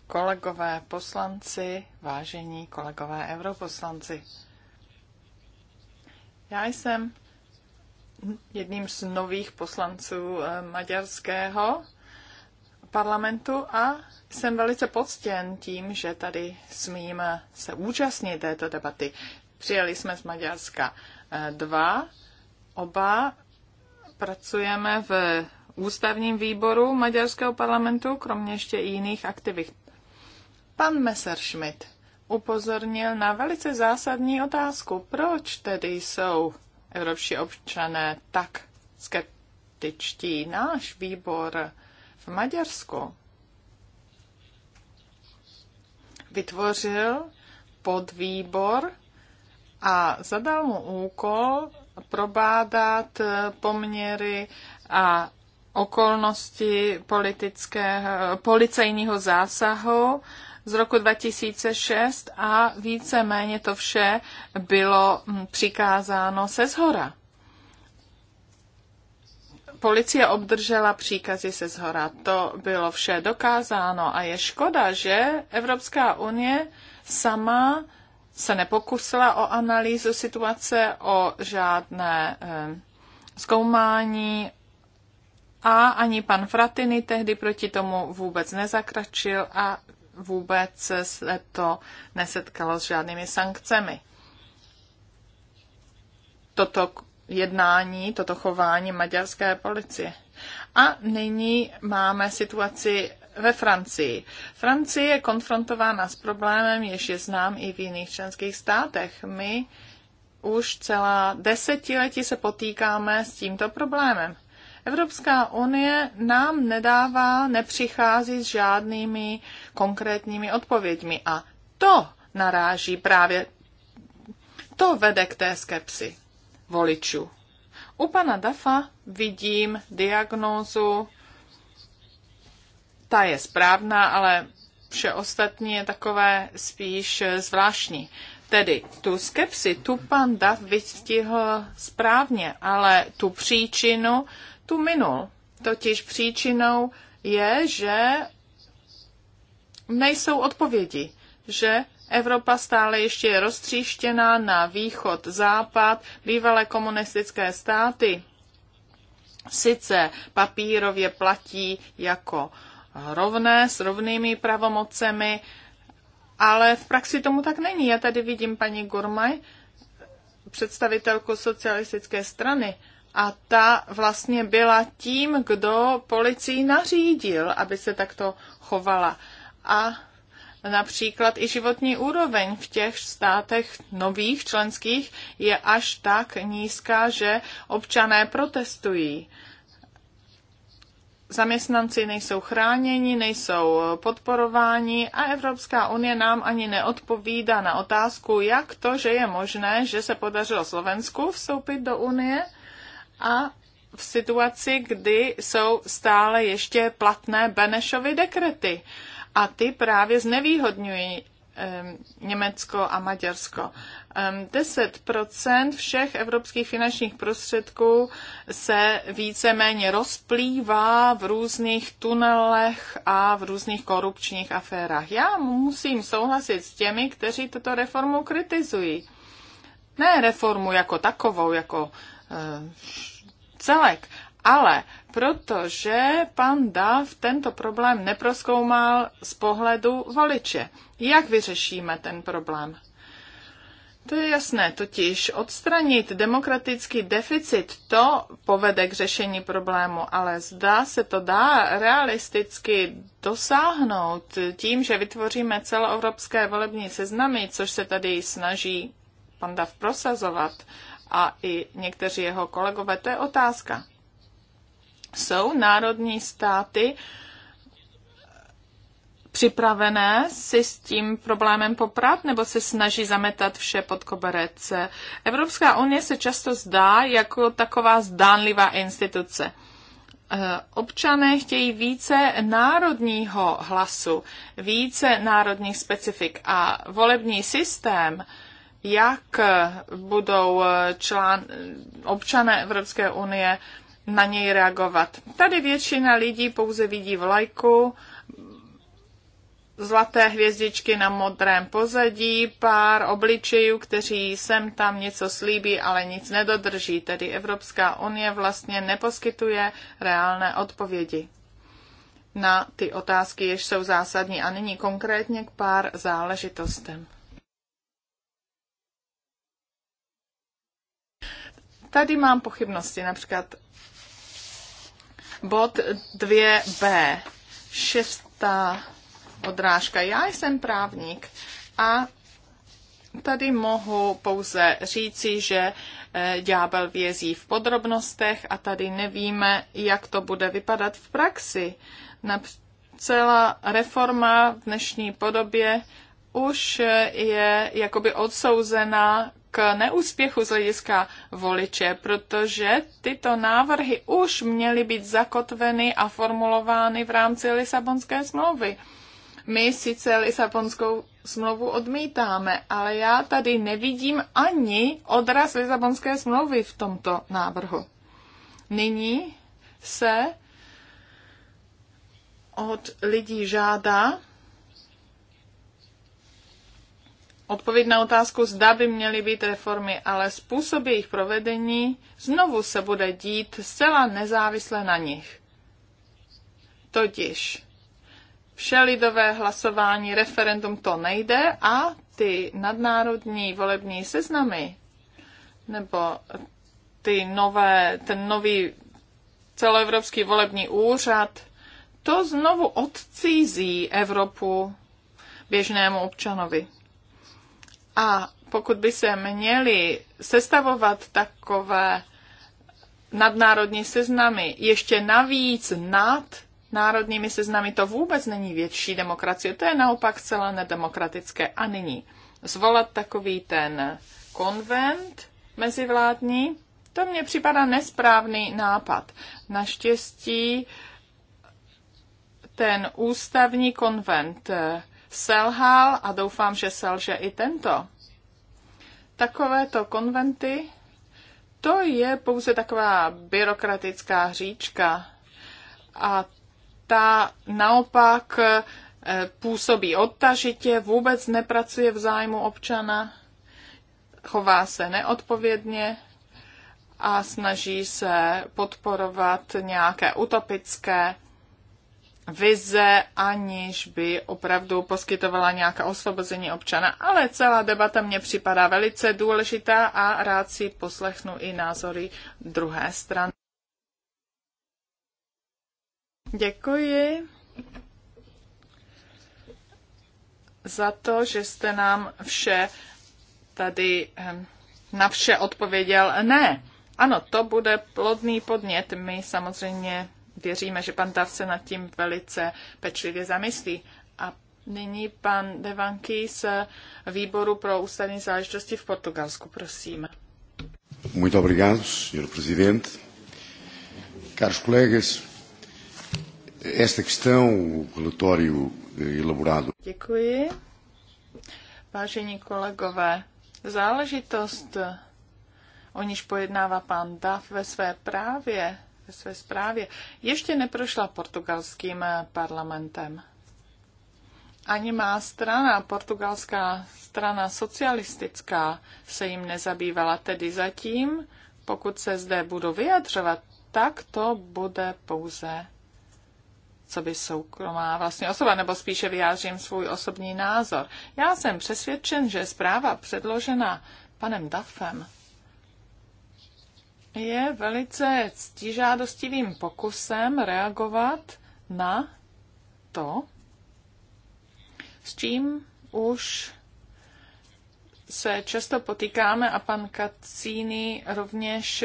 kolegové poslanci, vážení kolegové europoslanci. Já jsem jedním z nových poslanců eh, maďarského parlamentu a jsem velice poctěn tím, že tady smím se účastnit této debaty. Přijeli jsme z Maďarska eh, dva, oba pracujeme v ústavním výboru maďarského parlamentu, kromě ještě i jiných aktivit. Pan Messerschmidt upozornil na velice zásadní otázku, proč tedy jsou evropští občané tak skeptičtí. Náš výbor v Maďarsku vytvořil podvýbor a zadal mu úkol probádat eh, poměry a okolnosti politického, policejního zásahu z roku 2006 a více-méně to vše bylo hm, přikázáno se zhora. Policie obdržela příkazy se zhora. To bylo vše dokázáno a je škoda, že Evropská unie sama se nepokusila o analýzu situace, o žádné eh, zkoumání a ani pan Fratiny tehdy proti tomu vůbec nezakračil a vůbec se to nesetkalo s žádnými sankcemi. Toto jednání, toto chování maďarské policie. A nyní máme situaci ve Francii. Francie je konfrontována s problémem, jež je znám i v jiných členských státech. My už celá desetiletí se potýkáme s tímto problémem. Evropská unie nám nedává, nepřichází s žádnými konkrétními odpověďmi a to naráží právě, to vede k té skepsi voličů. U pana Dafa vidím diagnózu ta je správná, ale vše ostatní je takové spíš zvláštní. Tedy tu skepsi, tu pan Dav vystihl správně, ale tu příčinu tu minul. Totiž příčinou je, že nejsou odpovědi, že Evropa stále ještě je roztříštěná na východ, západ, bývalé komunistické státy. Sice papírově platí jako uh, rovné, s rovnými pravomocemi, ale v praxi tomu tak není. Já tady vidím paní Gormaj, představitelku socialistické strany, a ta vlastně byla tím, kdo policii nařídil, aby se takto chovala. A například i životní úroveň v těch státech nových členských je až tak nízká, že občané protestují zaměstnanci nejsou chráněni, nejsou podporováni a Evropská unie nám ani neodpovídá na otázku, jak to, že je možné, že se podařilo Slovensku vstoupit do unie a v situaci, kdy jsou stále ještě platné Benešovy dekrety. A ty právě znevýhodňují Německo a Maďarsko. 10% všech evropských finančních prostředků se víceméně rozplývá v různých tunelech a v různých korupčních aférách. Já musím souhlasit s těmi, kteří tuto reformu kritizují. Ne reformu jako takovou, jako eh, celek, ale protože pan Dav tento problém neproskoumal z pohledu voliče. Jak vyřešíme ten problém? To je jasné, totiž odstranit demokratický deficit, to povede k řešení problému, ale zdá se to dá realisticky dosáhnout tím, že vytvoříme celoevropské volební seznamy, což se tady snaží pan Dav prosazovat a i někteří jeho kolegové, to je otázka. Jsou národní státy připravené si s tím problémem poprat nebo se snaží zametat vše pod koberec? Evropská unie se často zdá jako taková zdánlivá instituce. Eh, občané chtějí více národního hlasu, více národních specifik a volební systém, jak budou eh, člán, občané Evropské unie na něj reagovat. Tady většina lidí pouze vidí vlajku, zlaté hvězdičky na modrém pozadí, pár obličejů, kteří sem tam něco slíbí, ale nic nedodrží. Tedy Evropská unie vlastně neposkytuje reálné odpovědi na ty otázky, jež jsou zásadní. A nyní konkrétně k pár záležitostem. Tady mám pochybnosti, například bod 2b, šestá odrážka. Já jsem právník a tady mohu pouze říci, že eh, ďábel vězí v podrobnostech a tady nevíme, jak to bude vypadat v praxi. Celá reforma v dnešní podobě už eh, je jakoby odsouzená k neúspěchu z hlediska voliče, protože tyto návrhy už měly být zakotveny a formulovány v rámci Lisabonské smlouvy. My sice Lisabonskou smlouvu odmítáme, ale já tady nevidím ani odraz Lisabonské smlouvy v tomto návrhu. Nyní se od lidí žádá, odpověď na otázku, zda by měly být reformy, ale způsob jejich provedení znovu se bude dít zcela nezávisle na nich. Totiž všelidové hlasování, referendum to nejde a ty nadnárodní volební seznamy nebo ty nové, ten nový celoevropský volební úřad, to znovu odcízí Evropu běžnému občanovi. A pokud by se měli sestavovat takové nadnárodní seznamy, ještě navíc nad národními seznamy, to vůbec není větší demokracie, to je naopak celá nedemokratické. A nyní zvolat takový ten konvent mezivládní, to mně připadá nesprávný nápad. Naštěstí ten ústavní konvent selhal a doufám, že selže i tento. Takovéto konventy, to je pouze taková byrokratická říčka a ta naopak eh, působí odtažitě, vůbec nepracuje v zájmu občana, chová se neodpovědně a snaží se podporovat nějaké utopické vize, aniž by opravdu poskytovala nějaká osvobození občana, ale celá debata mě připadá velice důležitá a rád si poslechnu i názory druhé strany. Děkuji za to, že jste nám vše tady ehm, na vše odpověděl ne. Ano, to bude plodný podnět. My samozřejmě věříme, že pan Dav se nad tím velice pečlivě zamyslí. A nyní pan Devanky z výboru pro ústavní záležitosti v Portugalsku, prosím. Muito obrigado, senhor presidente. Caros colegas, esta questão, o relatório eh, elaborado. Děkuji. Vážení kolegové, záležitost, o níž pojednává pan Dav ve své právě, ve své zprávě, ještě neprošla portugalským eh, parlamentem. Ani má strana, portugalská strana socialistická, se jim nezabývala. Tedy zatím, pokud se zde budu vyjadřovat, tak to bude pouze co by soukromá vlastně osoba, nebo spíše vyjádřím svůj osobní názor. Já jsem přesvědčen, že zpráva předložena panem Duffem je velice ctižádostivým pokusem reagovat na to, s čím už se často potýkáme a pan Kacíny rovněž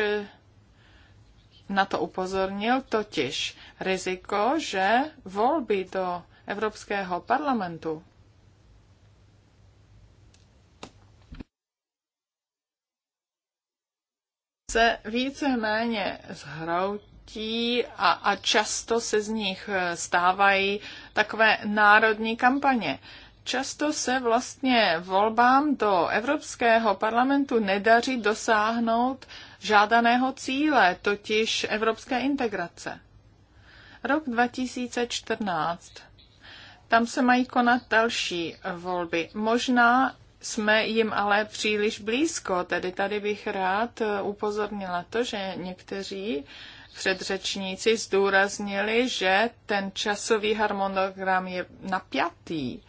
na to upozornil, totiž riziko, že volby do Evropského parlamentu se více-méně zhroutí a, a často se z nich eh, stávají takové národní kampaně. Často se vlastně volbám do Evropského parlamentu nedaří dosáhnout žádaného cíle, totiž evropské integrace. Rok 2014. Tam se mají konat další volby. Možná jsme jim ale příliš blízko. Tedy tady bych rád upozornila to, že někteří předřečníci zdůraznili, že ten časový harmonogram je napjatý.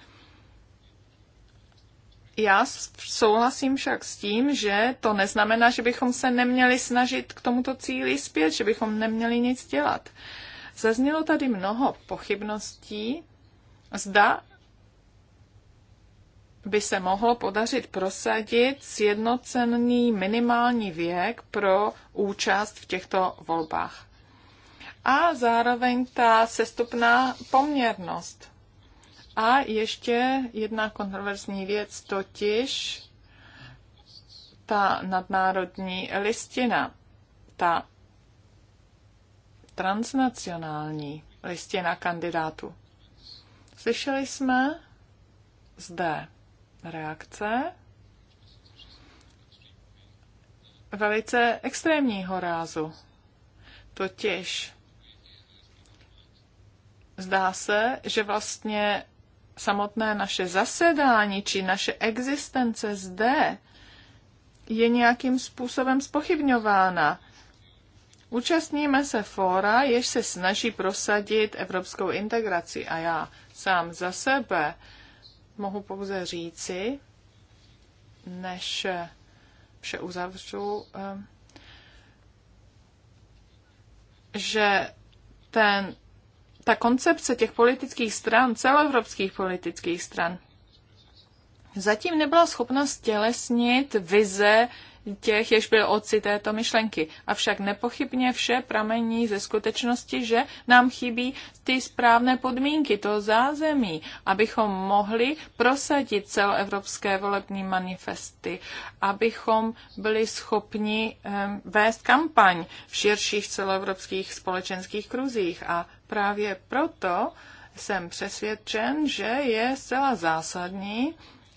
Já souhlasím však s tím, že to neznamená, že bychom se neměli snažit k tomuto cíli zpět, že bychom neměli nic dělat. Zaznělo tady mnoho pochybností, zda by se mohlo podařit prosadit sjednocený minimální věk pro účast v těchto volbách. A zároveň ta sestupná poměrnost. A ještě jedna kontroverzní věc, totiž ta nadnárodní listina, ta transnacionální listina kandidátů. Slyšeli jsme zde reakce velice extrémního rázu. Totiž zdá se, že vlastně samotné naše zasedání či naše existence zde je nějakým způsobem spochybňována. Účastníme se fóra, jež se snaží prosadit evropskou integraci a já sám za sebe mohu pouze říci, než vše uzavřu, eh, že ten, ta koncepce těch politických stran, celoevropských politických stran, zatím nebyla schopna stělesnit vize těch, jež byl otci této myšlenky. Avšak nepochybně vše pramení ze skutečnosti, že nám chybí ty správné podmínky, to zázemí, abychom mohli prosadit celoevropské volební manifesty, abychom byli schopni um, vést kampaň v širších celoevropských společenských kruzích. A právě proto jsem přesvědčen, že je zcela zásadní,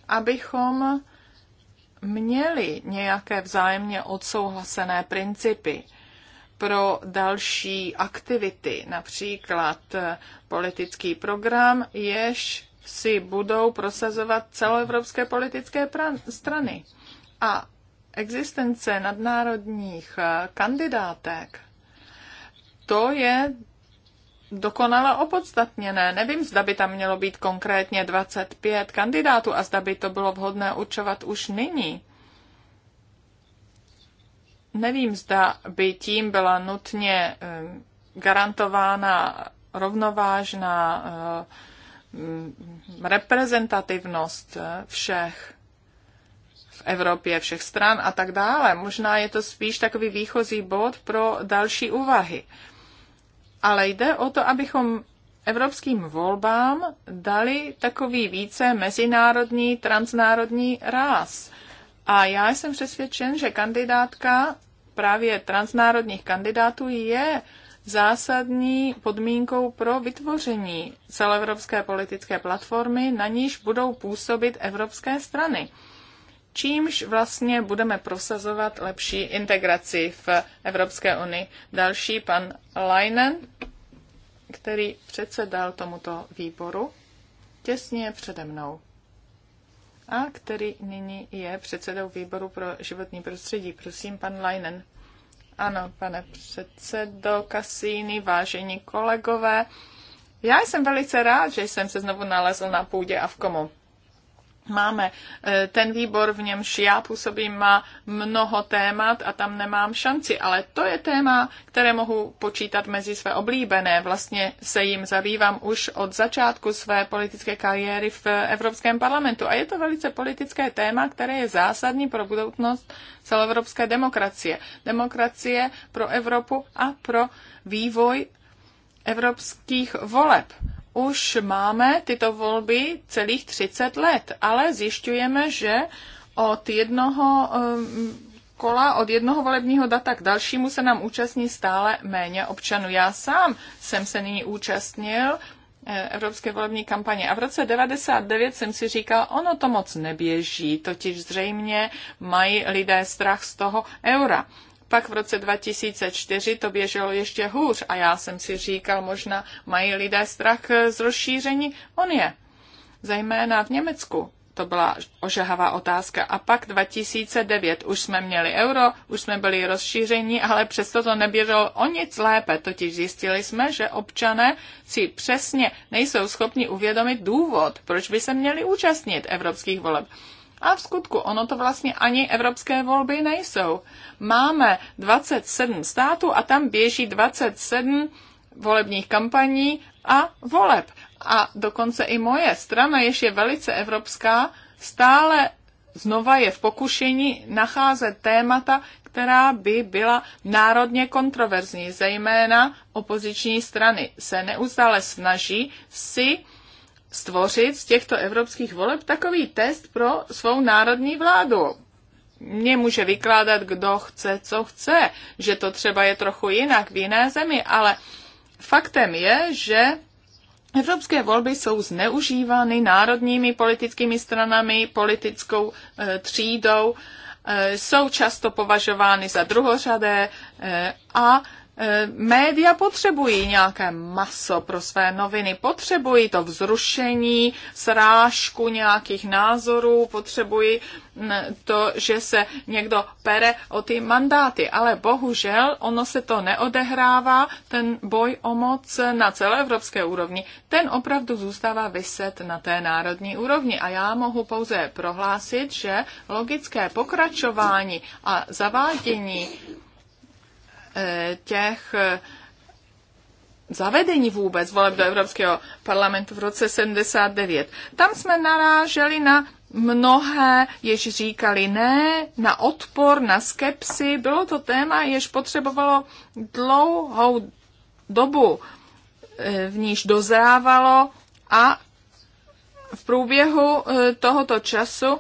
abychom měli nějaké vzájemně odsouhlasené principy pro další aktivity, například eh, politický program, jež si budou prosazovat celoevropské politické strany. A existence nadnárodních eh, kandidátek, to je dokonale opodstatněné. Nevím, zda by tam mělo být konkrétně 25 kandidátů a zda by to bylo vhodné určovat už nyní. Nevím, zda by tím byla nutně eh, garantována rovnovážná eh, reprezentativnost eh, všech v Evropě, všech stran a tak dále. Možná je to spíš takový výchozí bod pro další úvahy ale jde o to, abychom evropským volbám dali takový více mezinárodní, transnárodní ráz. A já jsem přesvědčen, že kandidátka právě transnárodních kandidátů je zásadní podmínkou pro vytvoření celoevropské politické platformy, na níž budou působit evropské strany čímž vlastně budeme prosazovat lepší integraci v Evropské unii. Další pan Leinen, který předsedal tomuto výboru těsně přede mnou a který nyní je předsedou výboru pro životní prostředí. Prosím, pan Leinen. Ano, pane předsedo Kasíny, vážení kolegové, já jsem velice rád, že jsem se znovu nalezl na půdě a v komu máme. Eh, ten výbor, v němž já působím, má mnoho témat a tam nemám šanci, ale to je téma, které mohu počítat mezi své oblíbené. Vlastně se jim zabývám už od začátku své politické kariéry v Evropském parlamentu a je to velice politické téma, které je zásadní pro budoucnost celoevropské demokracie. Demokracie pro Evropu a pro vývoj evropských voleb už máme tyto volby celých 30 let, ale zjišťujeme, že od jednoho um, kola, od jednoho volebního data k dalšímu se nám účastní stále méně občanů. Já sám jsem se nyní účastnil eh, Evropské volební kampaně. A v roce 99 jsem si říkal, ono to moc neběží, totiž zřejmě mají lidé strach z toho eura. Pak v roce 2004 to běželo ještě hůř a já jsem si říkal, možná mají lidé strach z rozšíření Unie, zejména v Německu. To byla ožahavá otázka. A pak 2009 už jsme měli euro, už jsme byli rozšíření, ale přesto to neběželo o nic lépe. Totiž zjistili jsme, že občané si přesně nejsou schopni uvědomit důvod, proč by se měli účastnit evropských voleb. A v skutku ono to vlastně ani evropské volby nejsou. Máme 27 států a tam běží 27 volebních kampaní a voleb. A dokonce i moje strana, jež je velice evropská, stále znova je v pokušení nacházet témata, která by byla národně kontroverzní. Zejména opoziční strany se neustále snaží si stvořit z těchto evropských voleb takový test pro svou národní vládu. Mně může vykládat, kdo chce, co chce, že to třeba je trochu jinak v jiné zemi, ale faktem je, že Evropské volby jsou zneužívány národními politickými stranami, politickou e, třídou, e, jsou často považovány za druhořadé e, a Eh, média potřebují nějaké maso pro své noviny, potřebují to vzrušení, srážku nějakých názorů, potřebují mm, to, že se někdo pere o ty mandáty. Ale bohužel ono se to neodehrává, ten boj o moc na celé evropské úrovni, ten opravdu zůstává vyset na té národní úrovni. A já mohu pouze prohlásit, že logické pokračování a zavádění Eh, těch eh, zavedení vůbec voleb do Evropského parlamentu v roce 79. Tam jsme naráželi na mnohé, jež říkali ne, na odpor, na skepsy. Bylo to téma, jež potřebovalo dlouhou dobu, eh, v níž dozrávalo a v průběhu tohoto času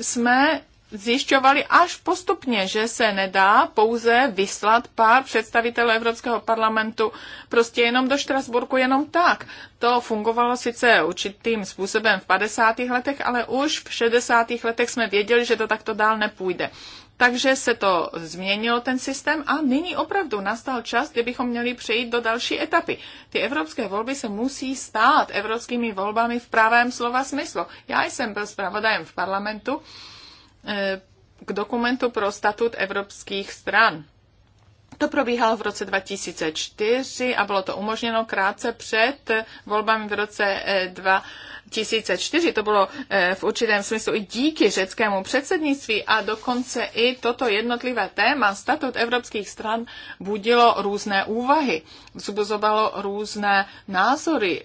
jsme zjišťovali až postupně, že se nedá pouze vyslat pár představitelů Evropského parlamentu prostě jenom do Štrasburku jenom tak. To fungovalo sice určitým způsobem v 50. letech, ale už v 60. letech jsme věděli, že to takto dál nepůjde. Takže se to změnilo ten systém a nyní opravdu nastal čas, kdybychom měli přejít do další etapy. Ty evropské volby se musí stát evropskými volbami v pravém slova smyslu. Já jsem byl zpravodajem v parlamentu E, k dokumentu pro statut evropských stran. To probíhalo v roce 2004 a bylo to umožněno krátce před volbami v roce 2004. E, to bylo e, v určitém smyslu i díky řeckému předsednictví a dokonce i toto jednotlivé téma, statut evropských stran, budilo různé úvahy, vzbuzovalo různé názory.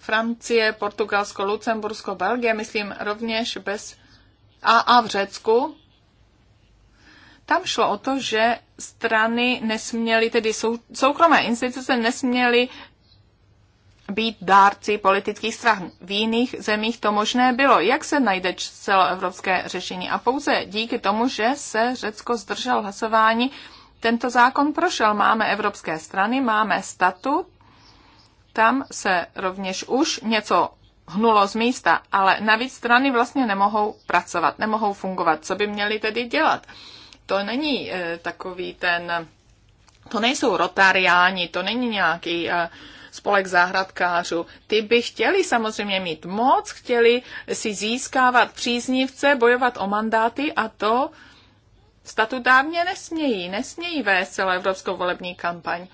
Francie, Portugalsko, Lucembursko, Belgie, myslím rovněž bez a, a v Řecku tam šlo o to, že strany nesměly, tedy sou, soukromé instituce nesměly být dárci politických stran. V jiných zemích to možné bylo. Jak se najde celoevropské řešení? A pouze díky tomu, že se Řecko zdržel hlasování, tento zákon prošel. Máme evropské strany, máme statut, tam se rovněž už něco hnulo z místa, ale navíc strany vlastně nemohou pracovat, nemohou fungovat. Co by měli tedy dělat? To není e, takový ten, to nejsou rotariáni, to není nějaký e, spolek záhradkářů. Ty by chtěli samozřejmě mít moc, chtěli si získávat příznivce, bojovat o mandáty a to statutárně nesmějí, nesmějí vést celou evropskou volební kampaň.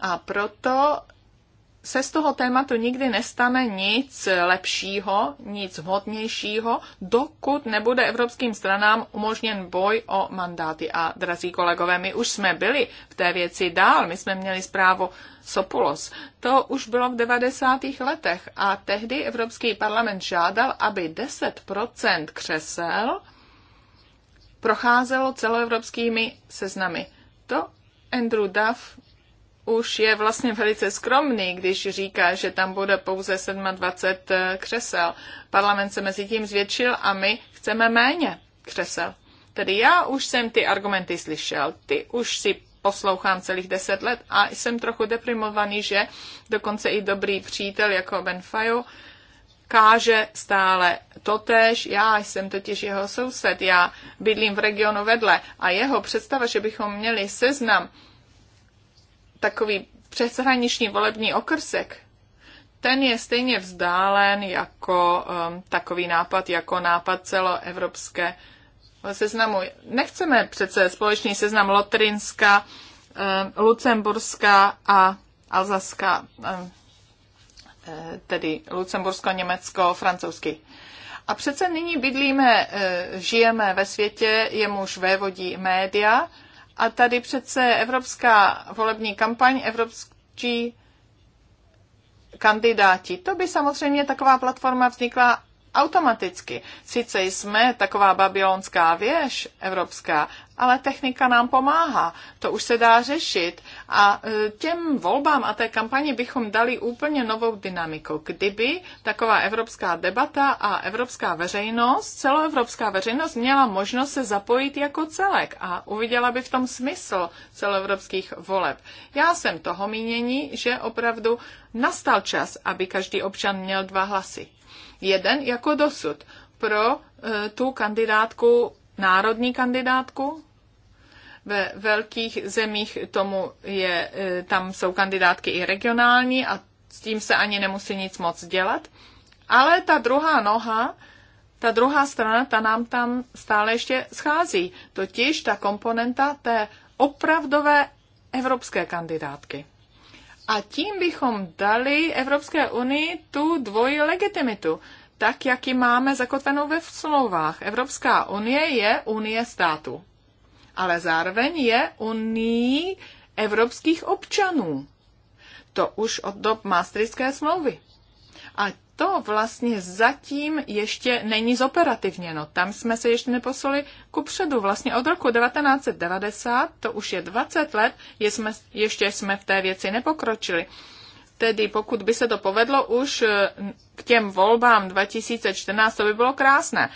A proto se z toho tématu nikdy nestane nic lepšího, nic vhodnějšího, dokud nebude evropským stranám umožněn boj o mandáty. A drazí kolegové, my už jsme byli v té věci dál, my jsme měli zprávu Sopulos. To už bylo v 90. letech a tehdy Evropský parlament žádal, aby 10% křesel procházelo celoevropskými seznamy. To Andrew Duff už je vlastně velice skromný, když říká, že tam bude pouze 27 eh, křesel. Parlament se mezi tím zvětšil a my chceme méně křesel. Tedy já už jsem ty argumenty slyšel, ty už si poslouchám celých deset let a jsem trochu deprimovaný, že dokonce i dobrý přítel jako Ben Fayou káže stále totéž. Já jsem totiž jeho soused, já bydlím v regionu vedle a jeho představa, že bychom měli seznam takový přeshraniční volební okrsek, ten je stejně vzdálen jako um, takový nápad, jako nápad celoevropské seznamu. Nechceme přece společný seznam Lotrinska, um, Lucemburska a Alzaska, um, eh, tedy Lucembursko, Německo, francouzsky. A přece nyní bydlíme, eh, žijeme ve světě, jemuž vévodí média, a tady přece evropská volební kampaň, evropský kandidáti. To by samozřejmě taková platforma vznikla automaticky. Sice jsme taková babylonská věž evropská, ale technika nám pomáhá. To už se dá řešit. A e, těm volbám a té kampani bychom dali úplně novou dynamiku. Kdyby taková evropská debata a evropská veřejnost, celoevropská veřejnost měla možnost se zapojit jako celek a uviděla by v tom smysl celoevropských voleb. Já jsem toho mínění, že opravdu nastal čas, aby každý občan měl dva hlasy jeden jako dosud pro eh, tu kandidátku, národní kandidátku. Ve velkých zemích tomu je, eh, tam jsou kandidátky i regionální a s tím se ani nemusí nic moc dělat. Ale ta druhá noha, ta druhá strana, ta nám tam stále ještě schází. Totiž ta komponenta té opravdové evropské kandidátky. A tím bychom dali Evropské unii tu dvojí legitimitu, tak jak ji máme zakotvenou ve smlouvách. Evropská unie je unie států, ale zároveň je unii evropských občanů. To už od dob Maastrichtské smlouvy. A to vlastně zatím ještě není zoperativněno. Tam jsme se ještě neposlali ku předu. Vlastně od roku 1990, to už je 20 let, jsme, ještě jsme v té věci nepokročili. Tedy pokud by se to povedlo už eh, k těm volbám 2014, to by bylo krásné.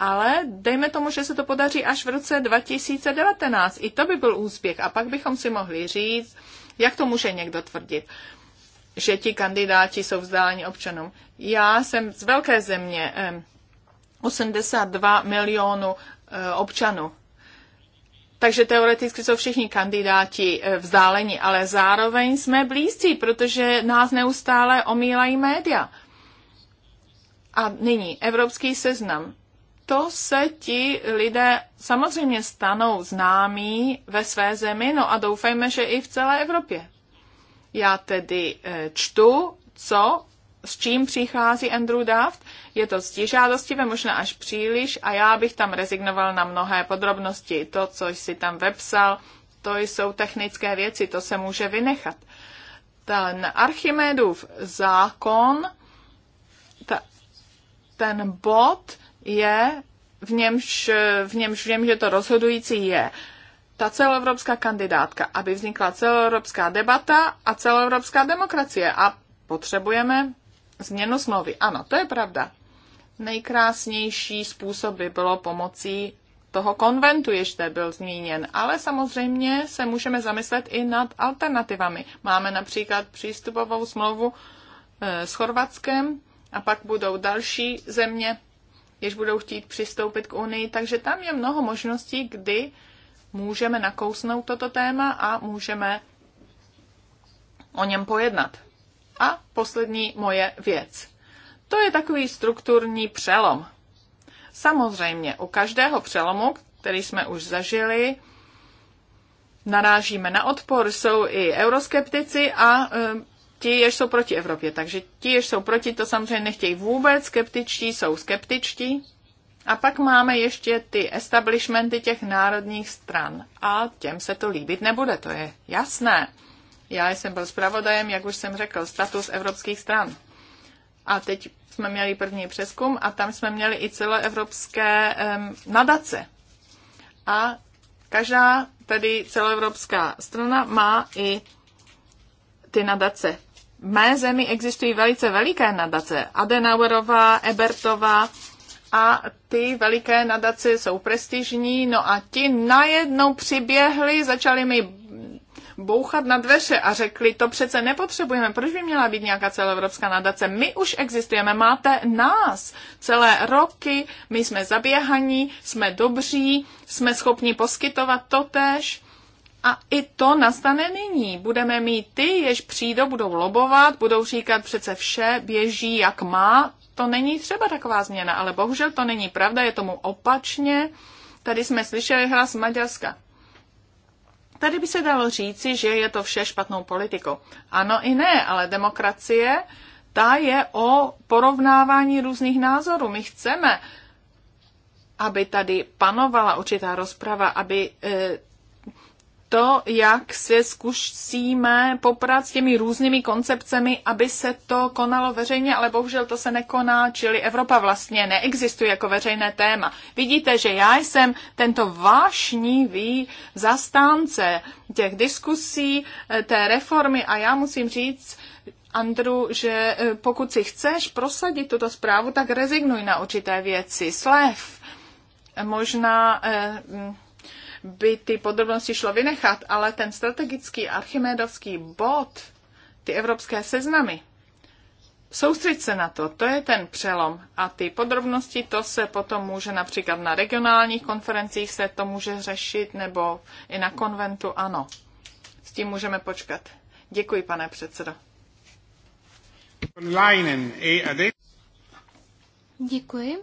Ale dejme tomu, že se to podaří až v roce 2019. I to by byl úspěch. A pak bychom si mohli říct, jak to může někdo tvrdit že ti kandidáti jsou vzdáleni občanům. Já jsem z velké země, 82 milionů e, občanů. Takže teoreticky jsou všichni kandidáti e, vzdáleni, ale zároveň jsme blízcí, protože nás neustále omílají média. A nyní evropský seznam. To se ti lidé samozřejmě stanou známí ve své zemi, no a doufejme, že i v celé Evropě. Já tedy eh, čtu, co s čím přichází Andrew Daft. Je to stěžádostivé, možná až příliš a já bych tam rezignoval na mnohé podrobnosti. To, co jsi tam vepsal, to jsou technické věci, to se může vynechat. Ten Archimedův zákon, ta, ten bod je, v němž, v němž vím, že to rozhodující je ta celoevropská kandidátka, aby vznikla celoevropská debata a celoevropská demokracie. A potřebujeme změnu smlouvy. Ano, to je pravda. Nejkrásnější způsob by bylo pomocí toho konventu, jež zde byl zmíněn, ale samozřejmě se můžeme zamyslet i nad alternativami. Máme například přístupovou smlouvu eh, s Chorvatskem a pak budou další země, jež budou chtít přistoupit k Unii, takže tam je mnoho možností, kdy můžeme nakousnout toto téma a můžeme o něm pojednat. A poslední moje věc. To je takový strukturní přelom. Samozřejmě u každého přelomu, který jsme už zažili, narážíme na odpor, jsou i euroskeptici a e, ti, jež jsou proti Evropě. Takže ti, jež jsou proti, to samozřejmě nechtějí vůbec, skeptičtí jsou skeptičtí. A pak máme ještě ty establishmenty těch národních stran. A těm se to líbit nebude, to je jasné. Já jsem byl zpravodajem, jak už jsem řekl, status evropských stran. A teď jsme měli první přeskum a tam jsme měli i celoevropské um, nadace. A každá tedy celoevropská strana má i ty nadace. V mé zemi existují velice veliké nadace. Adenauerová, Ebertová, a ty veliké nadace jsou prestižní, no a ti najednou přiběhli, začali mi bouchat na dveře a řekli, to přece nepotřebujeme, proč by měla být nějaká celoevropská nadace? My už existujeme, máte nás celé roky, my jsme zaběhaní, jsme dobří, jsme schopni poskytovat tež. A i to nastane nyní. Budeme mít ty, jež přijdou, budou lobovat, budou říkat přece vše běží, jak má, to není třeba taková změna, ale bohužel to není pravda, je tomu opačně. Tady jsme slyšeli hlas Maďarska. Tady by se dalo říci, že je to vše špatnou politikou. Ano i ne, ale demokracie, ta je o porovnávání různých názorů. My chceme, aby tady panovala určitá rozprava, aby eh, to, jak se zkusíme poprat s těmi různými koncepcemi, aby se to konalo veřejně, ale bohužel to se nekoná, čili Evropa vlastně neexistuje jako veřejné téma. Vidíte, že já jsem tento vášnivý zastánce těch diskusí, eh, té reformy a já musím říct, Andru, že eh, pokud si chceš prosadit tuto zprávu, tak rezignuj na určité věci. Slev, možná eh, by ty podrobnosti šlo vynechat, ale ten strategický archimedovský bod, ty evropské seznamy, soustředit se na to, to je ten přelom. A ty podrobnosti, to se potom může například na regionálních konferencích se to může řešit, nebo i na konventu, ano. S tím můžeme počkat. Děkuji, pane předsedo. Děkuji.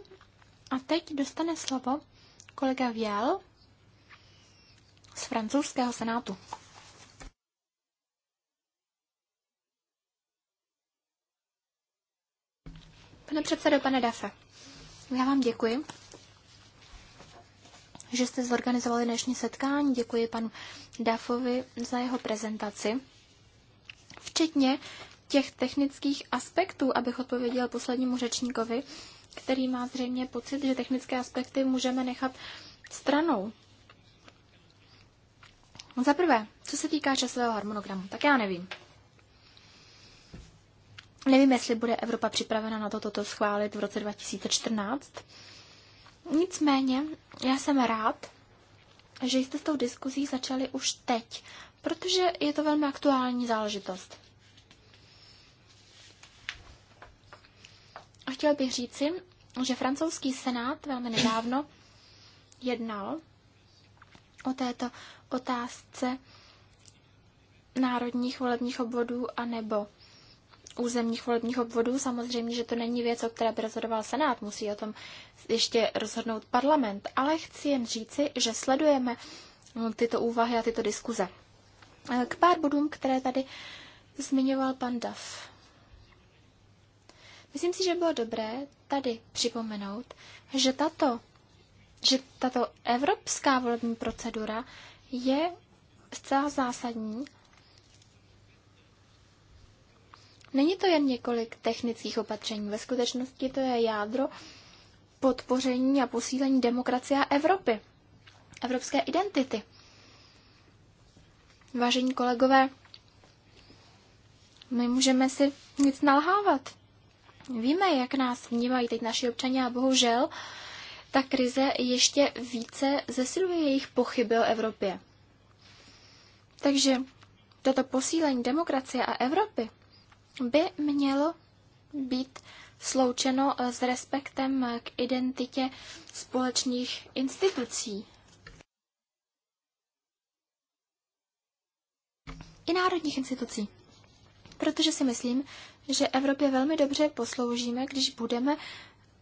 A teď dostane slovo kolega Vial z francouzského senátu. Pane předsedo, pane Dafe, já vám děkuji, že jste zorganizovali dnešní setkání. Děkuji panu Dafovi za jeho prezentaci, včetně těch technických aspektů, abych odpověděl poslednímu řečníkovi, který má zřejmě pocit, že technické aspekty můžeme nechat stranou. No za prvé, co se týká časového harmonogramu, tak já nevím. Nevím, jestli bude Evropa připravena na to toto schválit v roce 2014. Nicméně, já jsem rád, že jste s tou diskuzí začali už teď, protože je to velmi aktuální záležitost. A chtěl bych říci, že francouzský senát velmi nedávno jednal o této otázce národních volebních obvodů a nebo územních volebních obvodů. Samozřejmě, že to není věc, o které by rozhodoval Senát, musí o tom ještě rozhodnout parlament, ale chci jen říci, že sledujeme mm, tyto úvahy a tyto diskuze. E, k pár bodům, které tady zmiňoval pan Duff. Myslím si, že bylo dobré tady připomenout, že tato že tato evropská volební procedura je zcela zásadní. Není to jen několik technických opatření, ve skutečnosti to je jádro podpoření a posílení demokracie a Evropy, evropské identity. Vážení kolegové, my můžeme si nic nalhávat. Víme, jak nás vnímají teď naši občané a bohužel ta krize ještě více zesiluje jejich pochyby o Evropě. Takže toto posílení demokracie a Evropy by mělo být sloučeno eh, s respektem k identitě společných institucí. I národních institucí. Protože si myslím, že Evropě velmi dobře posloužíme, když budeme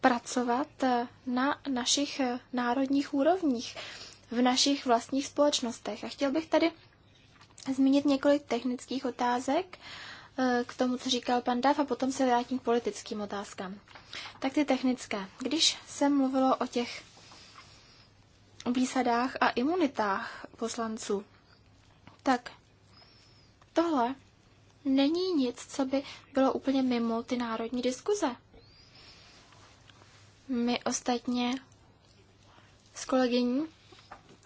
pracovat eh, na našich eh, národních úrovních, v našich vlastních společnostech. A chtěl bych tady zmínit několik technických otázek eh, k tomu, co říkal pan Dav, a potom se vrátím k politickým otázkám. Tak ty technické. Když se mluvilo o těch výsadách a imunitách poslanců, tak tohle není nic, co by bylo úplně mimo ty národní diskuze. My ostatně s kolegyní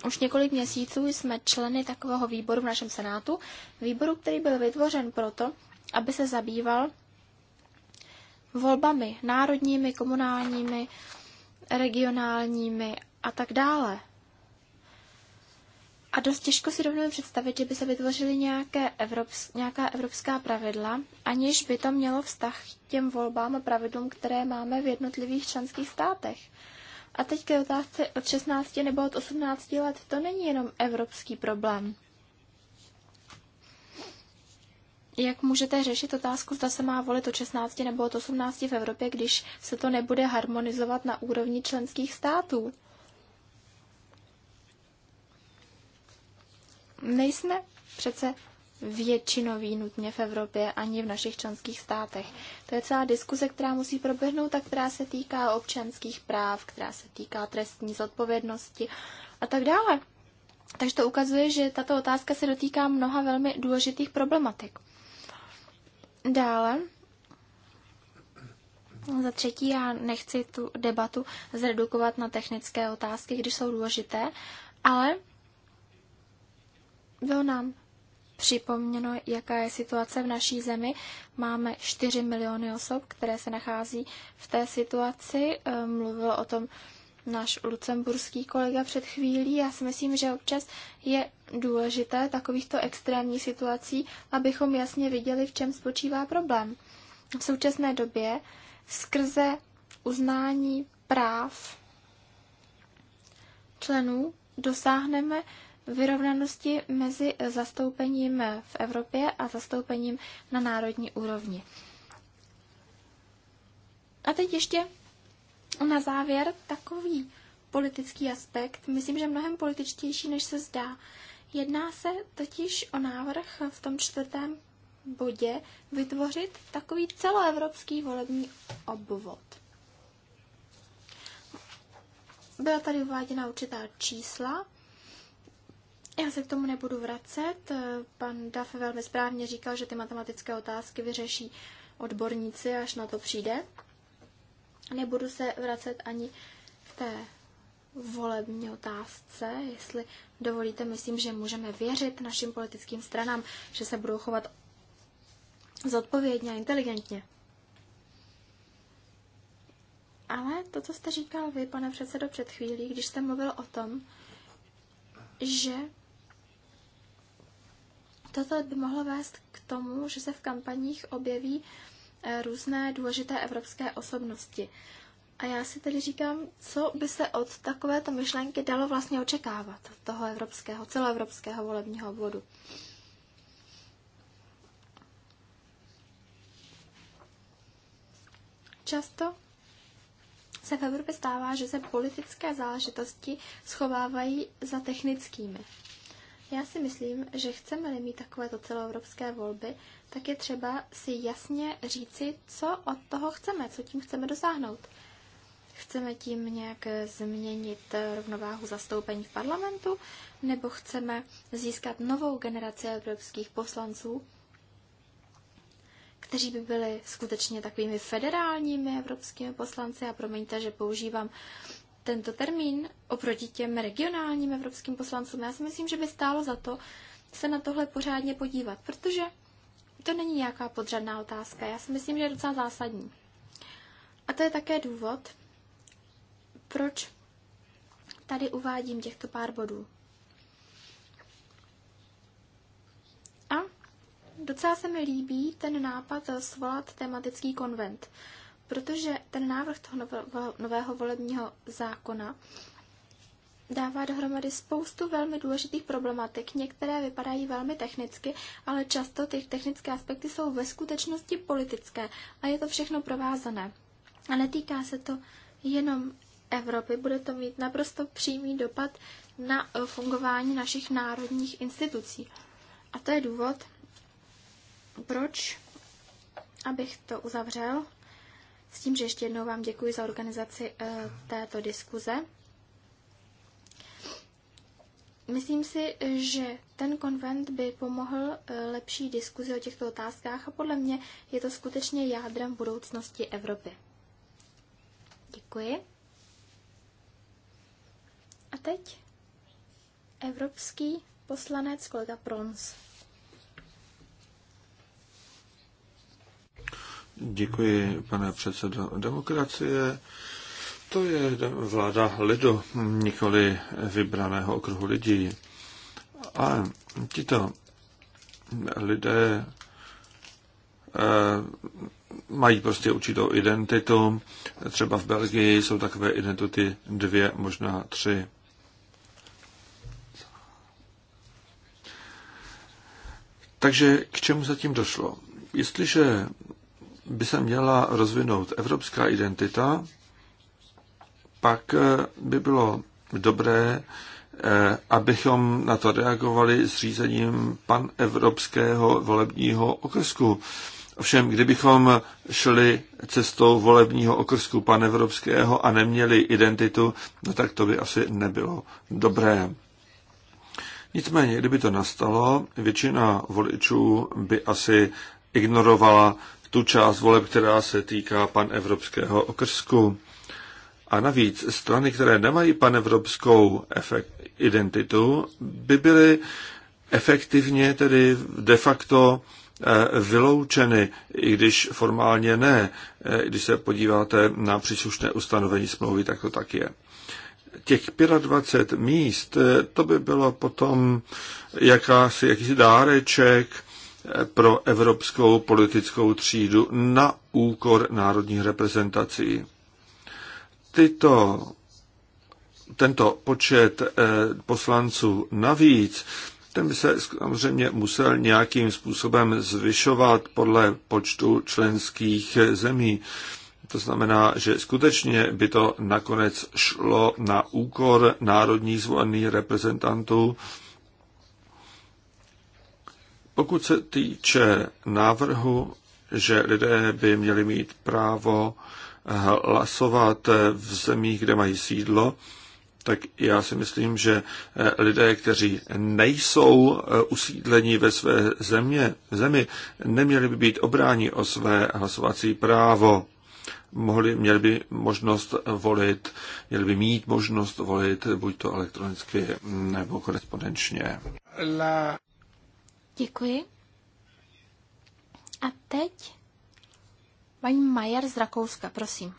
už několik měsíců jsme členy takového výboru v našem senátu, výboru, který byl vytvořen proto, aby se zabýval volbami národními, komunálními, regionálními a tak dále. A dost těžko si dovedeme představit, že by se vytvořily nějaké evrops, nějaká evropská pravidla, aniž by to mělo vztah k těm volbám a pravidlům, které máme v jednotlivých členských státech. A teď ke otázce od 16 nebo od 18 let, to není jenom evropský problém. Jak můžete řešit otázku, zda se má volit od 16 nebo od 18 v Evropě, když se to nebude harmonizovat na úrovni členských států? Nejsme přece většinový nutně v Evropě ani v našich členských státech. To je celá diskuze, která musí proběhnout a která se týká občanských práv, která se týká trestní zodpovědnosti a tak dále. Takže to ukazuje, že tato otázka se dotýká mnoha velmi důležitých problematik. Dále, za třetí, já nechci tu debatu zredukovat na technické otázky, když jsou důležité, ale bylo nám připomněno, jaká je situace v naší zemi. Máme 4 miliony osob, které se nachází v té situaci. Eh, mluvil o tom náš lucemburský kolega před chvílí. Já si myslím, že občas je důležité takovýchto extrémních situací, abychom jasně viděli, v čem spočívá problém. V současné době skrze uznání práv členů dosáhneme vyrovnanosti mezi zastoupením v Evropě a zastoupením na národní úrovni. A teď ještě na závěr takový politický aspekt, myslím, že mnohem političtější, než se zdá. Jedná se totiž o návrh v tom čtvrtém bodě vytvořit takový celoevropský volební obvod. Byla tady uváděna určitá čísla, já se k tomu nebudu vracet. Eh, Pan Duff velmi správně říkal, že ty matematické otázky vyřeší odborníci, až na to přijde. Nebudu se vracet ani k té volební otázce. Jestli dovolíte, myslím, že můžeme věřit našim politickým stranám, že se budou chovat zodpovědně a inteligentně. Ale to, co jste říkal vy, pane předsedo, před chvílí, když jste mluvil o tom, že Toto by mohlo vést k tomu, že se v kampaních objeví eh, různé důležité evropské osobnosti. A já si tedy říkám, co by se od takovéto myšlenky dalo vlastně očekávat toho evropského, celoevropského volebního obvodu. Často se v Evropě stává, že se politické záležitosti schovávají za technickými. Já si myslím, že chceme-li mít takovéto celoevropské volby, tak je třeba si jasně říci, co od toho chceme, co tím chceme dosáhnout. Chceme tím nějak změnit rovnováhu zastoupení v parlamentu, nebo chceme získat novou generaci evropských poslanců, kteří by byli skutečně takovými federálními evropskými poslanci. A promiňte, že používám tento termín oproti těm regionálním evropským poslancům. Já si myslím, že by stálo za to se na tohle pořádně podívat, protože to není nějaká podřadná otázka. Já si myslím, že je docela zásadní. A to je také důvod, proč tady uvádím těchto pár bodů. A docela se mi líbí ten nápad svolat tematický konvent protože ten návrh toho nového, volebního zákona dává dohromady spoustu velmi důležitých problematik. Některé vypadají velmi technicky, ale často ty technické aspekty jsou ve skutečnosti politické a je to všechno provázané. A netýká se to jenom Evropy, bude to mít naprosto přímý dopad na eh, fungování našich národních institucí. A to je důvod, proč, abych to uzavřel, s tím, že ještě jednou vám děkuji za organizaci eh, této diskuze. Myslím si, že ten konvent by pomohl eh, lepší diskuzi o těchto otázkách a podle mě je to skutečně jádrem budoucnosti Evropy. Děkuji. A teď evropský poslanec kolega Prons. Děkuji, pane předsedo. Demokracie to je vláda lidu, nikoli vybraného okruhu lidí. A tito lidé eh, mají prostě určitou identitu. Třeba v Belgii jsou takové identity dvě, možná tři. Takže k čemu zatím došlo? Jestliže by se měla rozvinout evropská identita, pak eh, by bylo dobré, eh, abychom na to reagovali s řízením panevropského volebního okrsku. Ovšem, kdybychom šli cestou volebního okrsku panevropského a neměli identitu, no tak to by asi nebylo dobré. Nicméně, kdyby to nastalo, většina voličů by asi ignorovala tu část voleb, která se týká pan evropského okrsku. A navíc strany, které nemají panevropskou efekt, identitu, by byly efektivně tedy de facto eh, vyloučeny, i když formálně ne. Eh, když se podíváte na příslušné ustanovení smlouvy, tak to tak je. Těch 25 míst, eh, to by bylo potom jakási, jakýsi dáreček pro evropskou politickou třídu na úkor národních reprezentací. Tyto, tento počet eh, poslanců navíc, ten by se samozřejmě musel nějakým způsobem zvyšovat podle počtu členských zemí. To znamená, že skutečně by to nakonec šlo na úkor národních zvolených reprezentantů, pokud se týče návrhu, že lidé by měli mít právo hlasovat v zemích, kde mají sídlo, tak já si myslím, že lidé, kteří nejsou usídleni ve své země, zemi, neměli by být obráni o své hlasovací právo. Mohli, měli by možnost volit, měli by mít možnost volit buď to elektronicky nebo korespondenčně. La... Děkuji. A teď paní Majer z Rakouska, prosím.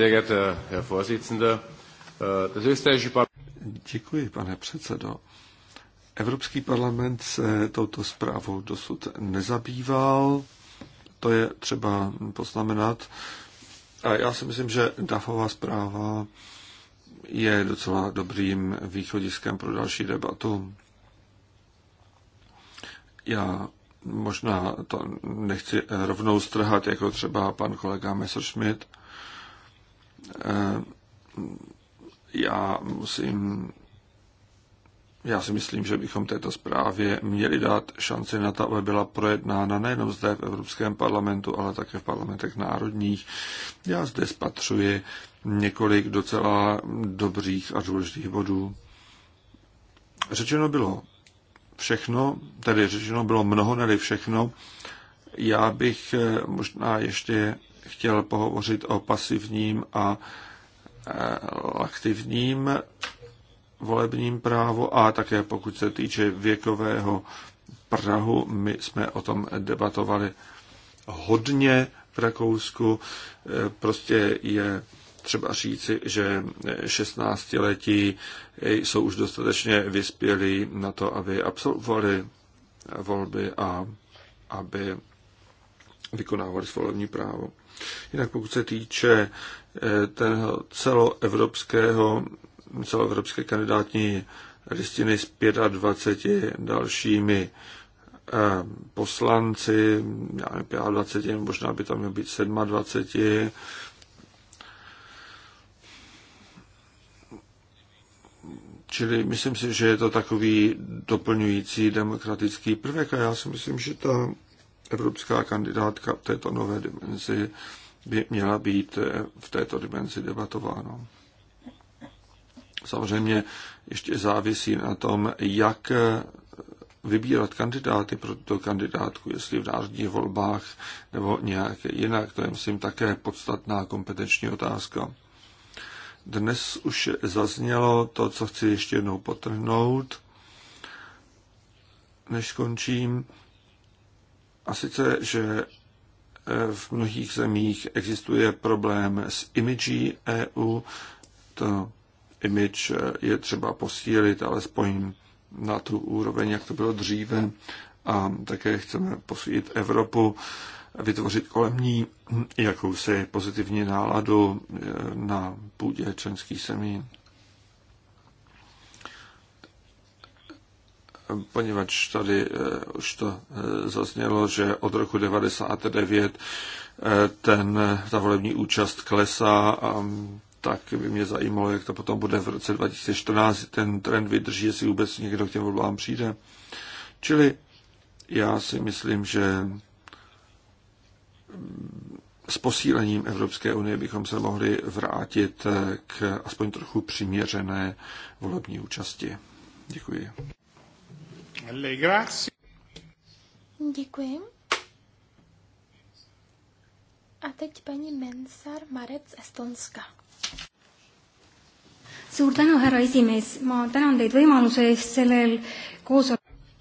Äh, Děkuji, pane předsedo. Evropský parlament se touto zprávou dosud nezabýval. To je třeba poznamenat. A já si myslím, že DAFová zpráva je docela dobrým východiskem pro další debatu. Já možná to nechci rovnou strhat, jako třeba pan kolega Messerschmidt. Eh, já musím já si myslím, že bychom této zprávě měli dát šanci na to, aby byla projednána nejenom zde v Evropském parlamentu, ale také v parlamentech národních. Já zde spatřuji několik docela dobrých a důležitých bodů. Řečeno bylo všechno, tedy řečeno bylo mnoho, neli všechno. Já bych eh, možná ještě chtěl pohovořit o pasivním a eh, aktivním volebním právu a také pokud se týče věkového Prahu, my jsme o tom debatovali hodně v Rakousku. Eh, prostě je třeba říci, že 16-letí jsou už dostatečně vyspělí na to, aby absolvovali volby a aby vykonávali svolební právo. Jinak pokud se týče eh, toho celoevropského, celoevropské kandidátní listiny s 25 dalšími eh, poslanci, 25, možná by tam měl být 27, Čili myslím si, že je to takový doplňující demokratický prvek a já si myslím, že ta evropská kandidátka v této nové dimenzi by měla být eh, v této dimenzi debatována. Samozřejmě ještě závisí na tom, jak eh, vybírat kandidáty pro tuto kandidátku, jestli v národních volbách nebo nějak jinak. To je, myslím, také podstatná kompetenční otázka. Dnes už zaznělo to, co chci ještě jednou potrhnout, než skončím. A sice, že eh, v mnohých zemích existuje problém s imidží EU. To image eh, je třeba posílit, alespoň na tu úroveň, jak to bylo dříve. A také chceme posílit Evropu vytvořit kolem ní jakousi pozitivní náladu eh, na půdě členských semí. Poněvadž tady eh, už to eh, zaznělo, že od roku 1999 ten, ta volební účast klesá a mm, tak by mě zajímalo, jak to potom bude v roce 2014, ten trend vydrží, jestli vůbec někdo k těm volbám přijde. Čili já si myslím, že s posílením Evropské unie bychom se mohli vrátit k aspoň trochu přiměřené volební účasti. Děkuji. Děkuji. A teď paní Mensar Marec Estonska.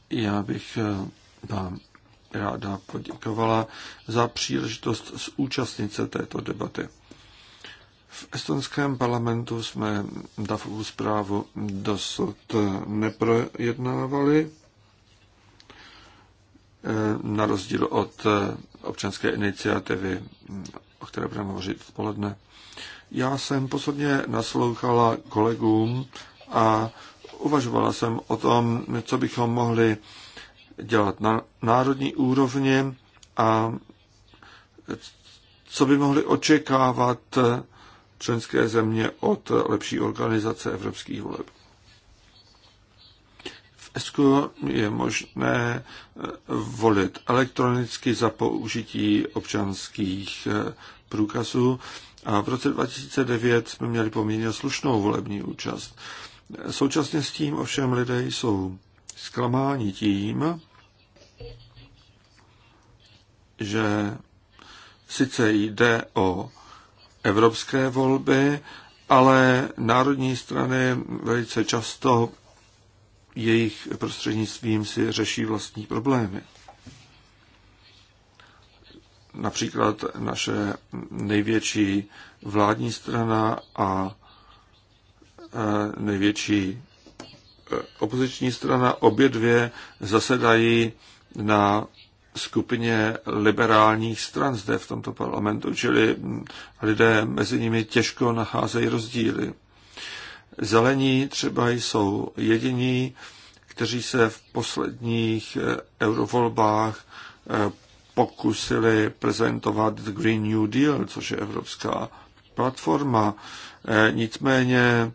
Já bych eh, vám ráda poděkovala za příležitost zúčastnit se této debaty. V estonském parlamentu jsme DAFovu zprávu dosud neprojednávali, eh, na rozdíl od eh, občanské iniciativy, o které budeme hovořit odpoledne. Já jsem posledně naslouchala kolegům a uvažovala jsem o tom, co bychom mohli dělat na národní úrovně a co by mohli očekávat členské země od lepší organizace evropských voleb. V ESCO je možné volit elektronicky za použití občanských průkazů a v roce 2009 jsme měli poměrně slušnou volební účast. Současně s tím ovšem lidé jsou zklamáni tím, že sice jde o evropské volby, ale národní strany velice často jejich prostřednictvím si řeší vlastní problémy. Například naše největší vládní strana a e, největší opoziční strana obě dvě zasedají na skupině liberálních stran zde v tomto parlamentu, čili lidé mezi nimi těžko nacházejí rozdíly. Zelení třeba jsou jediní, kteří se v posledních eh, eurovolbách eh, pokusili prezentovat Green New Deal, což je evropská platforma. Eh, nicméně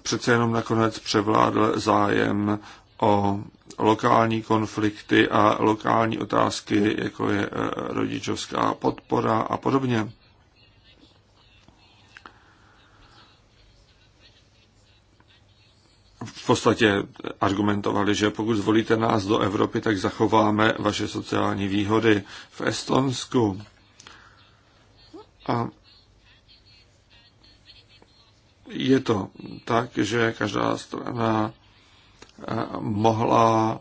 přece jenom nakonec převládl zájem o lokální konflikty a lokální otázky, jako je e, rodičovská podpora a podobně. v podstatě argumentovali, že pokud zvolíte nás do Evropy, tak zachováme vaše sociální výhody v Estonsku. A je to tak, že každá strana eh, mohla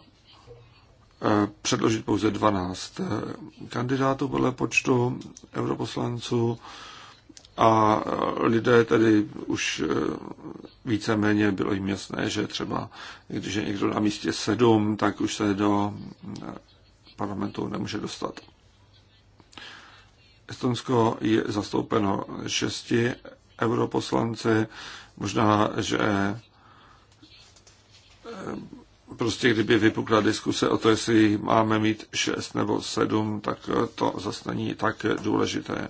eh, předložit pouze 12 eh, kandidátů podle počtu europoslanců a lidé tedy už víceméně bylo jim jasné, že třeba když je někdo na místě 7, tak už se do parlamentu nemůže dostat. Estonsko je zastoupeno šesti europoslanci. Možná, že eh, prostě kdyby vypukla diskuse o to, jestli máme mít šest nebo sedm, tak to zase není tak důležité.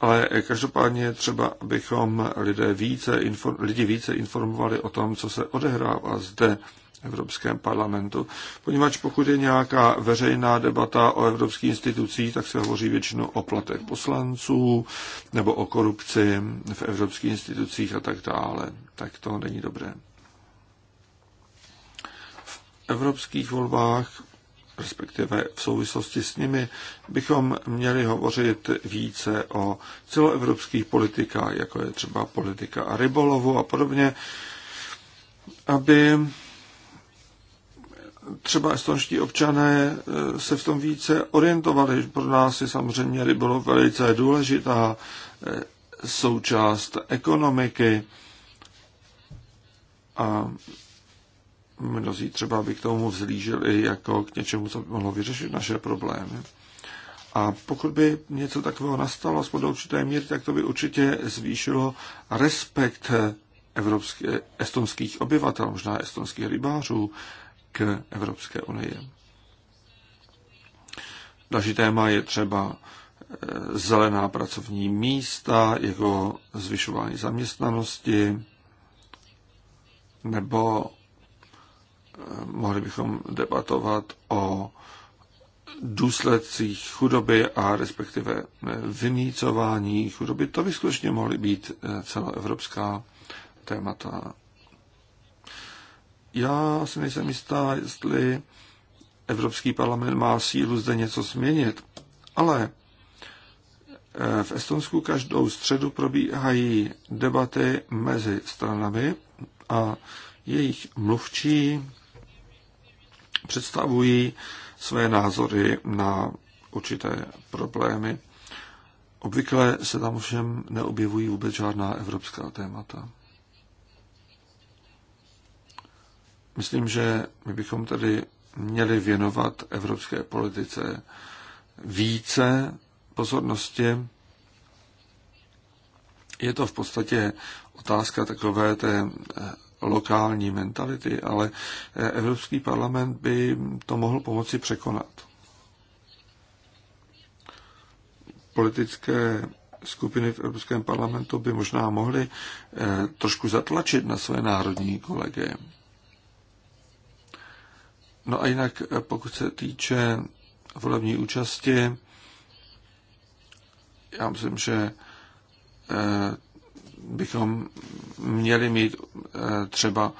Ale každopádně třeba, abychom lidé více, lidi více informovali o tom, co se odehrává zde Evropském parlamentu. Poněvadž pokud je nějaká veřejná debata o evropských institucích, tak se hovoří většinou o platech poslanců nebo o korupci v evropských institucích a tak dále. Tak to není dobré. V evropských volbách respektive v souvislosti s nimi, bychom měli hovořit více o celoevropských politikách, jako je třeba politika a rybolovu a podobně, aby třeba estonští občané eh, se v tom více orientovali. Pro nás je samozřejmě rybolov velice důležitá eh, součást ekonomiky a mnozí třeba by k tomu vzlíželi jako k něčemu, co by mohlo vyřešit naše problémy. A pokud by něco takového nastalo aspoň do určité míry, tak to by určitě zvýšilo respekt eh, evropské, estonských obyvatel, možná estonských rybářů k Evropské unii. Další téma je třeba e, zelená pracovní místa, jeho jako zvyšování zaměstnanosti, nebo e, mohli bychom debatovat o důsledcích chudoby a respektive e, vynícování chudoby. To by skutečně mohly být celoevropská témata já si nejsem jistá, jestli Evropský parlament má sílu zde něco změnit, ale eh, v Estonsku každou středu probíhají debaty mezi stranami a jejich mluvčí představují své názory na určité problémy. Obvykle se tam všem neobjevují vůbec žádná evropská témata. Myslím, že my bychom tedy měli věnovat evropské politice více pozornosti. Je to v podstatě otázka takové té eh, lokální mentality, ale eh, Evropský parlament by to mohl pomoci překonat. Politické skupiny v Evropském parlamentu by možná mohly eh, trošku zatlačit na své národní kolegy. No a jinak, eh, pokud se týče volební účasti, já myslím, že eh, bychom měli mít eh, třeba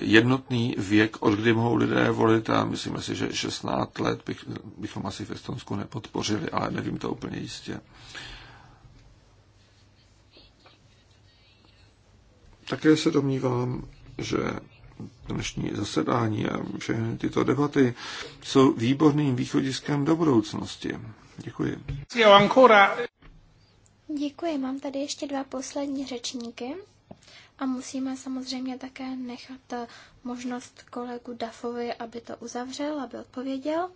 jednotný věk, od kdy mohou lidé volit a myslím si, že 16 let bych, bychom asi v Estonsku nepodpořili, ale nevím to úplně jistě. Také se domnívám, že dnešní zasedání a všechny tyto debaty jsou výborným východiskem do budoucnosti. Děkuji. Děkuji, mám tady ještě dva poslední řečníky a musíme samozřejmě také nechat možnost kolegu Dafovi, aby to uzavřel, aby odpověděl.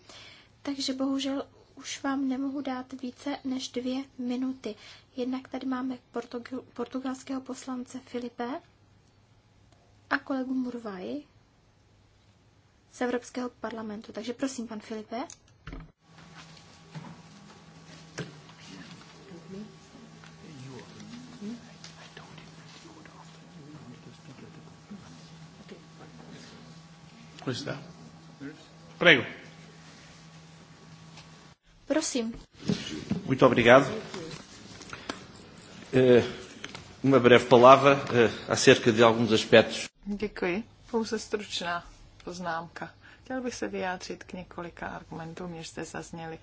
Takže bohužel už vám nemohu dát více než dvě minuty. Jednak tady máme portugalského poslance Filipe a kolegu Murvaji z Evropského parlamentu. Takže prosím, pan Filipe. Prego. Prosím. Muito obrigado. Uh, uma breve palavra uh, acerca de alguns aspectos. Děkuji. Pouze stručná poznámka. Chtěl bych se vyjádřit k několika argumentům, jež jste zazněli.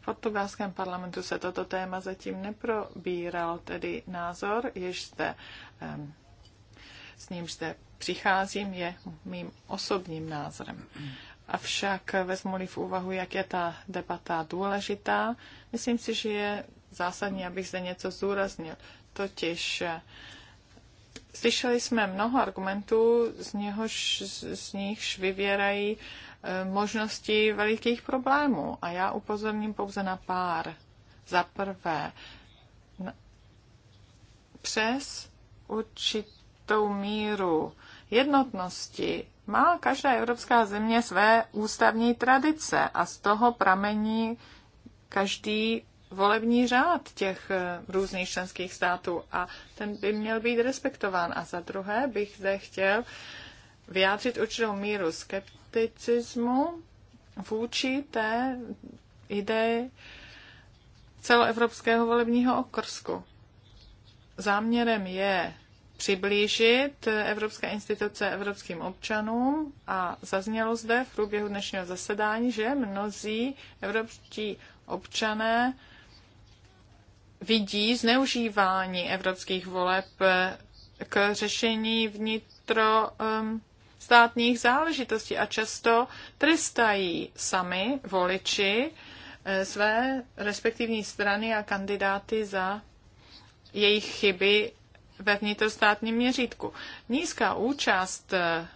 V portugalském parlamentu se toto téma zatím neprobíral, tedy názor, jež jste, um, s ním zde přicházím, je mým osobním názorem. Avšak vezmu-li v úvahu, jak je ta debata důležitá, myslím si, že je zásadní, abych zde něco zúraznil. Totiž Slyšeli jsme mnoho argumentů, z, něhož, z nichž vyvěrají eh, možnosti velikých problémů a já upozorním pouze na pár. Za prvé, přes určitou míru jednotnosti má každá evropská země své ústavní tradice a z toho pramení každý volební řád těch eh, různých členských států a ten by měl být respektován. A za druhé bych zde chtěl vyjádřit určitou míru skepticismu vůči té ideji celoevropského volebního okrsku. Záměrem je přiblížit evropské instituce evropským občanům a zaznělo zde v průběhu dnešního zasedání, že mnozí evropští občané vidí zneužívání evropských voleb eh, k řešení vnitro um, státních záležitostí a často trestají sami voliči eh, své respektivní strany a kandidáty za jejich chyby ve vnitrostátním měřítku. Nízká účast eh,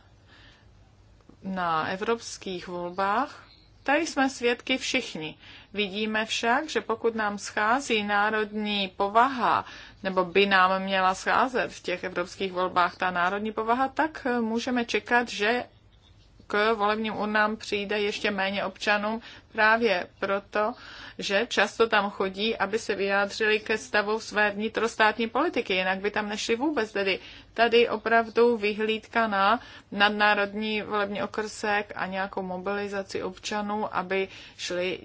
na evropských volbách Tady jsme svědky všichni. Vidíme však, že pokud nám schází národní povaha, nebo by nám měla scházet v těch evropských volbách ta národní povaha, tak můžeme čekat, že k volebním urnám přijde ještě méně občanům právě proto, že často tam chodí, aby se vyjádřili ke stavu své vnitrostátní politiky, jinak by tam nešli vůbec. Tedy tady opravdu vyhlídka na nadnárodní volební okrsek a nějakou mobilizaci občanů, aby šli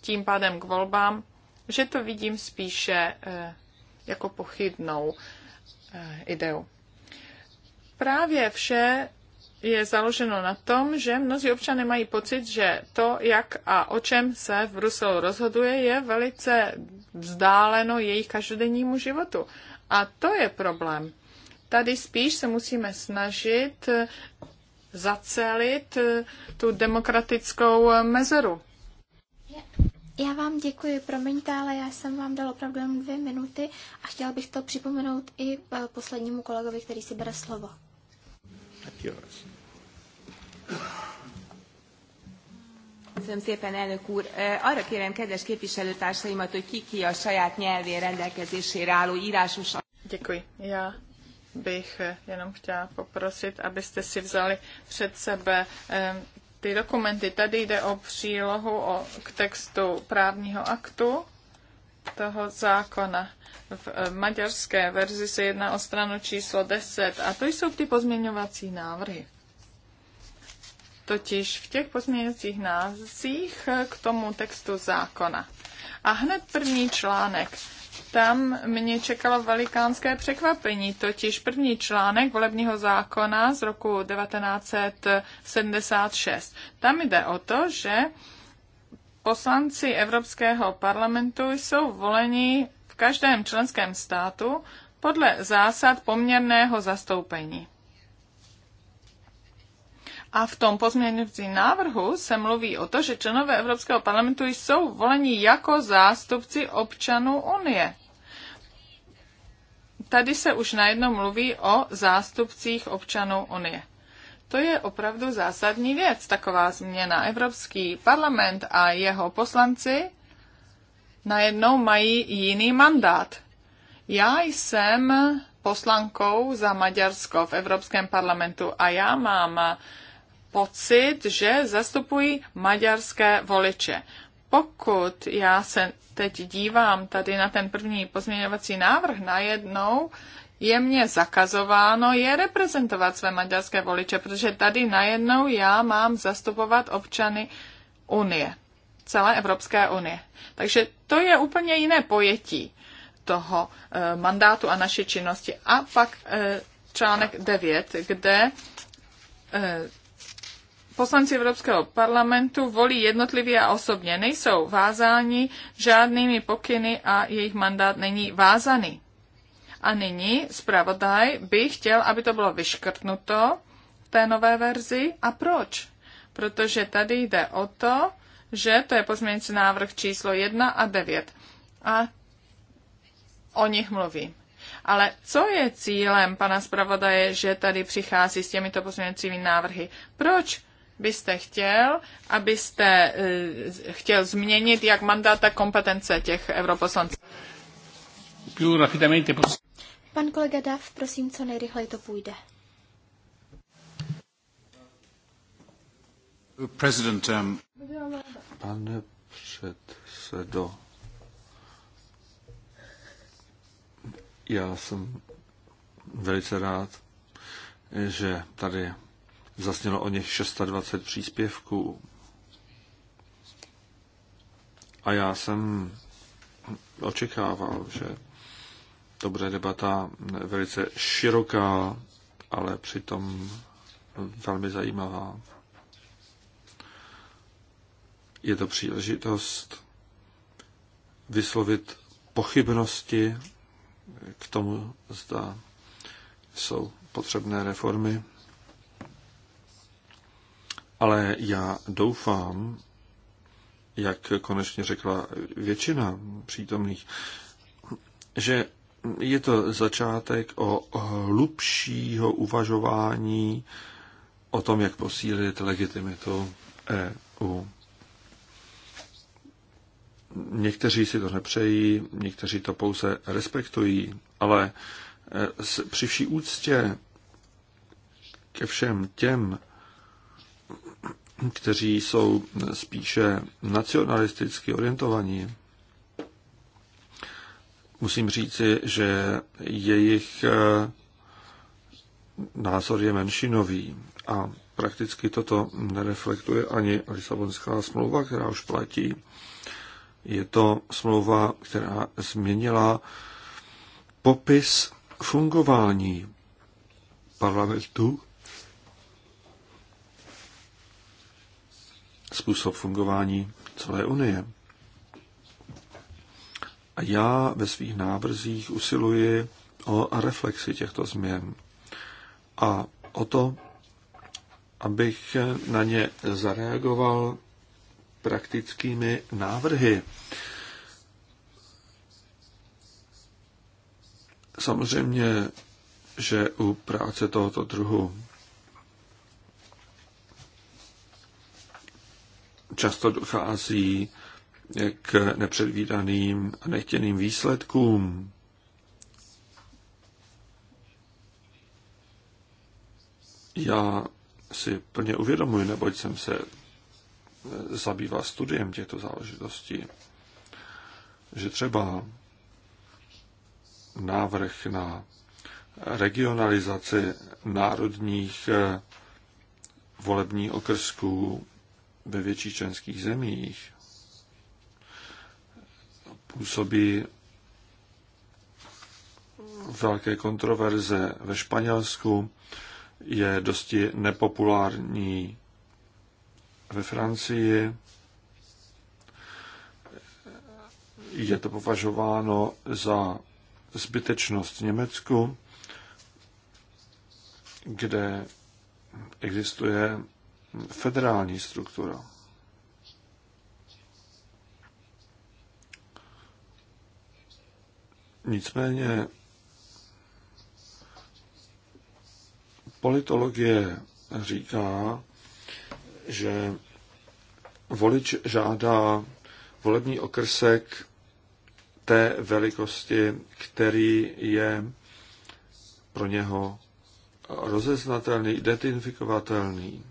tím pádem k volbám, že to vidím spíše eh, jako pochybnou eh, ideu. Právě vše je založeno na tom, že mnozí občané mají pocit, že to, jak a o čem se v Bruselu rozhoduje, je velice vzdáleno jejich každodennímu životu. A to je problém. Tady spíš se musíme snažit eh, zacelit eh, tu demokratickou eh, mezeru. Já vám děkuji, promiňte, ale já jsem vám dal opravdu jen dvě minuty a chtěla bych to připomenout i poslednímu kolegovi, který si bere slovo. Gérez. Köszönöm szépen, elnök úr. Arra kérem kedves képviselőtársaimat, hogy ki ki a saját nyelvén rendelkezésére álló írásos... Děkuji. Já bych eh, jenom chtěla poprosit, abyste si vzali před sebe eh, ty dokumenty. Tady jde o přílohu o, k textu právního aktu toho zákona. V eh, maďarské verzi se jedná o stranu číslo 10 a to jsou ty pozměňovací návrhy. Totiž v těch pozměňovacích návrzích k tomu textu zákona. A hned první článek. Tam mě čekalo velikánské překvapení, totiž první článek volebního zákona z roku 1976. Tam jde o to, že poslanci Evropského parlamentu jsou voleni každém členském státu podle zásad poměrného zastoupení. A v tom pozměňovacím návrhu se mluví o to, že členové Evropského parlamentu jsou voleni jako zástupci občanů Unie. Tady se už najednou mluví o zástupcích občanů Unie. To je opravdu zásadní věc, taková změna. Evropský parlament a jeho poslanci najednou mají jiný mandát. Já jsem poslankou za Maďarsko v Evropském parlamentu a já mám pocit, že zastupují maďarské voliče. Pokud já se teď dívám tady na ten první pozměňovací návrh, najednou je mně zakazováno je reprezentovat své maďarské voliče, protože tady najednou já mám zastupovat občany Unie celé Evropské unie. Takže to je úplně jiné pojetí toho eh, mandátu a naší činnosti. A pak eh, článek 9, kde eh, Poslanci Evropského parlamentu volí jednotlivě a osobně. Nejsou vázáni žádnými pokyny a jejich mandát není vázaný. A nyní zpravodaj by chtěl, aby to bylo vyškrtnuto v té nové verzi. A proč? Protože tady jde o to, že to je pozměňující návrh číslo 1 a 9. A o nich mluví. Ale co je cílem pana zpravodaje, že tady přichází s těmito pozměňujícími návrhy? Proč byste chtěl, abyste uh, chtěl změnit jak mandát, tak kompetence těch europoslanců? Pan kolega Dav, prosím, co nejrychleji to půjde. President, um... Pane předsedo, já jsem velice rád, že tady zasnělo o něch 620 příspěvků. A já jsem očekával, že to bude debata velice široká, ale přitom velmi zajímavá. Je to příležitost vyslovit pochybnosti k tomu, zda jsou potřebné reformy. Ale já doufám, jak konečně řekla většina přítomných, že je to začátek o hlubšího uvažování o tom, jak posílit legitimitu EU. Někteří si to nepřejí, někteří to pouze respektují, ale eh, při vší úctě ke všem těm, kteří jsou spíše nacionalisticky orientovaní, musím říci, že jejich eh, názor je menšinový a prakticky toto nereflektuje ani Lisabonská smlouva, která už platí je to smlouva, která změnila popis fungování parlamentu, způsob fungování celé Unie. A já ve svých návrzích usiluji o reflexi těchto změn a o to, abych na ně zareagoval praktickými návrhy. Samozřejmě, že u práce tohoto druhu často dochází k nepředvídaným a nechtěným výsledkům. Já si plně uvědomuji, neboť jsem se zabývá studiem těchto záležitostí, že třeba návrh na regionalizaci národních eh, volebních okrsků ve větších členských zemích působí velké kontroverze ve Španělsku, je dosti nepopulární ve Francii je to považováno za zbytečnost Německu, kde existuje federální struktura. Nicméně politologie říká, že volič žádá volební okrsek té velikosti, který je pro něho rozeznatelný, identifikovatelný.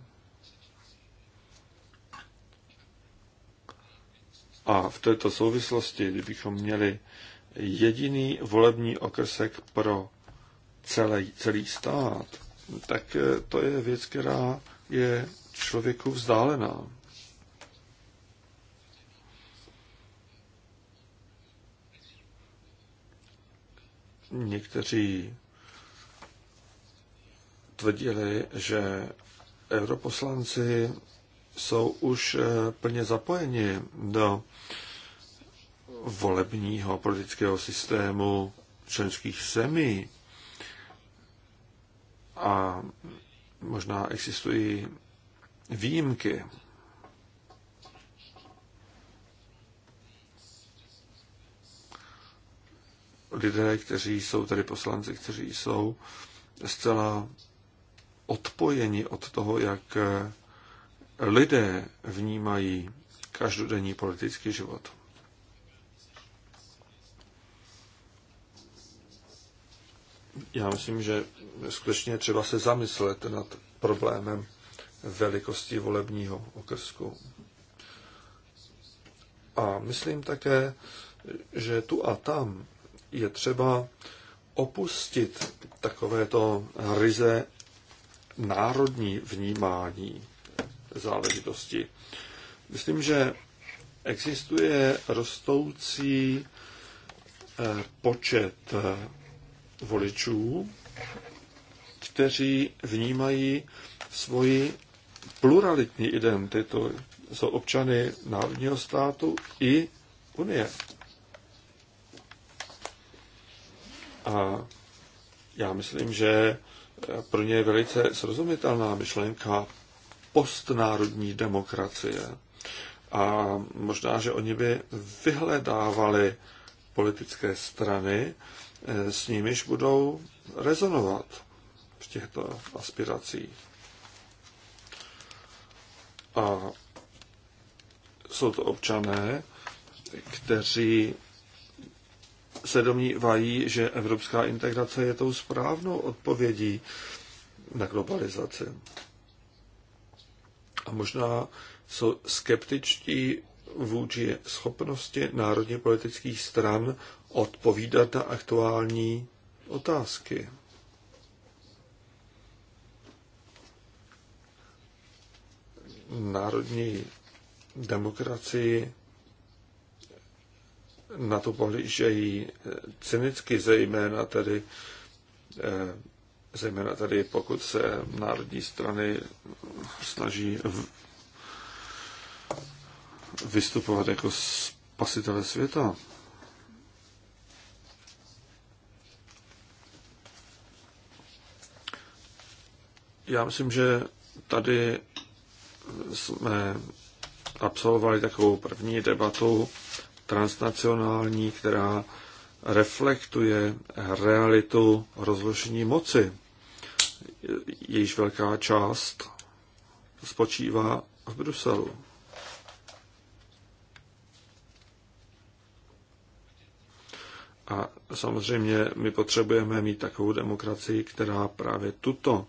A v této souvislosti, kdybychom měli jediný volební okrsek pro celý, celý stát, tak eh, to je věc, která je člověku vzdálená. Někteří tvrdili, že europoslanci jsou už eh, plně zapojeni do volebního politického systému členských zemí a možná existují výjimky lidé, kteří jsou tedy poslanci, kteří jsou zcela odpojeni od toho, jak lidé vnímají každodenní politický život. Já myslím, že skutečně třeba se zamyslet nad problémem velikosti volebního okrsku. A myslím také, že tu a tam je třeba opustit takovéto ryze národní vnímání záležitosti. Myslím, že existuje rostoucí eh, počet eh, voličů, kteří vnímají svoji pluralitní identitu. Jsou občany národního státu i Unie. A já myslím, že pro ně je velice srozumitelná myšlenka postnárodní demokracie. A možná, že oni by vyhledávali politické strany, eh, s nimiž budou rezonovat v těchto aspiracích. A jsou to občané, kteří se domnívají, že evropská integrace je tou správnou odpovědí na globalizaci. A možná jsou skeptičtí vůči schopnosti národně politických stran odpovídat na aktuální otázky. národní demokracii na to pohlížejí eh, cynicky, zejména tedy, eh, zejména tedy pokud se národní strany snaží vystupovat jako spasitele světa. Já myslím, že tady jsme absolvovali takovou první debatu transnacionální, která reflektuje realitu rozložení moci. Jejíž velká část spočívá v Bruselu. A samozřejmě my potřebujeme mít takovou demokracii, která právě tuto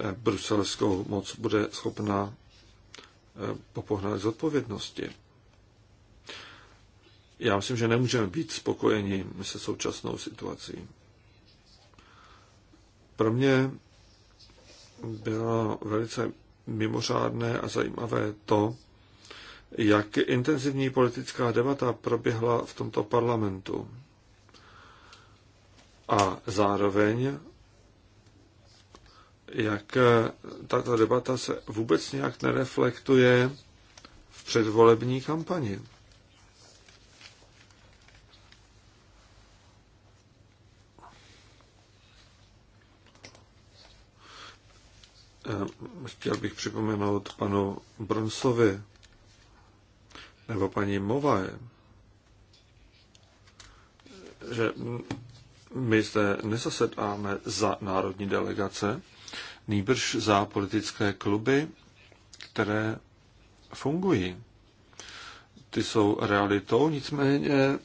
Eh, bruselskou moc bude schopna eh, popohnat z odpovědnosti. Já myslím, že nemůžeme být spokojeni se současnou situací. Pro mě bylo velice mimořádné a zajímavé to, jak intenzivní politická debata proběhla v tomto parlamentu. A zároveň jak eh, tato debata se vůbec nějak nereflektuje v předvolební kampani. Eh, chtěl bych připomenout panu Bronsovi nebo paní Movaje, že my zde nezasedáme za národní delegace, nýbrž za politické kluby, které fungují. Ty jsou realitou, nicméně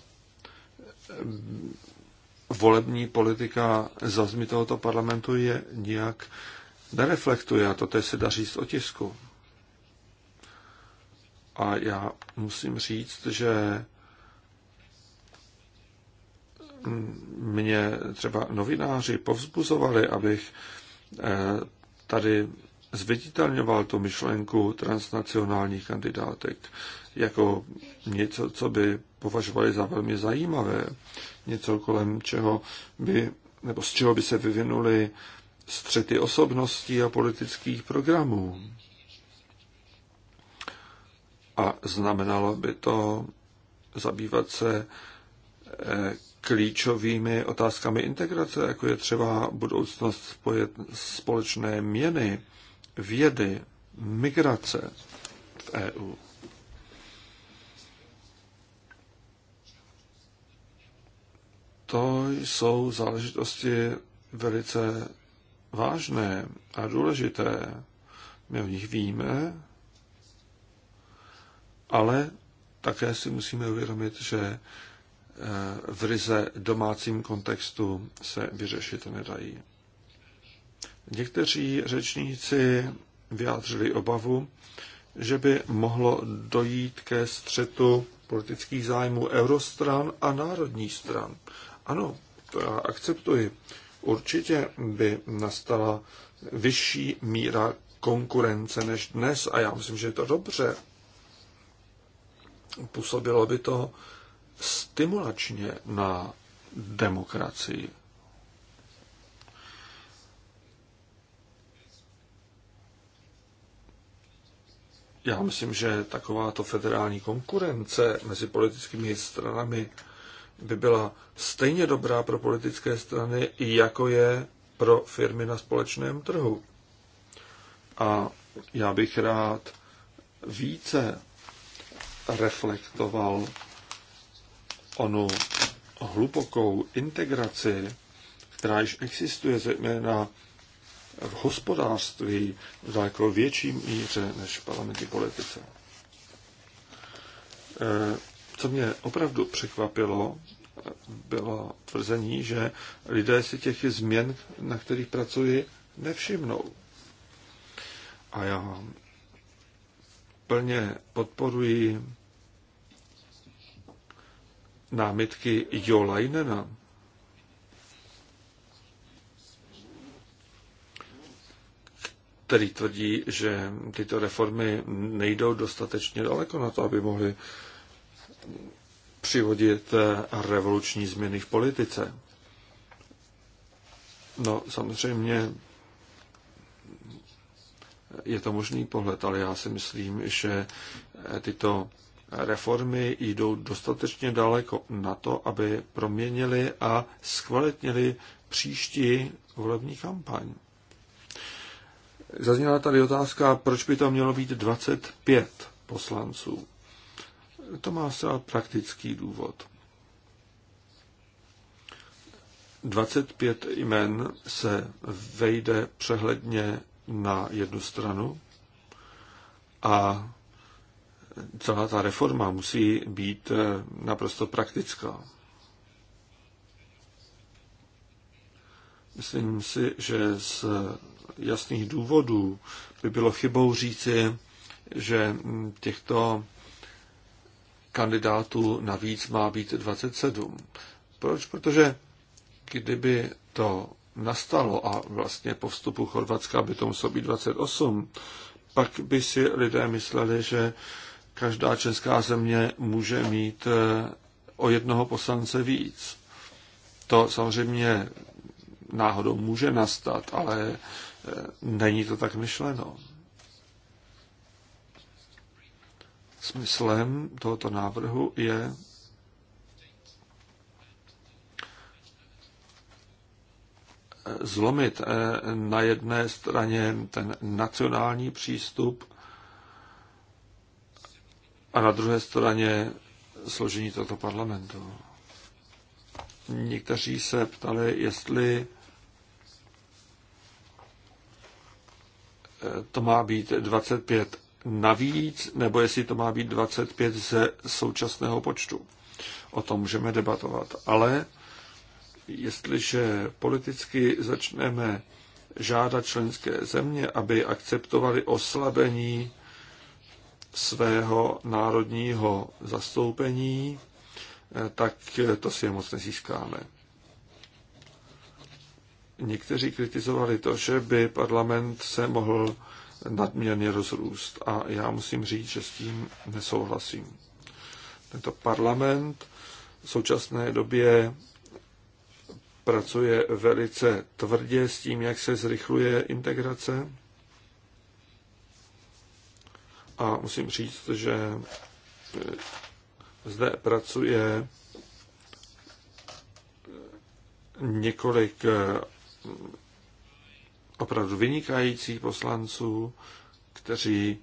volební politika zazmi tohoto parlamentu je nijak nereflektuje a to se dá říct o tisku. A já musím říct, že mě třeba novináři povzbuzovali, abych Eh, tady zviditelňoval tu myšlenku transnacionálních kandidátek jako něco, co by považovali za velmi zajímavé, něco kolem čeho by, nebo z čeho by se vyvinuly střety osobností a politických programů. A znamenalo by to zabývat se eh, klíčovými otázkami integrace, jako je třeba budoucnost společné měny, vědy, migrace v EU. To jsou záležitosti velice vážné a důležité. My o nich víme, ale také si musíme uvědomit, že Eh, v ryze domácím kontextu se vyřešit nedají. Někteří řečníci vyjádřili obavu, že by mohlo dojít ke střetu politických zájmů eurostran a národních stran. Ano, to já akceptuji. Určitě by nastala vyšší míra konkurence než dnes a já myslím, že je to dobře. Působilo by to stimulačně na demokracii. Já myslím, že takováto federální konkurence mezi politickými stranami by byla stejně dobrá pro politické strany, jako je pro firmy na společném trhu. A já bych rád více reflektoval onu hlubokou integraci, která již existuje zejména v hospodářství v daleko větší míře než v parlamentní politice. Eh, co mě opravdu překvapilo, bylo tvrzení, že lidé si těch změn, na kterých pracuji, nevšimnou. A já plně podporuji námitky Jo Leinena, který tvrdí, že tyto reformy nejdou dostatečně daleko na to, aby mohly přivodit eh, revoluční změny v politice. No, samozřejmě je to možný pohled, ale já si myslím, že eh, tyto reformy jdou dostatečně daleko na to, aby proměnili a zkvalitnili příští volební kampaň. Zazněla tady otázka, proč by to mělo být 25 poslanců. To má zcela praktický důvod. 25 jmen se vejde přehledně na jednu stranu a celá ta reforma musí být eh, naprosto praktická. Myslím si, že z jasných důvodů by bylo chybou říci, že těchto kandidátů navíc má být 27. Proč? Protože kdyby to nastalo a vlastně po vstupu Chorvatska by to muselo být 28, pak by si lidé mysleli, že každá česká země může mít eh, o jednoho poslance víc. To samozřejmě náhodou může nastat, ale eh, není to tak myšleno. Smyslem tohoto návrhu je eh, zlomit na jedné straně ten nacionální přístup a na druhé straně složení tohoto parlamentu. Někteří se ptali, jestli eh, to má být 25 navíc, nebo jestli to má být 25 ze současného počtu. O tom můžeme debatovat. Ale jestliže politicky začneme žádat členské země, aby akceptovali oslabení svého národního zastoupení, eh, tak eh, to si je moc nezískáme. Někteří kritizovali to, že by parlament se mohl nadměrně rozrůst a já musím říct, že s tím nesouhlasím. Tento parlament v současné době pracuje velice tvrdě s tím, jak se zrychluje integrace a musím říct, že eh, zde pracuje eh, několik eh, opravdu vynikajících poslanců, kteří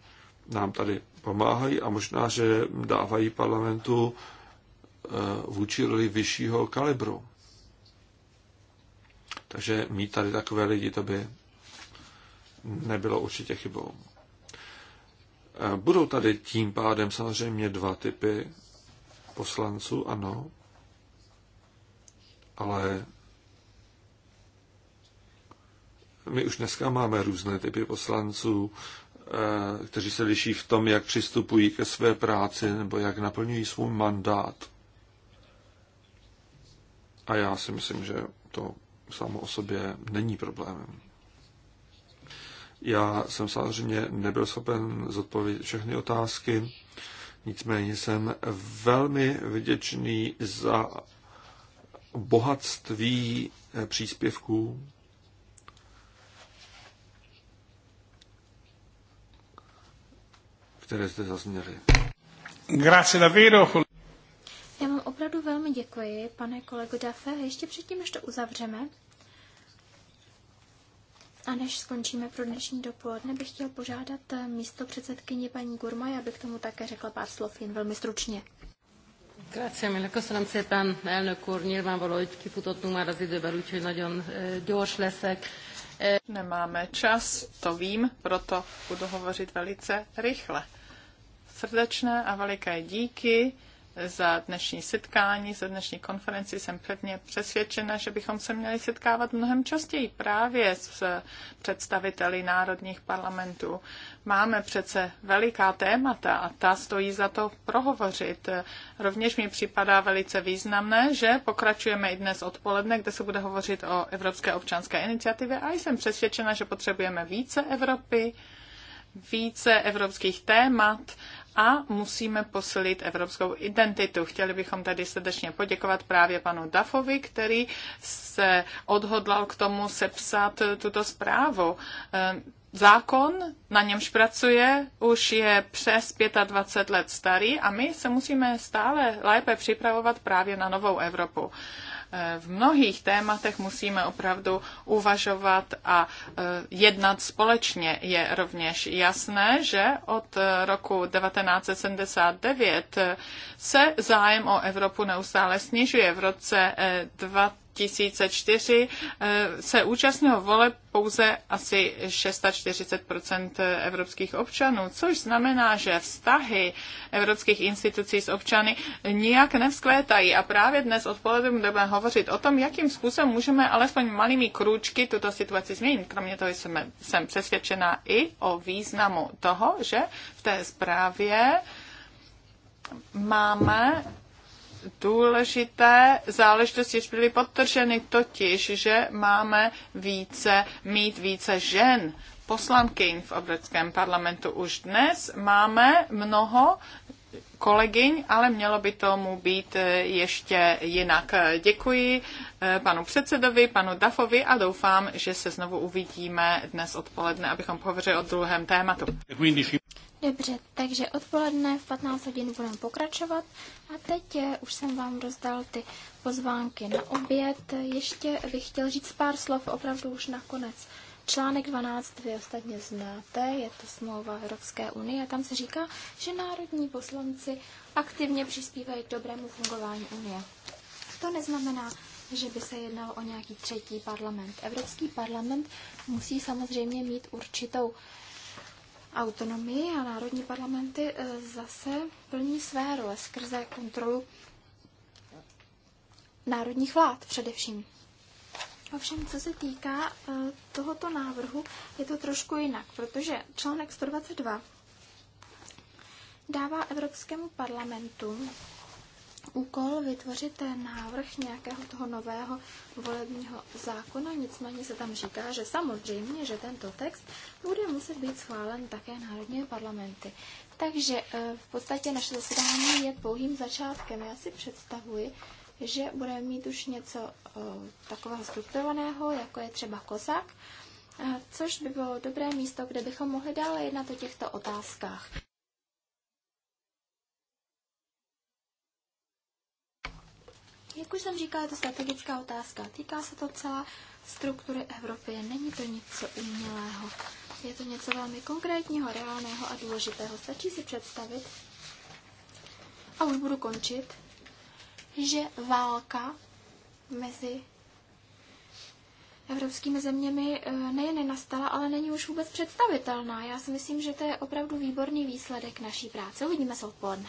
nám tady pomáhají a možná, že dávají parlamentu vůči roli vyššího kalibru. Takže mít tady takové lidi, to by nebylo určitě chybou. Eh, budou tady tím pádem samozřejmě dva typy poslanců, ano, ale my už dneska máme různé typy poslanců, eh, kteří se liší v tom, jak přistupují ke své práci nebo jak naplňují svůj mandát. A já si myslím, že to samo o sobě není problémem. Já jsem samozřejmě nebyl schopen zodpovědět všechny otázky, nicméně jsem velmi vděčný za bohatství eh, příspěvků. které jste zazněly. Grazie davvero. Já vám opravdu velmi děkuji, pane kolego Dafe. Ještě předtím, než to uzavřeme, a než skončíme pro dnešní dopoledne, bych chtěl požádat eh, místo předsedkyně paní Gurmaj, abych tomu také řekla pár slov, jen velmi stručně. Grazie, köszönöm szépen, elnök úr. Nyilvánvaló, hogy kifutottunk már az időben, úgyhogy nagyon eh, gyors leszek. Eh, Nemáme čas, to vím, proto budu hovořit velice rychle. Srdečné a veliké díky za dnešní setkání, za dnešní konferenci. Jsem pevně přesvědčena, že bychom se měli setkávat mnohem častěji právě s představiteli národních parlamentů. Máme přece veliká témata a ta stojí za to prohovořit. Rovněž mi připadá velice významné, že pokračujeme i dnes odpoledne, kde se bude hovořit o Evropské občanské iniciativě a jsem přesvědčena, že potřebujeme více Evropy, více evropských témat, a musíme posilit evropskou identitu. Chtěli bychom tady srdečně poděkovat právě panu Dafovi, který se odhodlal k tomu sepsat tuto zprávu. Ehm, zákon, na němž pracuje, už je přes 25 let starý a my se musíme stále lépe připravovat právě na novou Evropu. Eh, v mnohých tématech musíme opravdu uvažovat a eh, jednat společně. Je rovněž jasné, že od eh, roku 1979 se zájem o Evropu neustále snižuje. V roce 20 2004 eh, se účastnilo voleb pouze asi 640 evropských občanů, což znamená, že vztahy evropských institucí s občany nijak nevzkvétají. A právě dnes odpoledne budeme hovořit o tom, jakým způsobem můžeme alespoň malými krůčky tuto situaci změnit. Kromě toho jsem, jsem přesvědčená i o významu toho, že v té zprávě máme důležité záležitosti již byly podtrženy totiž, že máme více, mít více žen poslankyň v obrovském parlamentu. Už dnes máme mnoho kolegyň, ale mělo by tomu být eh, ještě jinak. Děkuji eh, panu předsedovi, panu Dafovi a doufám, že se znovu uvidíme dnes odpoledne, abychom pohovořili o druhém tématu. Dobře, takže odpoledne v 15 hodin budeme pokračovat a teď eh, už jsem vám rozdal ty pozvánky na oběd. Ještě bych chtěl říct pár slov opravdu už nakonec. Článek 12 vy ostatně znáte, je to smlouva Evropské unie a tam se říká, že národní poslanci aktivně přispívají k dobrému fungování unie. To neznamená, že by se jednalo o nějaký třetí parlament. Evropský parlament musí samozřejmě mít určitou autonomii a národní parlamenty eh, zase plní své role skrze kontrolu národních vlád především. Ovšem, co se týká eh, tohoto návrhu, je to trošku jinak, protože článek 122 dává Evropskému parlamentu úkol vytvořit návrh nějakého toho nového volebního zákona, nicméně se tam říká, že samozřejmě, že tento text bude muset být schválen také národní parlamenty. Takže e, v podstatě naše zasedání je pouhým začátkem. Já si představuji, že budeme mít už něco e, takového strukturovaného, jako je třeba kozak, e, což by bylo dobré místo, kde bychom mohli dále jednat o těchto otázkách. Jak už jsem říkala, je to strategická otázka. Týká se to celá struktury Evropy. Není to něco umělého. Je to něco velmi konkrétního, reálného a důležitého. Stačí si představit, a už budu končit, že válka mezi evropskými zeměmi eh, nejen nenastala, ale není už vůbec představitelná. Já si myslím, že to je opravdu výborný výsledek naší práce. Uvidíme se odpoledne.